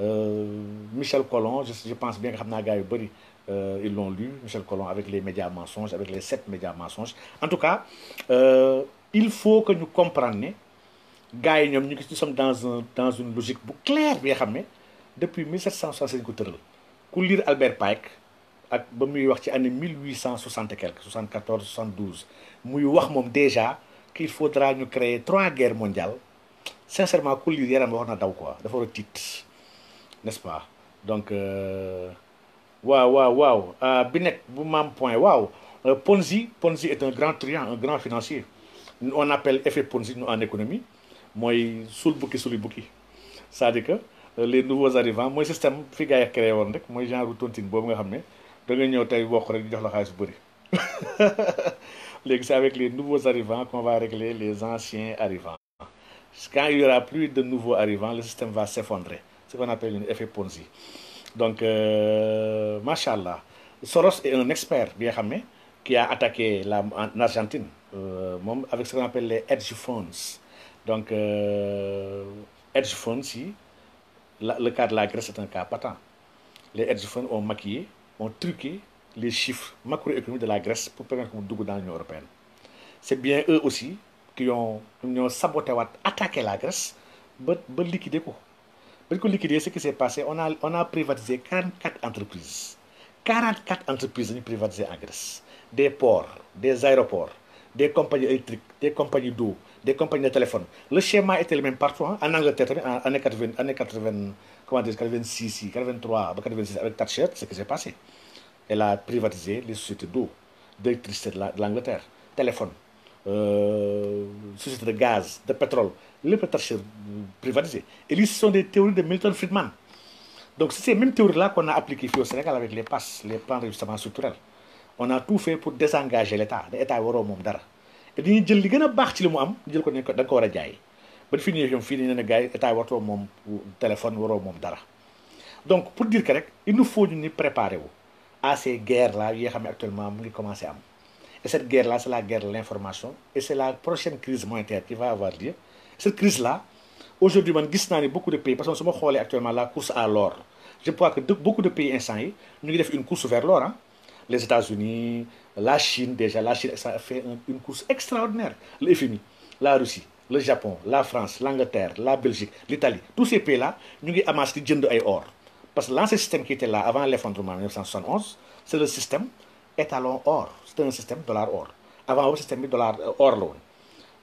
euh, Michel Collomb je pense bien qu'ils euh, ils l'ont lu Michel Collomb avec les médias mensonges avec les sept médias mensonges en tout cas euh, il faut que nous comprenions Que gars nous sommes dans une logique claire depuis 1760 pour lire Albert Pike ak ba muy wax ci année 1860 74 72 wax déjà qu'il faudra nous créer trois guerres mondiales sincèrement ku lire yaram wax na daw quoi dafa war le n'est-ce pas donc waouh waouh waaw euh, binet nekk bu point waouh Ponzi Ponzi est un grand triant, un grand financier on appelle effet Ponzi en économie mooy suul bukki suli bukki c'est-à-dire que euh, les nouveaux arrivants le système fi gars yi créé Moi, rek un genre tontine boobu nga xam ne da nga un tey je rek jox la xaalis bu bëri c'est avec les nouveaux arrivants qu'on va régler les anciens arrivants quand il y aura plus de nouveaux arrivants le système va s'effondrer ce qu'on appelle un effet Ponzi donc euh, Soros est un expert bien nga qui a attaqué la euh, avec ce qu'on appelle les hedge funds donc euh, hedge funds le cas de la Grèce est un cas patent les hedge funds ont maquillé ont truqué les chiffres macroéconomiques de la Grèce pour permettre qu'on double dans l'Union européenne c'est bien eux aussi qui ont saboté attaqué la Grèce pour liquidé liquider ce qui s'est passé, on a, on a privatisé 44 entreprises. 44 entreprises ont privatisé en Grèce. Des ports, des aéroports, des compagnies électriques, des compagnies d'eau, des compagnies de téléphone. Le schéma était le même partout. Hein. En Angleterre, en années 80, années 80 comment 86, 83, 86, avec Thatcher, ce qui s'est passé. Elle a privatisé les sociétés d'eau, d'électricité de l'Angleterre, téléphone euh, sociétés de gaz, de pétrole, les pétroliers privatisés. Et ce sont des théories de Milton Friedman. Donc, c'est ces mêmes théories-là qu'on a appliquées au Sénégal avec les passes, les plans d'ajustement structurel. On a tout fait pour désengager l'État. L'État est le dara. Et ni jël li gën a ci li mu am jël ko ne da nga ko war a jaay mais fi ñu yëf fii dañu ne gars yi état téléphone dara donc pour dire que il nous faut nous préparer à ces guerres là yi nga actuellement commencé am et cette guerre-là, c'est la guerre de l'information. Et c'est la prochaine crise monétaire qui va avoir lieu. Cette crise-là, aujourd'hui, je vois beaucoup de pays, parce que si je regarde actuellement la course à l'or, je crois que beaucoup de pays insensés nous avons une course vers l'or. Hein. Les États-Unis, la Chine, déjà, la Chine, ça fait une course extraordinaire. les, la Russie, le Japon, la France, l'Angleterre, la Belgique, l'Italie, tous ces pays-là, nous avons amassé des or. Parce que l'ancien système qui était là avant l'effondrement en 1971, c'est le système étalon or c'était un système dollar or avant un système dollar euh, or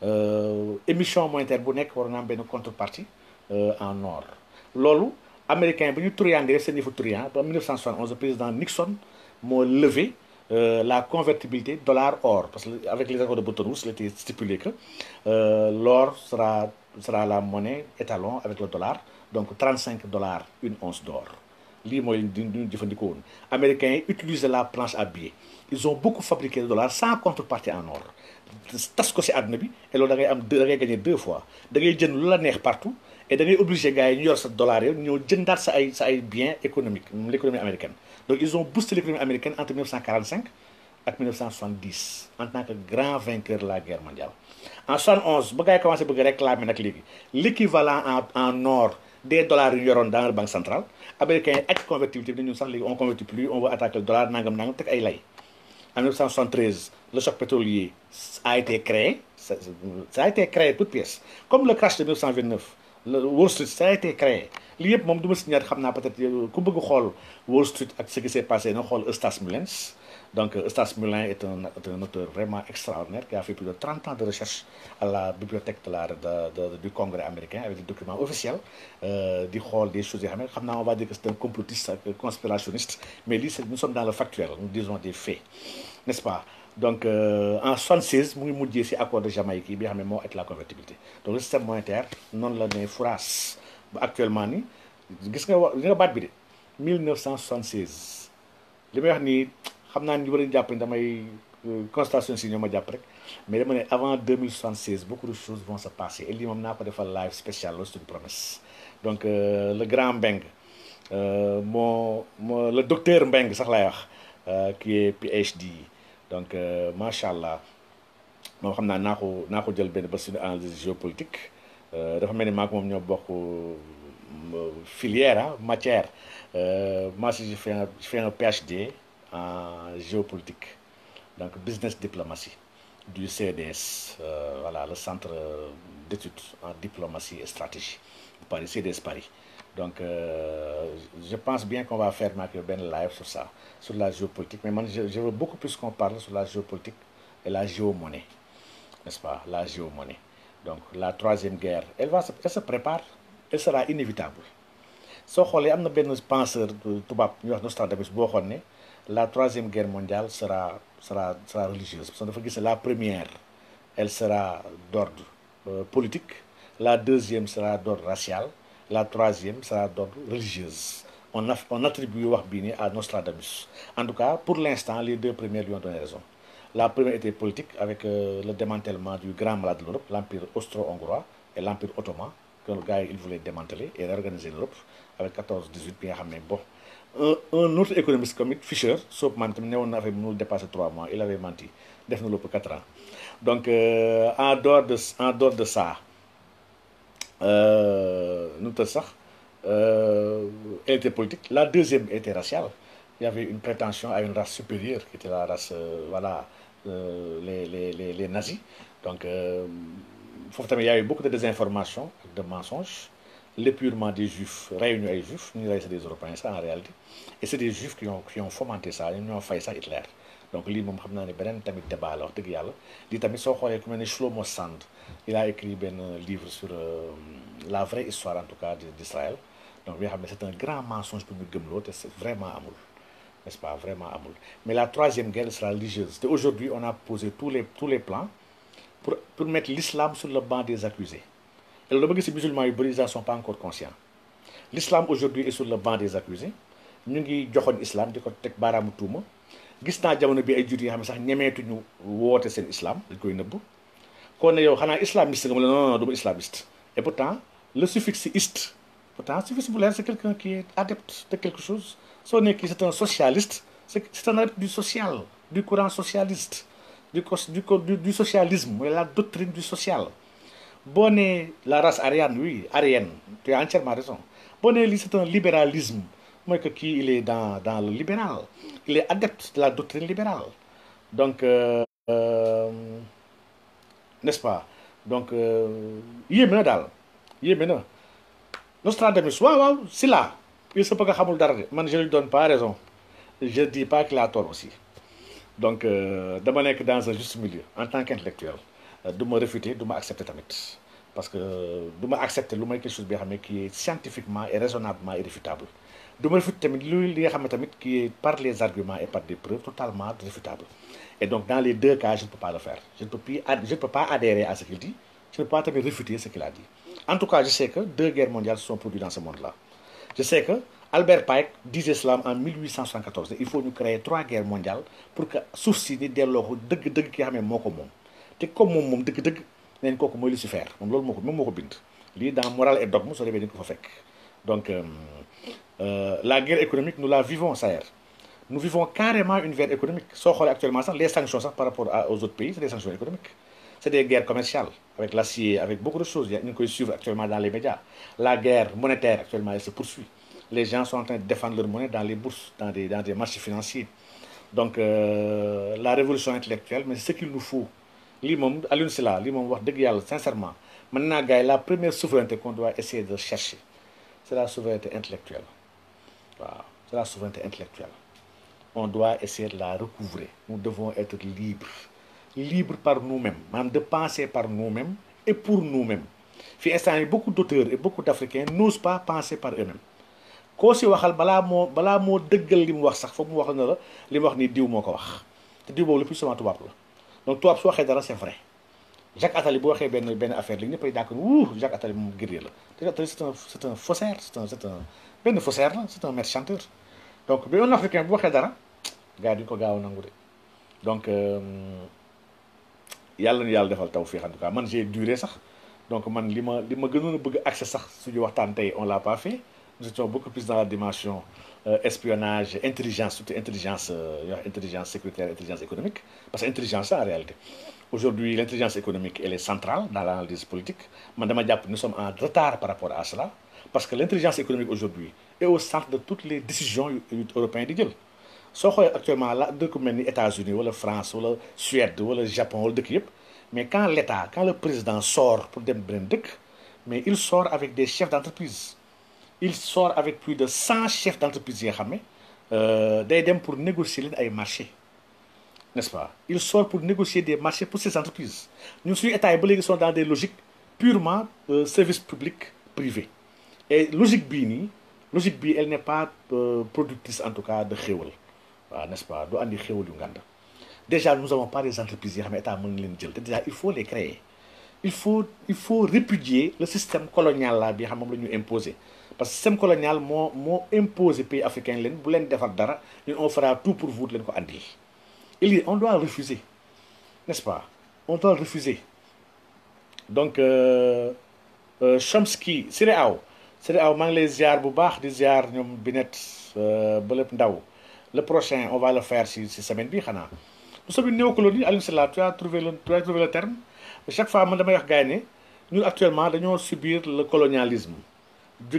euh, émission monétaire bu une contrepartie euh, en or L'OLU, américain bi ñu truandee de niveau en en 1971 le président Nixon a levé la convertibilité dollar or parce que avec les accords de Bretton Woods il était stipulé que l'or sera sera la monnaie étalon avec le dollar donc 35 dollars une once d'or les américains utilisent la planche à billets ils ont beaucoup fabriqué de dollars sans contrepartie en or tas ce qu'on c'est bi et loolu da ngay gagné deux fois da ngay gagné lu la partout et da ngay obligé gars gagner ñu yor sa dollar et ñoo sa ay sa ay biens américaine donc ils ont boosté l'économie américaine entre 1945 et 1970 en tant que grand vainqueur de la guerre mondiale en 1971, ba gars commencé à réclamer l'équivalent en or des dollars qui dans la banque centrale américains yi aj convertibilité bi ne sax on convertit plus on va attaquer le dollar nangam nangam tek ay lay en 1973 le choc pétrolier a été créé ça, a été créé toute pièce comme le crash de 1929 le Wall Street ça a été créé li yëpp moom du ma si ñaar peut-être ku bëgg Wall Street ak ce qui s'est passé na xol Eustace Mullens donc, Eustace Moulin est un, auteur vraiment extraordinaire qui a fait plus de 30 ans de recherche à la bibliothèque de la, du Congrès américain avec des documents officiels, euh, du hall des choses. On va dire que c'est un complotiste, un conspirationniste, mais nous sommes dans le factuel, nous disons des faits, n'est-ce pas donc euh, en 76 mu a mujjee un accord de Jamaïque bien bi nga la convertibilité donc le système monétaire non la ne actuellement ni gis nga wax li nga bi 1976 li xam naa ni war nañu jàpp ni damay euh, constatation si ñoo ma jàpp rek mais dama ne avant 2076 beaucoup de choses vont se passer et lii moom naa ko defal live spécial loolu c'est promesse donc euh, le grand Mbeng euh, moo moo le docteur Mbeng sax laay wax qui est PhD donc macha allah moom xam naa naa ko naa ko jël benn ba suñu analyse géopolitique dafa mel ni maa ko moom ñoo bokk filière ah matière moi aussi je un je fais un PhD en géopolitique, donc business diplomatie du CDS, euh, voilà, le centre euh, d'études en diplomatie et stratégie, Paris, CDS Paris. Donc, euh, je pense bien qu'on va faire un Ben live sur ça, sur la géopolitique. Mais moi, je, veux beaucoup plus qu'on parle sur la géopolitique et la géomonnaie, n'est-ce pas La géomonnaie. Donc, la troisième guerre, elle, va se, elle se prépare, elle sera inévitable. penseur de nous la troisième guerre mondiale sera, sera, sera religieuse. la première, elle sera d'ordre euh, politique, la deuxième sera d'ordre racial, la troisième sera d'ordre religieuse. On, attribue Wahbini à Nostradamus. En tout cas, pour l'instant, les deux premières lui ont donné raison. La première était politique avec euh, le démantèlement du grand malade de l'Europe, l'Empire austro-hongrois et l'Empire ottoman, que le gars il voulait démanteler et réorganiser l'Europe avec 14-18 pays bon, un autre économiste comme Fisher sauf qu'il ne avait na trois mois il avait menti quatre ans donc euh, en dehors de de ça euh, nous euh, était politique la deuxième était raciale il y avait une prétention à une race supérieure qui était la race voilà les les les nazis donc il y a eu beaucoup de désinformation de mensonges l'épurement des juifs, réunion des juifs, nous c'est des Européens, ça en réalité. Et c'est des juifs qui ont, qui ont fomenté ça, ils ont fait ça à Hitler. Donc, lui, il a benen débat Shlomo Sand il a écrit un livre sur euh, la vraie histoire en tout cas d'Israël donc c'est un grand mensonge pour nous et c'est vraiment amour. n'est-ce pas vraiment amour. mais la troisième guerre sera religieuse aujourd'hui on a posé tous les tous les plans pour pour mettre l'islam sur le banc des accusés et le gis musulmans yu bëri sont pas encore conscients l'islam aujourd'hui est sur le banc des accusés ñu ngi joxoon islam di ko teg baaraamu tuuma gis naa jamono bi ay jur yi sax xam ñu sax ñemeetuñu woote seen islam dañ koy nëbb kon ne yow xanaa islamiste nga mu non non duma islamiste et pourtant le suffixe iste pourtant suffixe bu leer c'est quelqu'un qui est adepte de quelque chose soo nekkee c'est un socialiste c'est c'est un adepte du social du courant socialiste du du du socialisme mooy la doctrine du social Bonnet, la race arienne, oui, arienne, tu as entièrement raison. Bonnet, c'est un libéralisme. Moi, qui il est dans, dans, le libéral. Il est adepte de la doctrine libérale. Donc, euh, euh, n'est-ce pas Donc, il est maintenant. Il est maintenant. Nostradamus, waouh, c'est là. Il ne se peut que je ne lui donne pas raison. Je ne dis pas qu'il a tort aussi. Donc, euh, manière que dans un juste milieu, en tant qu'intellectuel. Euh, de me réfuter, de m'accepter tamit parce que je euh, ma accepter quelque chose qui est scientifiquement et raisonnablement irréfutable Je ne réfute tamit qui est par les arguments et par des preuves totalement réfutable et donc dans les deux cas je ne peux pas le faire je ne peux je peux pas adhérer à ce qu'il dit je ne peux pas réfuter ce qu'il a dit en tout cas je sais que deux guerres mondiales se sont produites dans ce monde là je sais que Albert Pike disait cela en 1874 il faut nous créer trois guerres mondiales pour que ceci ne ni delloo deux deux qui comme n'importe kooku mooy Lucifer moom loolu moo ko moom moo dans moral et dogme soo demee ko fa donc euh, euh, la guerre économique nous la vivons Sahel nous vivons carrément une guerre économique soo actuellement les sanctions par rapport aux autres pays c'est des sanctions économiques c'est des guerres commerciales avec l'acier avec beaucoup de choses ñu ngi koy suivre actuellement dans les médias la guerre monétaire actuellement elle se poursuit les gens sont en train de défendre leur monnaie dans les bourses dans des dans des marchés financiers donc euh, la révolution intellectuelle mais c'est ce qu'il nous faut lii moom Alioune Sylla lii moom wax deug yalla sincèrement maintenant la première souveraineté qu'on doit essayer de chercher c'est la souveraineté intellectuelle c'est la souveraineté intellectuelle on doit essayer de la recouvrer nous devons être libres libres par nous-mêmes même de penser par nous-mêmes et pour nous-mêmes fi beaucoup d'auteurs et beaucoup d'Africains n'osent pas penser par eux-mêmes ko si waxal bala mo bala mo deugal lim wax sax foog mu wax na la lim wax ni diw moko wax diw le plus souvent donc toi su waxee dara c'est vrai Jacques Attali bo waxee ben ben affaire li ñëpp ay d'accord ouh Jacques Attali moom guerrier la te Attali c'est un c'est un faussaire c'est un c'est un benn faussaire là c'est un maître chanteur donc bi un africain bo waxee dara gars yi duñu ko gaaw a nangu de donc euh, yalla na yàlla defal tawfiq en tout cas man j'ai duré sax donc man li ma li ma gënoon a bëgg accès sax suñu waxtaan tay on l'a pas fait nous étions beaucoup plus dans la dimension euh, espionnage, intelligence, intelligence, euh, intelligence sécuritaire, intelligence économique, parce que c'est en réalité. Aujourd'hui, l'intelligence économique, elle est centrale dans l'analyse politique. Madame Diap, nous sommes en retard par rapport à cela, parce que l'intelligence économique aujourd'hui est au centre de toutes les décisions européennes de Sauf actuellement la États-Unis la France la Suède le Japon le mais quand l'État quand le président sort pour des beneen mais il sort avec des chefs d'entreprise il sort avec plus de 100 chefs d'entreprise il xam euh, pour négocier les marchés n'est-ce pas il sort pour négocier des marchés pour ces entreprises Nous sommes sont dans des logiques purement euh, service public privé et logique B logique B, elle n'est pas euh, productrice en tout cas de xéewal n'est-ce pas déjà nous n'avons pas des entreprises il faut les créer il faut il faut répudier le système colonial là nous xam imposé. imposer parce que système colonial moo moo imposé pays africains l'en, bu l'en défendre, dara nous on fera tout pour vous l'en ko andil il on doit refuser n'est-ce pas on doit refuser donc euh, euh, Chomsky c'est c'est maa ngi lay ziar bu baax di ziar ñoom Binet euh, Bëlëb Ndaw le prochain on va le faire si si semaine bi xanaa nous sommes une néocolonie Alim Sela, tu as trouvé le tu as trouvé le terme chaque fois man damay wax gars actuellement nous subir le colonialisme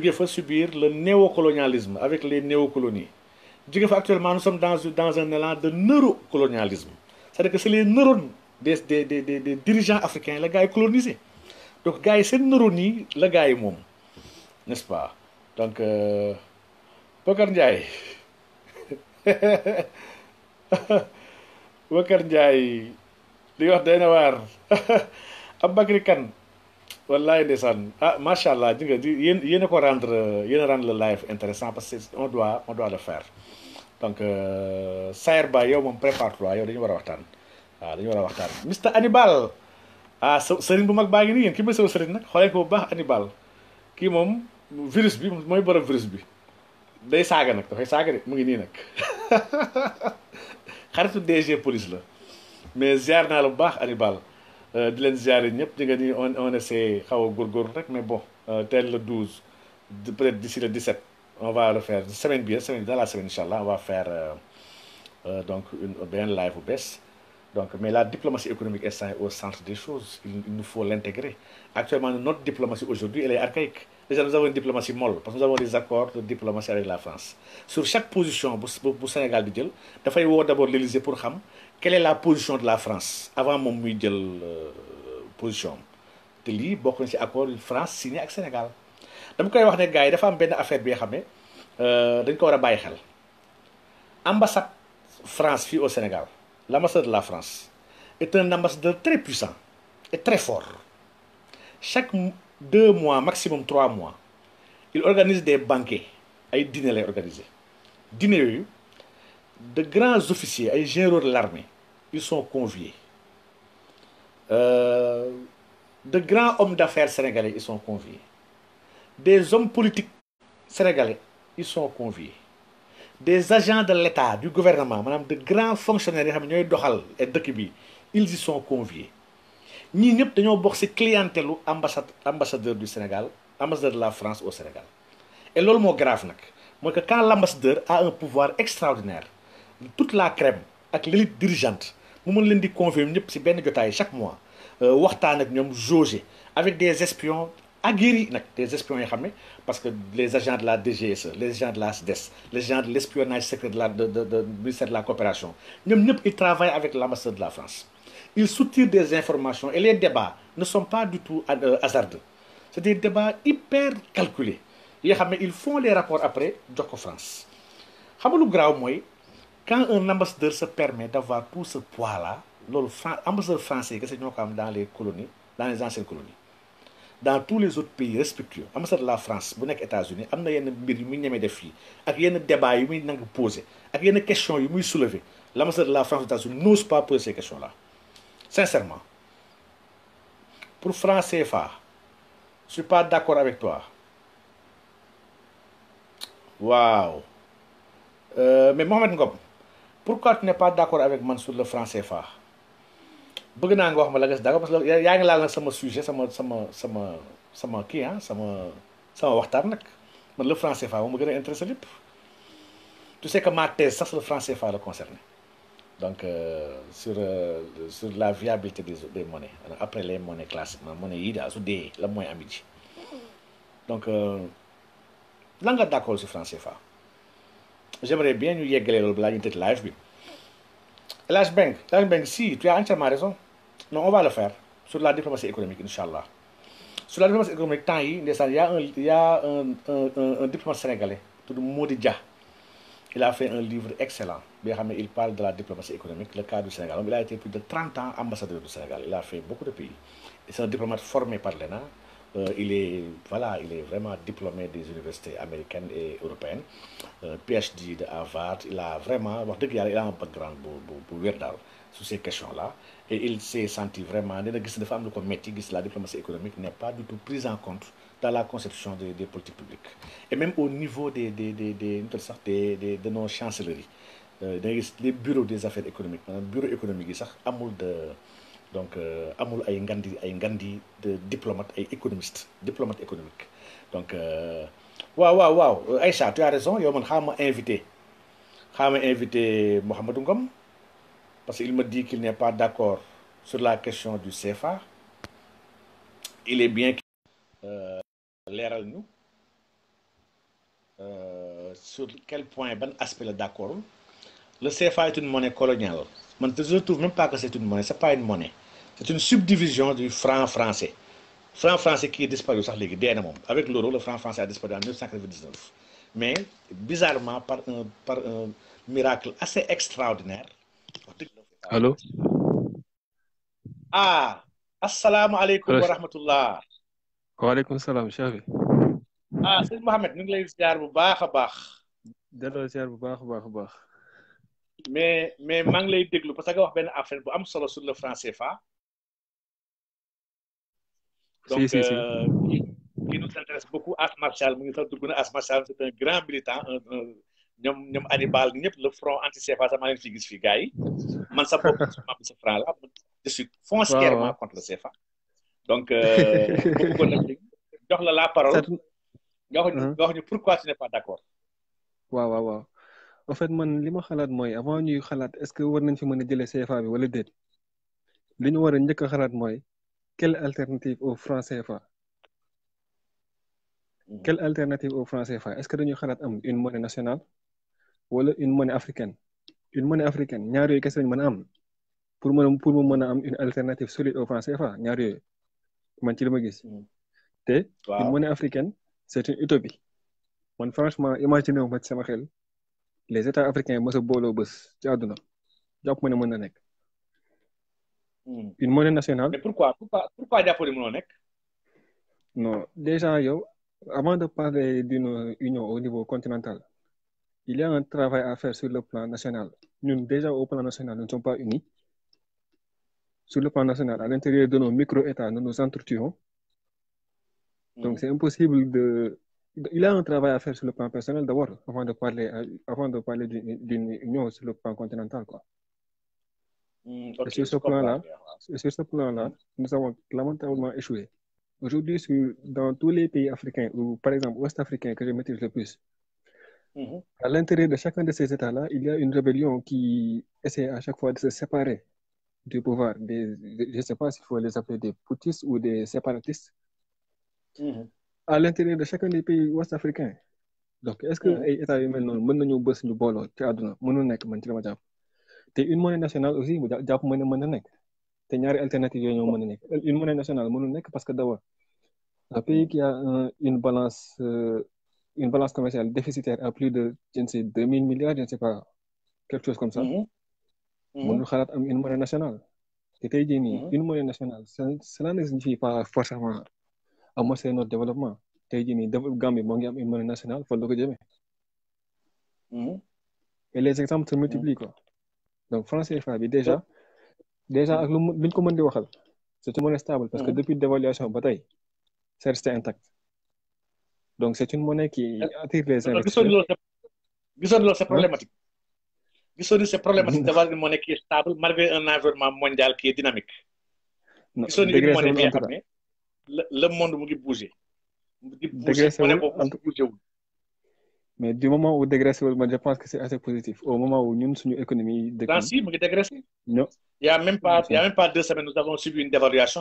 je fait subir le néocolonialisme avec les néocolonies actuellement nous sommes dans un élan de colonialisme c'est-à-dire que c'est les neurones des dirigeants africains qui gars colonisés. donc gars neurones gars n'est-ce pas donc euh, Ndiaye wallaay ndeysaan ah macha allah ji nga yéen yéen a ko rendre yéen rendre le intéressant parce que on doit on doit le faire donc euh, Sayer Ba yow moom prépare toi yow dañu war a waxtaan waaw dañu war a waxtaan Mr Hannibal ah sa sëriñ bu mag baa ngi nii yéen ki may sama sëriñ nag xoolee ko bu baax Hannibal kii moom virus bi mooy borom virus bi day saaga nag dafay saaga de mu ngi nii nag xaritu DG police la mais ziar naa la bu baax Hannibal Euh, de leen ziare ñëpp on on essaie xaw a rek mais bon euh, tel le 12 peut-être d'ici le 17 on va le faire semaine bien semaine dans la semaine inchallah on va faire euh, euh donc une bien live ou baisse. donc mais la diplomatie économique est au centre des choses il, nous faut l'intégrer actuellement notre diplomatie aujourd'hui elle est archaïque déjà nous avons une diplomatie molle parce que nous avons des accords de diplomatie avec la France sur chaque position pour, le Sénégal bi jël Il faut d'abord l'Élysée pour xam quelle est la position de la France avant mon muy la euh, position de lii bokk na ci accord France signé avec Sénégal Je koy wax ne gars yi dafa am benn affaire bi nga xam ne euh, dañ ko a xel ambassade France au Sénégal L'ambassade de la France est un ambassadeur très puissant et très fort chaque deux mois maximum trois mois il organise des banquets Il dîner organisés. dîners dîner de grands officiers et généraux de l'armée ils sont conviés euh, de grands hommes d'affaires sénégalais ils sont conviés des hommes politiques sénégalais ils sont conviés des agents de l'État du gouvernement Madame, de grands fonctionnaires ils y sont conviés Nous avons bokk clientèle ambassadeur du Sénégal ambassadeur de la France au Sénégal et c'est grave que quand l'ambassadeur a un pouvoir extraordinaire toute la crème avec l'élite dirigeante mu mën leen di convaincre ñëpp benn chaque mois euh, waxtaan ak ñoom avec des espions aguerris des espions parce que les agents de la DGSE les agents de la SDES e les agents de l'espionnage secret de la de de ministère de la coopération ils travaillent avec l'ambassade de la France ils soutiennent des informations et les débats ne sont pas du tout euh, hasardeux c'est des débats hyper calculés ils font les rapports après jox ko France quand un ambassadeur se permet d'avoir tout ce poids-là, l'ambassadeur français, que c'est nous dans les colonies, dans les anciennes colonies, dans tous les autres pays respectueux, l'ambassadeur de la France, bu les États-Unis il y a des yu muy ñemee def fii ak yenn débat yu muy a posé ak question soulever l'ambassadeur de la France aux États-Unis n'ose pas poser ces questions-là sincèrement pour France CFA je ne suis pas d'accord avec toi Waouh. mais Mohamed Ngob, pourquoi tu n'es pas d'accord avec moi sur le franc CFA Je naa nga wax ma la nga d'accord parce que tu ngi laal nag sama sujet sama sama sama sama mon ah sama le franc CFA je ma intéressé lépp tu sais que ma thèse ça c'est le franc CFA le concerné donc euh, sur euh, sur la viabilité des des monnaies après les monnaies classiques les monnaies IDA, les su dee la donc euh, lan nga d'accord sur le franc CFA j'aimerais bien nous yeggalee loolu le ñu tëj live bi Bank, bank si tu as entièrement raison non on va le faire sur la diplomatie économique incha sur la diplomatie économique temps y' a un y' a un un un un diplomate sénégalais tudd il a fait un livre excellent il parle de la diplomatie économique le cas du Sénégal il a été plus de 30 ans ambassadeur du Sénégal il a fait beaucoup de pays c'est un diplomate formé par l'ENA euh, il, est, voilà, il est vraiment diplômé des universités américaines et européennes. Euh, PhD de Harvard. Il a vraiment il a un background pour, pour, sur ces questions-là. Et il s'est senti vraiment, la diplomatie économique n'est pas du tout prise en compte dans la conception des, des, politiques publiques. Et même au niveau des, des, des, de nos chancelleries, euh, des bureaux des affaires économiques, le bureau économique, de donc euh, amul ay ngandi ay ngandi de diplomate ay économiste diplomate économique donc euh, waaw waaw waaw Aïcha tu as raison yow man xama invité xama invité Mohamed Ngom parce qu'il me dit qu'il n'est pas d'accord sur la question du CFA il est bien L'air à nous sur quel point ben aspect là d'accord le CFA est une monnaie coloniale je ne trouve même pas que c'est une monnaie c'est pas une monnaie c'est une subdivision du franc français franc français qui est disparu ça léegi dernièrement. avec l'euro le franc français a disparu en 1999 mais bizarrement par un par un miracle assez extraordinaire. Allô ah. alaikum wa rahmatullah. Wa alaikum salam, chef. ah c'est mohamed nous ngi lay ziar bu Bah, bah, ziar bu baax mais mais mang les lay déglu parce que wax ben affaire bu am solo sur le français CFA. Donc, si, si, si. Euh, qui nous intéresse beaucoup, As Marshall, As Marshall, c'est un grand militant, un, un, ñoom Hannibal ñëpp le front anti CFA sama leen fi gis fi gars yi man sa bopp sama sa frère la je suis foncièrement contre le CFA donc bëgg ko nag jox la la parole nga wax ñu pourquoi tu n'es pas d'accord waaw waaw waaw en fait man lima ma moy mooy avant ñuy xalaat est ce que war nañ fi mën a CFA bi wala déet li ñu war a njëkk quelle alternative au franc fa mm. quelle alternative au franc fa est-ce que dañuy xalaat am une monnaie nationale wala une monnaie africaine une monnaie africaine ñaar yooyu kese lañu mën a am pour mën pour mu mën a am une alternative solide au franc CFA ñaar yooyu man ci li ma gis. Mm. te une monnaie africaine c'est une utopie man franchement imaginer wu ma ci sama xel les états africains mos a booloo bés ci àdduna jàpp ma ne mën na nekk. Mm. une monnaie nationale. mais pourquoi pourquoi pourquoi pour non déjà avant de parler d'une union au niveau continental il y a un travail à faire sur le plan national Nous, déjà au plan national nous ne sommes pas unis sur le plan national à l'intérieur de nos micro-États nous nous entretuons. Mm. donc c'est impossible de il y a un travail à faire sur le plan personnel d'abord avant de parler euh, avant de parler d'une union sur le plan continental quoi sur mm, hein. ce plan-là, nous avons lamentablement échoué. Aujourd'hui, dans tous les pays africains, ou par exemple ouest-africains, que je maîtrise le plus, mm-hmm. à l'intérieur de chacun de ces États-là, il y a une rébellion qui essaie à chaque fois de se séparer du pouvoir. je ne sais pas s'il faut les appeler des poutistes ou des séparatistes. Mm-hmm. À l'intérieur de chacun des pays ouest-africains. Donc, est-ce que les mm-hmm. États te une monnaie nationale aussi bu japp mëna mëna nek a te ñaari alternative yo ñoo mëna nek une monnaie nationale mënu nek parce que dawa abord un pays qui a une balance une balance commerciale déficitaire à plus de je ne sais 2000 milliards je ne sais pas quelque chose comme ça. mënu xalat am une monnaie nationale. te tay jé ni une monnaie nationale cela ne signifie pas forcément amorcer notre développement tey jii nii Gambie mo ngi am une monnaie nationale fa lu ko jëmee. et les exemples se multiplient quoi. donc France CFA bi déjà déjà ak lu ko c'est une monnaie stable parce que depuis dévaluation ba tey c'est resté intact donc c'est une monnaie qui euh, attire les investisseurs gisoon c'est problématique gisoon c'est problématique d'avoir une monnaie qui est stable malgré un environnement mondial qui est dynamique gisoon une monnaie bi nga le monde mu ngi bouger mu ngi bouger mais du moment où dégraisse, moi je pense que c'est assez positif au moment où nous une économie. dégressée. Non, si vous dégraissez non il n'y a même pas il y a même pas deux semaines nous avons subi une dévaluation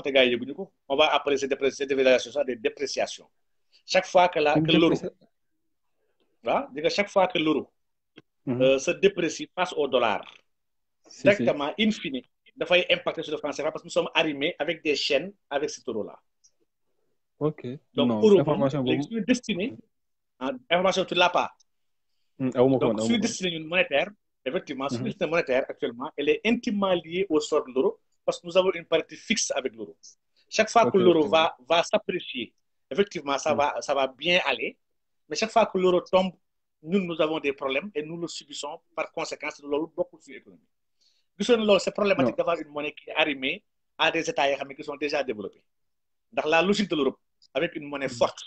on va appeler cette dévaluation, ça des dépréciations chaque fois que la que l'euro chaque fois que l'euro mhm. euh, se déprécie face au dollar. directement in fine dafay impacter sur le français, parce que nous sommes arrimés avec des chaînes avec cet euro là. ok donc l'information, moom léegi ah, information tu l'as pas. Donc, sur monétaire, effectivement, cette monétaire actuellement, elle est intimement liée au sort de l'euro parce que nous avons une parité fixe avec l'euro. Chaque fois que l'euro va, va s'apprécier, effectivement, ça, hum. va, ça va bien aller, mais chaque fois que l'euro tombe, nous, nous avons des problèmes et nous le subissons par conséquence de beaucoup sur l'économie. C'est problématique d'avoir une monnaie qui est arrimée à des États qui sont déjà développés. Dans la logique de l'Europe, avec une monnaie hum. forte,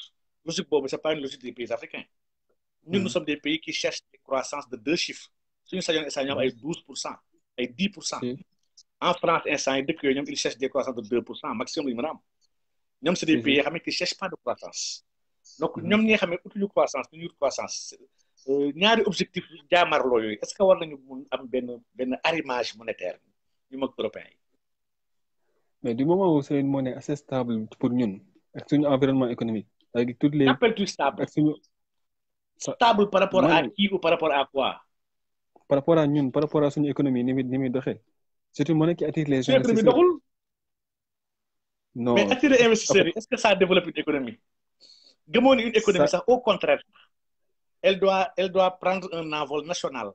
logique boobu c'est pas une logique des pays africains. ñun nous hmm. sommes des pays qui cherchent des croissances de deux chiffres suñu sañoon instant ñoom ay douze pour cent ay dix pour cent. Hmm. en France instant yi dëkk yooyu ñoom ils cherchent des croissances de deux pour cent maximum la ñoom c'est des hmm. pays yoo xam ne qui cherchent pas de croissance. donc ñoom ñi nga xam ne utuñu croissance ñu ut croissance euh, ñaari objectif jaamarloo yooyu est-ce que war nañu mun am benn benn monétaire ñu mag européens mais du moment où c'est une monnaie pour ñun ak suñu environnement Avec toutes les. Qu'appelles-tu stable Stable par rapport à qui ou par rapport à quoi Par rapport à nous, par rapport à son économie, C'est une monnaie qui attire les gens. Non. Mais attirer les investisseurs, est-ce que ça développe une économie une économie, ça... au contraire, elle doit, elle doit prendre un envol national.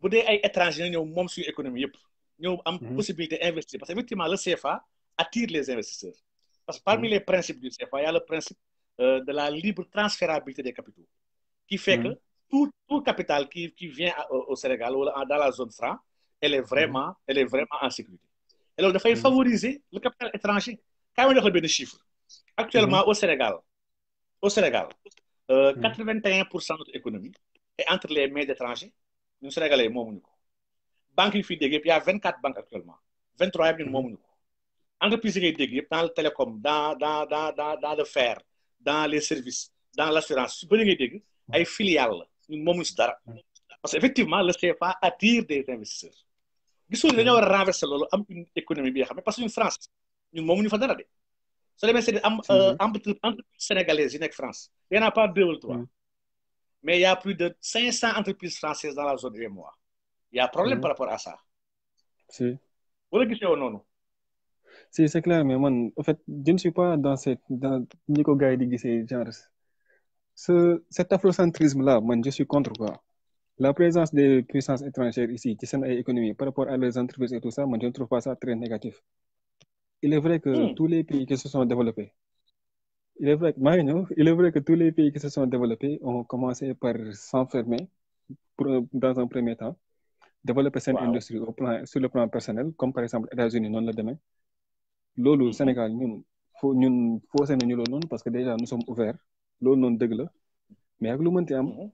Vous devez être étrangers nous sommes sur l'économie, Nous avons la mhm. possibilité d'investir. Parce effectivement, le CFA attire les investisseurs. Parce que parmi mhm. les principes du CFA, il y a le principe euh, de la libre transférabilité des capitaux, qui fait que mhm. tout, capital qui, vient au, Sénégal ou dans la zone franc, elle est vraiment, mhm. elle est vraiment en sécurité. Et donc, il faut favoriser le capital étranger. Quand on a des chiffres, actuellement mhm. au Sénégal, au Sénégal, euh, 81% de notre économie est entre les mains d'étrangers. Nous, Sénégalais, nous Banque, il y a 24 banques actuellement. 23 000, nous Entreprises, il y dans le télécom, dans, dans, dans, dans, dans le fer, dans les services dans l'assurance. assurance su bëri ngay dégg ay filiales la ñun moomuñ parce que effectivement le CFA attire des investisseurs gisoo ni dañoo a renverser am une économie bi nga parce que en France ñun moomuñu fa dara de soo demee seet am euh, mm-hmm. entreprise sénégalaise yi France. France y en a pas deux ou trois mm. mais il y a plus de 500 entreprises françaises dans la zone du Il y a problème mm-hmm. par rapport à ça. si wala ou non, non? c'est clair mais en fait je ne suis pas dans cette dans genre ce cet afrocentrisme là moi, je suis contre quoi la présence des puissances étrangères ici qui sont économie par rapport à leurs entreprises et tout ça moi, je ne trouve pas ça très négatif il est vrai que hmm. tous les pays qui se sont développés il est vrai que il est vrai que tous les pays qui se sont développés ont commencé par s'enfermer dans un premier temps développer cette industrie au plan sur le plan personnel comme par exemple États-Unis non le demain, loolu Sénégal ñun foo ñun foosee nañu loolu noonu parce que déjà nous sommes ouverts loolu noonu dëgg mais ak lu mënti am mhm.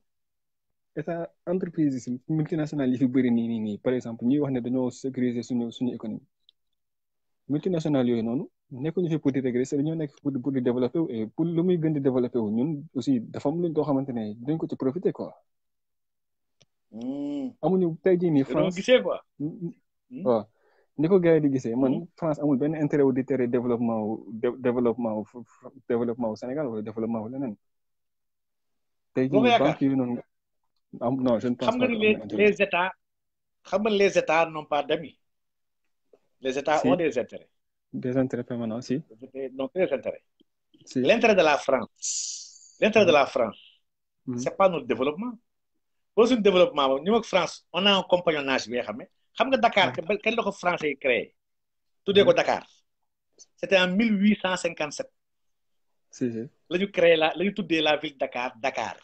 état entreprise yi multinationales yi fi bëri nii nii nii par exemple ñuy wax ne dañoo sécuriser suñu suñu économie multinationales yooyu noonu nekkuñu fi pour di régresser dañoo nekk pour pour di développer wu et pour lu muy gën di développer wu ñun aussi dafa am luñ doo xamante ne dañ ko ci profiter quoi. Mhm. amuñu tey jii nii France mhm. waaw. li ko gars yi di gisee man France hmm? amul benn intérêt wu di tere développement wu développement wu développement wu Sénégal wala développement wu leneen. tey jii banque yi noonu am non je ne pense pas. les états xam nga les états n'ont pas d'amis. les états ont des intérêts. des intérêts permanents si. donc des intérêts. si l'intérêt de la France. l'intérêt de hmm. la France. Hmm. c'est pas notre développement. pour suñu développement boobu ñu ak France on a un compagnonnage bi nga xam ne xam nga Dakar kañ la ko français yi créé. tuddee ko Dakar. c'était en mille huit cent cinquante sept. la ñu créé la la ñu tuddee la ville Dakar Dakar.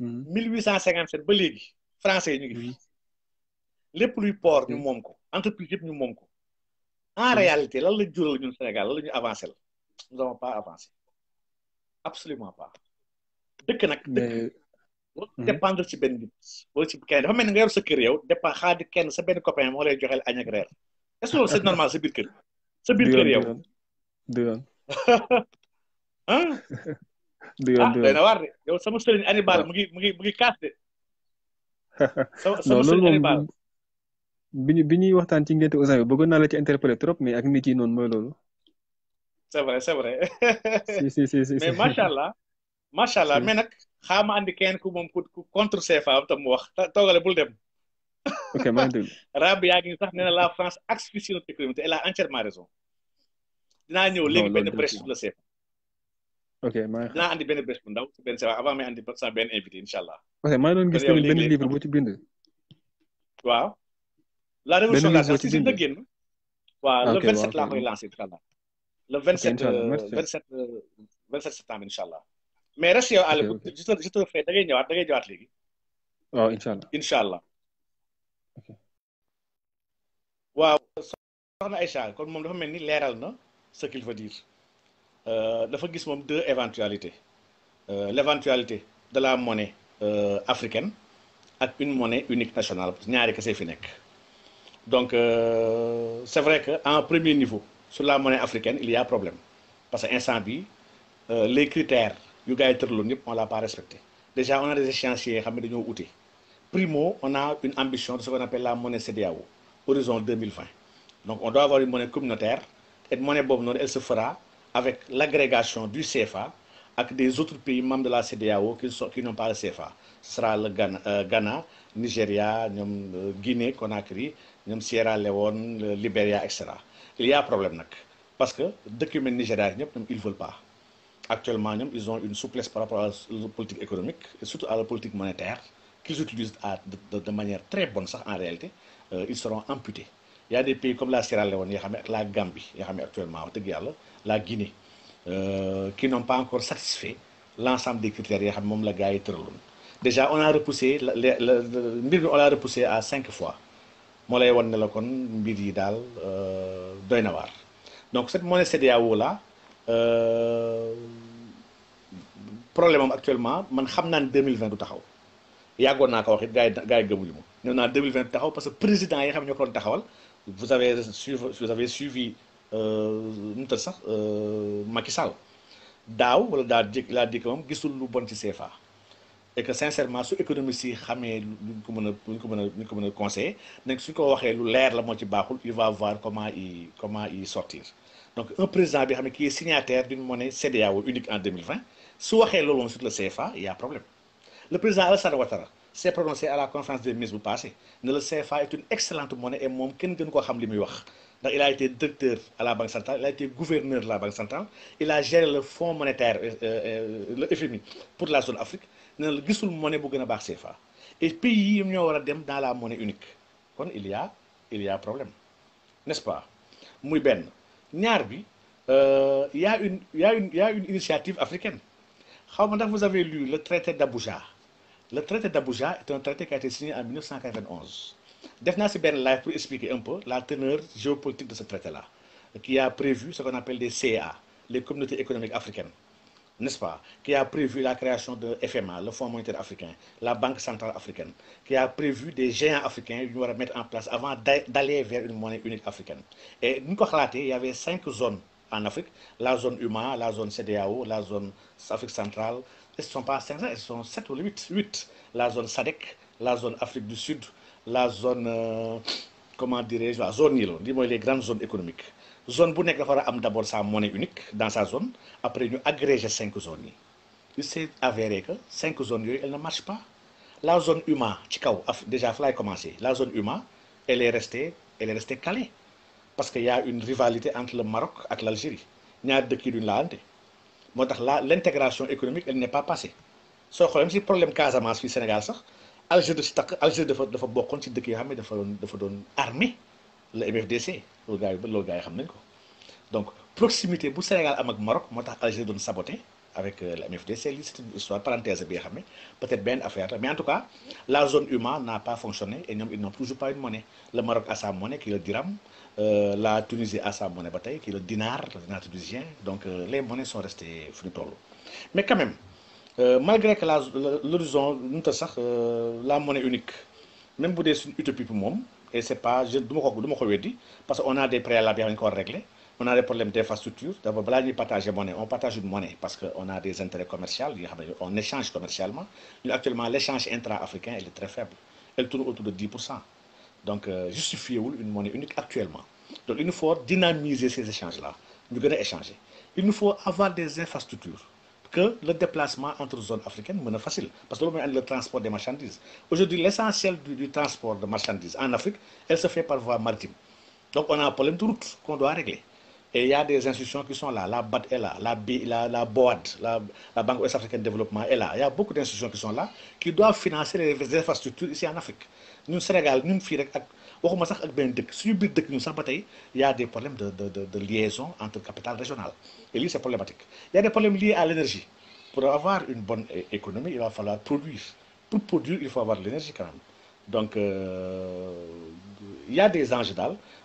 Mm-hmm. mille huit cent cinquante sept ba léegi français yi ñu ngi fi. Mm-hmm. lépp luy port ñu mm-hmm. moom ko entreprise yëpp ñu moom ko. en réalité lan la jural ñu Sénégal lan la ñu avancé la nous n'avons pas avancé. absolument pas dëkk nag. dëkk dépendre ci benn nit wala ci kenn dafa mel ni nga yor sa kër yow dépend xaadi kenn sa benn copain moo lay joxel añ ak est ce que c'est normal sa biir kër sa biir kër yow du yoon ah du yoon du yoon na waar de yow sama sëriñ Anibal mu ngi mu ngi mu ngi kaas de sama sëriñ Anibal bi ñu bi ñuy waxtaan ci ngénte Ousmane bëggoon naa la ci interpeller trop mais ak nit yi noonu mooy c'est vrai c'est vrai si si si si mais macha allah macha allah mais nag xaaral andi kenn ku moom ku contre ces femmes te mu wax toogale bul dem. ok maa ngi déglu Rabi yaa ngi sax nee na la France asphyxie sur notre économie te elle a entièrement raison. dinaa ñëw léegi benn brèche sur le CFA. ok maa ngi dinaa andi benn brèche bu ndaw benn CFA avant may andi benn invité incha allah. ok maa ngi doon gis ci bind. waaw. la révolution la si si dëggéen. waaw le 27 laa koy lancé incha allah. le 27 27 27 septembre incha allah. mais reste yow àll juste gis na gis na fee Inch'Allah. Oui, ñëwaat da ngay ñëwaat léegi. waaw dafa ce qu'il veut dire euh, dafa gis moom deux éventualités euh, l'éventualité de la monnaie euh, africaine ak une monnaie unique nationale donc c'est vrai que en premier niveau sur la monnaie africaine il y a problème parce que instant les critères on ne on l'a pas respecté déjà on a des échéanciers on xam ne dañoo primo on a une ambition de ce qu'on appelle la monnaie CEDEAO horizon 2020 donc on doit avoir une monnaie communautaire et monnaie boobu elle se fera avec l'agrégation du CFA avec des autres pays membres de la CDAO qui, sont, qui n'ont pas le CFA. Ce sera le Ghana, euh, Nigeria, euh, Guinée, Conakry, Sierra Leone, Libéria, etc. Il y a un problème, parce que, le Nigeria, ils ne veulent pas actuellement, ils ont une souplesse par rapport à la politique économique et surtout à la politique monétaire qu'ils utilisent de, manière très bonne, ça en réalité, euh, ils seront amputés. Il y a des pays comme la Sierra Leone, la Gambie, actuellement, la Guinée, euh, qui n'ont pas encore satisfait l'ensemble des critères. Déjà, on a repoussé, le, on l'a repoussé à cinq fois. Euh, Donc, cette monnaie CDAO-là, euh, problème actuellement man xam naa 2020 du taxaw yàggoon naa ko wax it gars yi gars yi 2020 du taxaw parce que président yi xam ko doon taxawal vous avez suivi vous avez suivi euh, mu tëdd euh, Macky Sall Daw, wala daa dik, la dikk moom gisul lu bon ci sefa. et que sincèrement su économiste yi xamee luñ ko mën a luñ ko mën a luñ ko mën conseiller nag suñ ko waxee lu leer la moo ci baaxul il va voir comment y comment y sortir donc un président bi xam ne qui est signataire d'une monnaie CEDEAO unique en 2020 su waxee loolu sur le CFA il y a un problème le président Alassane Ouattara s'est prononcé à la conférence de ministres passé le CFA est une excellente monnaie et gën xam il a été directeur à la banque centrale il a été gouverneur de la banque centrale il a géré le fonds monétaire euh, euh, le FMI pour la zone Afrique ne la gisul monnaie bu le CFA et pays il y dans la monnaie unique kon il y a il y a problème n'est-ce pas muy Ben, y a une initiative africaine vous avez lu le traité d'Abuja. Le traité d'Abuja est un traité qui a été signé en 1991. Defna Live pour expliquer un peu la teneur géopolitique de ce traité-là, qui a prévu ce qu'on appelle des CA, les communautés économiques africaines, n'est-ce pas Qui a prévu la création de FMA, le Fonds monétaire africain, la Banque centrale africaine, qui a prévu des géants africains ils mettre en place avant d'aller vers une monnaie unique africaine. Et nous, il y avait cinq zones en Afrique, la zone UMA, la zone CDAO, la zone Afrique centrale, elles ne sont pas 5 elles sont 7 ou 8, 8. La zone SADEC, la zone Afrique du Sud, la zone, euh, comment dirais-je, la zone île, dis-moi les grandes zones économiques. Zone bu nekk dafa d'abord sa monnaie unique dans sa zone, après nous agréger cinq zones Il s'est avéré que cinq zones elles ne marchent pas. La zone UMA déjà Fly a commencé la zone UMA elle est restée elle est restée calée parce qu'il y a une rivalité entre le Maroc et l'Algérie ñaar y yi deux qui moo l'intégration économique elle n'est pas passée C'est quand même si problème Casamance Sénégal sax Algérie de de takk Algérie de dafa le MFDC gars yi gars donc proximité bu Sénégal avec euh, le Maroc l'Algérie doit Algérie de avec le MFDC c'est une histoire parenthèse peut-être bien affaire mais en tout cas la zone humaine n'a pas fonctionné et ils n'ont toujours pas une monnaie le Maroc a sa monnaie qui est le dirham euh, la Tunisie a sa monnaie bataille, qui est le dinar, le dinar tunisien. Donc euh, les monnaies sont restées frutolo. Mais quand même, euh, malgré que l'horizon, nous la monnaie unique, même si c'est une utopie pour moi, et c'est pas, je ne me dire parce qu'on a des préalables encore réglés, on a des problèmes d'infrastructure. D'abord, là, on partage monnaie, on partage une monnaie parce qu'on a des intérêts commerciaux, on échange commercialement. Actuellement, l'échange intra-africain est très faible. Elle tourne autour de 10% donc euh, justifier une monnaie unique actuellement donc il nous faut dynamiser ces échanges là Nous devons échanger il nous faut avoir des infrastructures que le déplacement entre zones africaines soit facile parce que le transport des marchandises aujourd'hui l'essentiel du, du, transport de marchandises en Afrique elle se fait par voie maritime donc on a un problème de route qu'on doit régler et il y a des institutions qui sont là. La BAD est là, la, B, la, BOAD, la, Banque Ouest-Africaine de Développement est là. Il y a beaucoup d'institutions qui sont là, qui doivent financer les infrastructures ici en Afrique. Nous, Sénégal, nous, waxuma sax ak benn dëkk suñu il y a des problèmes de de de de liaison entre capital régional. et là, c'est problématique il y a des problèmes liés à l'énergie pour avoir une bonne économie il va falloir produire pour produire il faut avoir l'énergie quand même donc euh, il y a des enjeux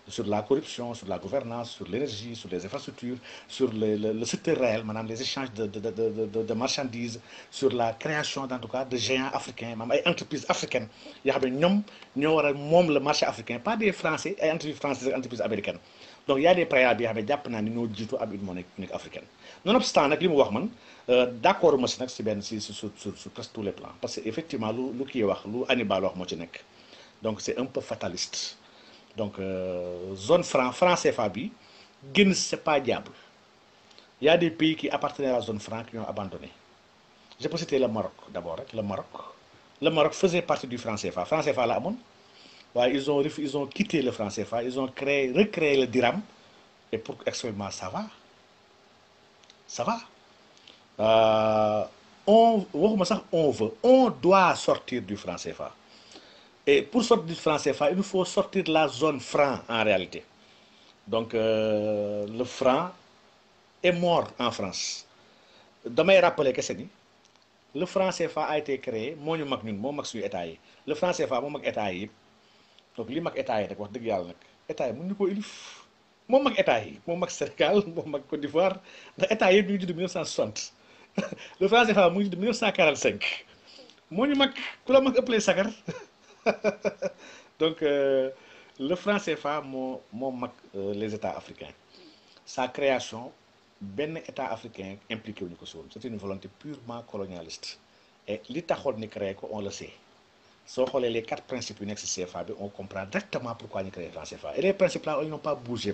sur la corruption, sur la gouvernance, sur l'énergie, sur les infrastructures, sur le, secteur réel, madame, les échanges de, de, de, de, marchandises, sur la création, en tout cas, de géants africains, madame, des entreprises africaines. Il y a le marché africain, pas des Français, des entreprises françaises, des entreprises américaines. donc il y a des préalables qui ont été jàpp naa ni ñoo jiitu ab une monnaie africaine nonobstant ce que je wax man bien euh, accord ma si sur sur presque tous les plans parce que effectivement lu qui wax lu wax donc c'est un peu fataliste donc euh, zone franc France CFA bi c'est pas diable il y a des pays qui appartenaient à la zone franc qui ont abandonné je peux citer le Maroc d'abord hein, le Maroc le Maroc faisait partie du franc CFA franc CFA la ils ont ils ont quitté le franc CFA ils ont créé recréé le dirham et pour actuellement ça va ça va euh, on on veut on doit sortir du franc CFA. Et pour sortir du franc CFA, il faut sortir de la zone franc en réalité. Donc euh, le franc est mort en France. Demain, rappeler c'est que le franc CFA a été créé moo ñu mag ñun moo mag état le franc CFA moo mag état donc li mag état yi rek wax dëgg yàlla nag état yi mën ñu ko ilif moo mag état yi moo Sénégal moo mag Côte d'Ivoire état 1960 le franc CFA est ngi 1945 moo ñu mag appelé la sagar donc euh, le franc CFA mon euh, les états africains sa création Ben état africain impliqué impliqués au c'est une volonté purement colonialiste et l'État qu'on ni créé on le sait on xoolee les quatre principes du CFA on comprend directement pourquoi a créé franc CFA et les principes là ils n'ont pas bougé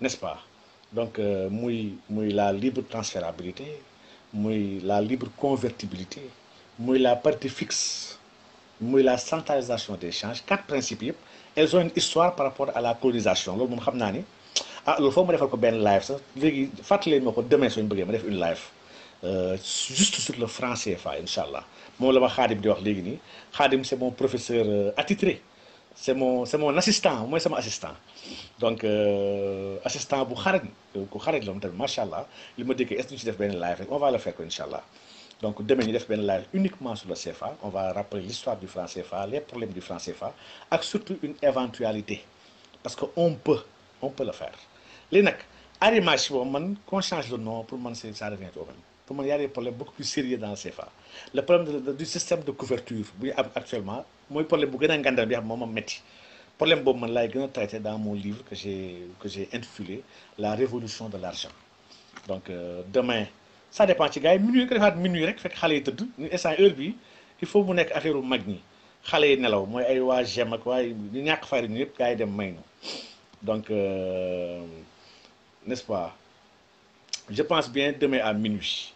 n'est-ce pas donc euh, la libre transférabilité la libre convertibilité la partie fixe moy la centralisation des changes quatre principes elles ont une histoire par rapport à la colonisation loolu moom xam ni ah loolu foo mo defal ko ben live sax léegi fàttali demain suñu bëggee ma def une live euh, juste sur le français CFA inshallah. mo la ma khadim di wax legui ni khadim c'est mon professeur euh, attitré c'est mon c'est mon assistant moi c'est mon assistant donc euh, assistant bu xarit ko xarit la moom tamit li ma déggee est ce ci def ben live on va le faire ko inshallah. Donc, demain, a un live uniquement sur le CFA. On va rappeler l'histoire du franc CFA, les problèmes du franc CFA, et surtout une éventualité. Parce qu'on peut, on peut le faire. Les Arimash, qu'on change de nom, pour moi, ça revient au même. Pour moi, il y a des problèmes beaucoup plus sérieux dans le CFA. Le problème du système de couverture, actuellement, moi, les problème que je bien, moi, mettre. Le problème que je vais traiter dans mon livre que j'ai intitulé La révolution de l'argent. Donc, euh, demain, ça dépend ci gars minuit que defaat minuit rek fek xalé teud ñu instant heure bi il faut mu nek affaire bu mag ñi xale nelaw mooy ay wa GEM ak way ñu ñak fari ñu yëpp dem donc euh, n'est-ce pas je pense bien demain à minuit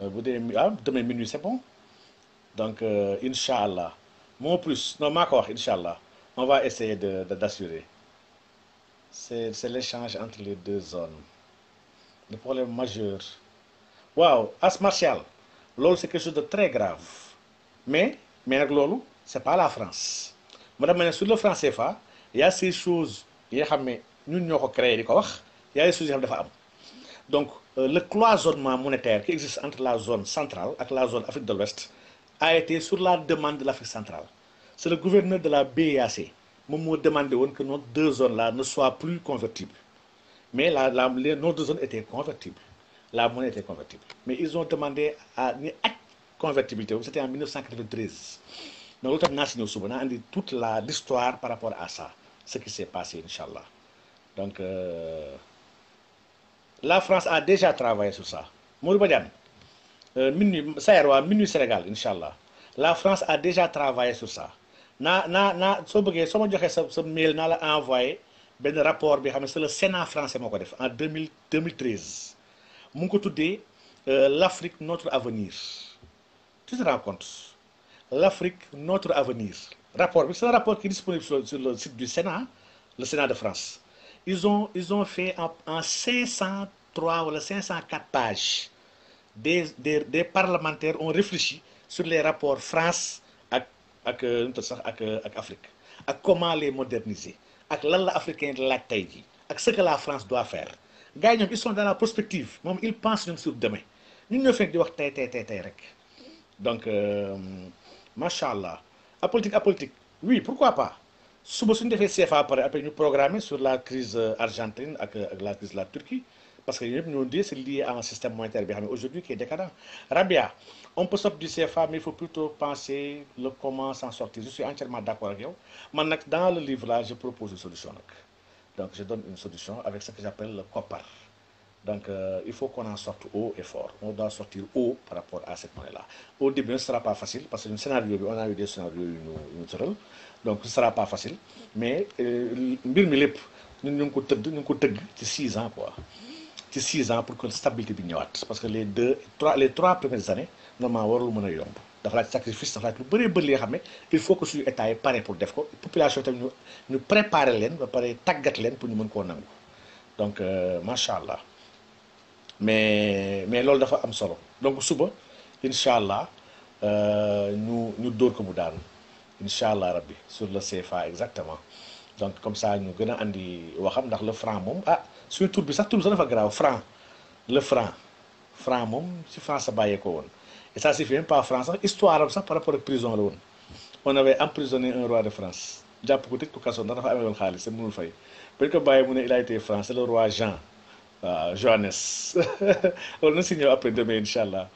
euh, ah, demain minuit c'est bon donc euh, Inch'Allah. allah plus non ma ko wax on va essayer de d'assurer c'est c'est l'échange entre les deux zones le problème majeur Waouh, as martial c'est quelque chose de très grave mais mais lolu c'est pas la France Madame, sur le franc CFA il y a ces choses Il y a ñun il créé choses, il y a des choses qui dafa am donc euh, le cloisonnement monétaire qui existe entre la zone centrale et la zone Afrique de l'Ouest a été sur la demande de l'Afrique centrale c'est le gouverneur de la BAC qui a demandé que nos deux zones là ne soient plus convertibles mais nos deux zones étaient convertibles la monnaie était convertible. Mais ils ont demandé à une convertibilité, c'était en 1993. Donc, on a toute l'histoire par rapport à ça, ce qui s'est passé, Inch'Allah. Donc, euh, la France a déjà travaillé sur ça. Mourbadian, euh, le Saherwa, ministre Sénégal, Inch'Allah. La France a déjà travaillé sur ça. Na, na, na, si vous donne ce mail, je envoyé un rapport, c'est le Sénat français en 2013. Mon côté, euh, l'Afrique notre avenir tu te rends compte l'Afrique notre avenir rapport c'est un rapport qui est disponible sur le site du Sénat le Sénat de France ils ont ils ont fait en 503 ou 504 pages des des des parlementaires ont réfléchi sur les rapports France avec l'Afrique, à comment les moderniser à la africain ce que la France doit faire gars ils sont dans la prospective ils pensent même sur demain Nous ne fait di wax tey tey rek donc euh, la politique apolitique apolitique oui pourquoi pas suba suñu defee CFA après, après nous programmer sur la crise euh, argentine avec euh, la crise de la Turquie parce que nous dit di c'est lié à un système monétaire bien aujourd'hui qui est décadent. Rabia, on peut sortir du CFA, mais il faut plutôt penser le comment s'en sortir. Je suis entièrement d'accord avec vous. Maintenant, dans le livre là, je propose une solution. Donc, je donne une solution avec ce que j'appelle le copar. Donc, euh, il faut qu'on en sorte haut et fort. On doit sortir haut par rapport à cette monnaie-là. Au début, ce ne sera pas facile parce que scénario, on a eu des scénarios naturels. Donc, ce ne sera pas facile. Mais, euh, mbir mi lépp ñun ñu 6 ans quoi. 6 ans pour que la stabilité bi parce que les deux trois les trois premières années normalement warul mën a dafa la sacrifice dafa laaj lu bëree bëri li nga il faut que ce état est pare pour def ko population tamit ñu ñu préparer leen ba pare tàggat leen pour ñu mën koo donc euh, macha allah mais mais loolu dafa am solo donc suba incha euh, ñu ñu dóor ko mu daanu incha rabbi sur le CFA exactement donc comme ça ñu gën a andi waxam ndax le franc Mom, ah suñu tur bi sax tur bi sax dafa garaaw franc le franc franc mom, si franc sa bàyyee ko woon. Et ça suffit même pas à France. Histoire, ça par rapport à la prison. On avait emprisonné un roi de France. ko dafa il a été France le roi Jean euh, Johannes. On on nous après demain Inch'Allah.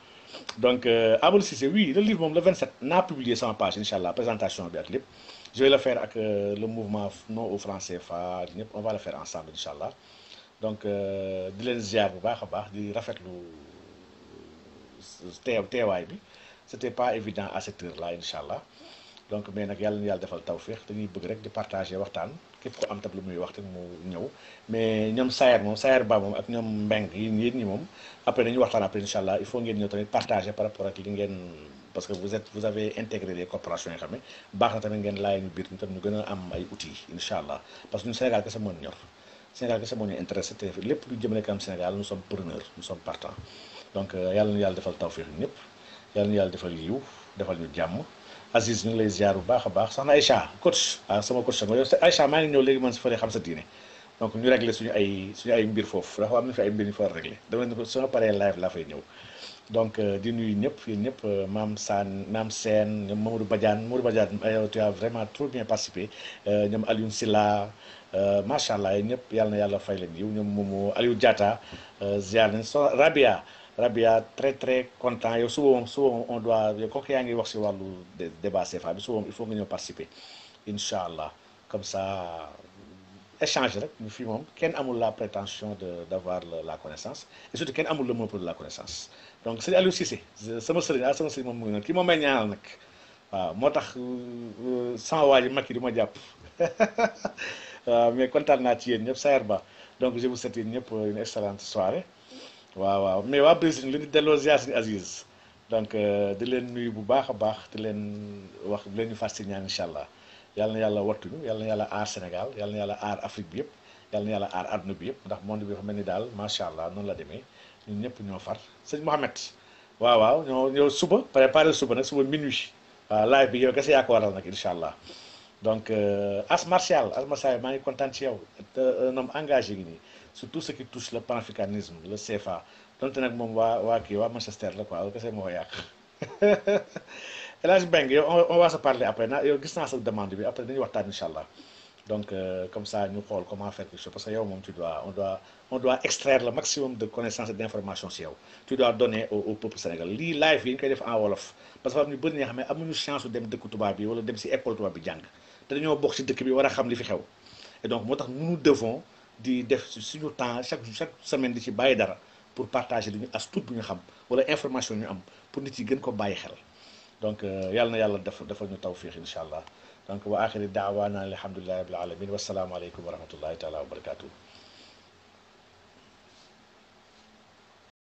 donc euh, Abou Cissé oui le livre le 27 n'a publié 100 page Inch'Allah, présentation à ak je vais le faire avec euh, le mouvement non au français. CFA on va le faire ensemble Inch'Allah. donc di leen ziar bu baax a baax teew teewaay bi c'était pas évident à cette heure là incha allah donc mais nag yàlla na yàlla defal tawféex dañuy bëgg rek di partager waxtaan képp ko am tam lu muy wax te mu ñëw mais ñoom Sayer moom Sayer Ba moom ak ñoom Mbeng yéen yéen ñi moom après dañuy waxtaan après incha allah il faut ngeen ñëw tamit partager par rapport ak li ngeen parce que vous avez intégré les coopérations yi xam baax na tamit ngeen laaj ñu biir ñu tam ñu gën a am ay outils incha allah lu jëmale kanam Sénégal donc euh, yàlla na yàlla defal tawféex yi ñëpp yàlla na yàlla defal yiw defal ñu jàmm Aziz ñu ngi lay ziar bu baax a baax soxna Aïcha coach ah sama coach sama yow Aïcha maa ngi ñëw léegi man si faree xam sa diine donc ñu réglé suñu ay suñu ay mbir foofu dafa am na fi ay mbir ñu fa réglé dama ne ko sama paree live laa fay ñëw donc euh, di nuyu ñëpp yéen ñëpp euh, maam Sane maam Sène ñoom Mamadou Badiane Mamadou Badiane yow tu as vraiment trop bien participé ñoom Alioune Silla macha allah yéen ñëpp yàlla na yàlla fay leen yiw ñoom moomu Aliou Diatta ziar nañ so Rabia Rabia très très content yow souvent, souvent on doit ko kooku yaa wax ci walu débat CFA bi il faut que nous participer inshallah comme ça échange rek ñu fi mom kenn amul la prétention de la connaissance et surtout kenn amul le mot de la connaissance donc c'est Aliou Cissé sama c'est ah sama sëriñ mom mu ngi noonu kii moi may ñaanal nag waaw moo euh, sans waa mais content na ci yéen Sayer Ba donc je vous souhaite ñep une excellente soirée. waaw waaw mais waa Brésil li ñu delloo ziar si donc euh, di leen nuyu bu baax a baax di leen wax leen ñu fas si ñaan incha allah yal yàlla wattuñu yàlla na yàlla aar Sénégal yàlla na yàlla aar Afrique bi yëpp yal na yàlla aar àdduna bi yëpp ndax monde bi ni daal macha allah noonu la demee ñun ñëpp ñoo far sëñ Mohamed waaw waaw ñoo ñoo suba préparé suba nag suba minuit waaw live bi yow kese yaa ko waral nag incha allah donc euh, as martial as martial maa ngi kontaan yow euh, un homme engagé nii. sur tout ce qui touche le panafricanisme le CFA donte nag moom waa waa kii waa Manchester là, quoi kese moo yàq El Hadj Mbengue yow on va se parler après na yow gis naa sa demande bi après dañuy waxtaan parler, Inch'Allah. donc euh, comme ça ñu xool comment faire quelque chose parce que yow tu dois on doit on doit extraire le maximum de connaissances et d'informations sur yow tu dois donner au peuple sénégalais Li live yi ñu koy def en wolof parce que nous, ñu bëri ñoo amuñu chance dem dëkku tubaab bi wala dem si école tubaab bi jàng te dañoo bokk si dëkk bi war a xam li fi xew et donc moo nous devons di def ci suñu temps chaque chaque semaine di ci bàyyi dara pour partager li as tout bi ñu xam wala information ñu am pour nit yi gën ko bàyyi xel donc yàlla na yàlla def defal ñu tawfiq incha allah donc wa axiri daawaana alhamdulillahi rabbil alamin wasalaamualeykum wa rahmatullahi taala wa barakatuh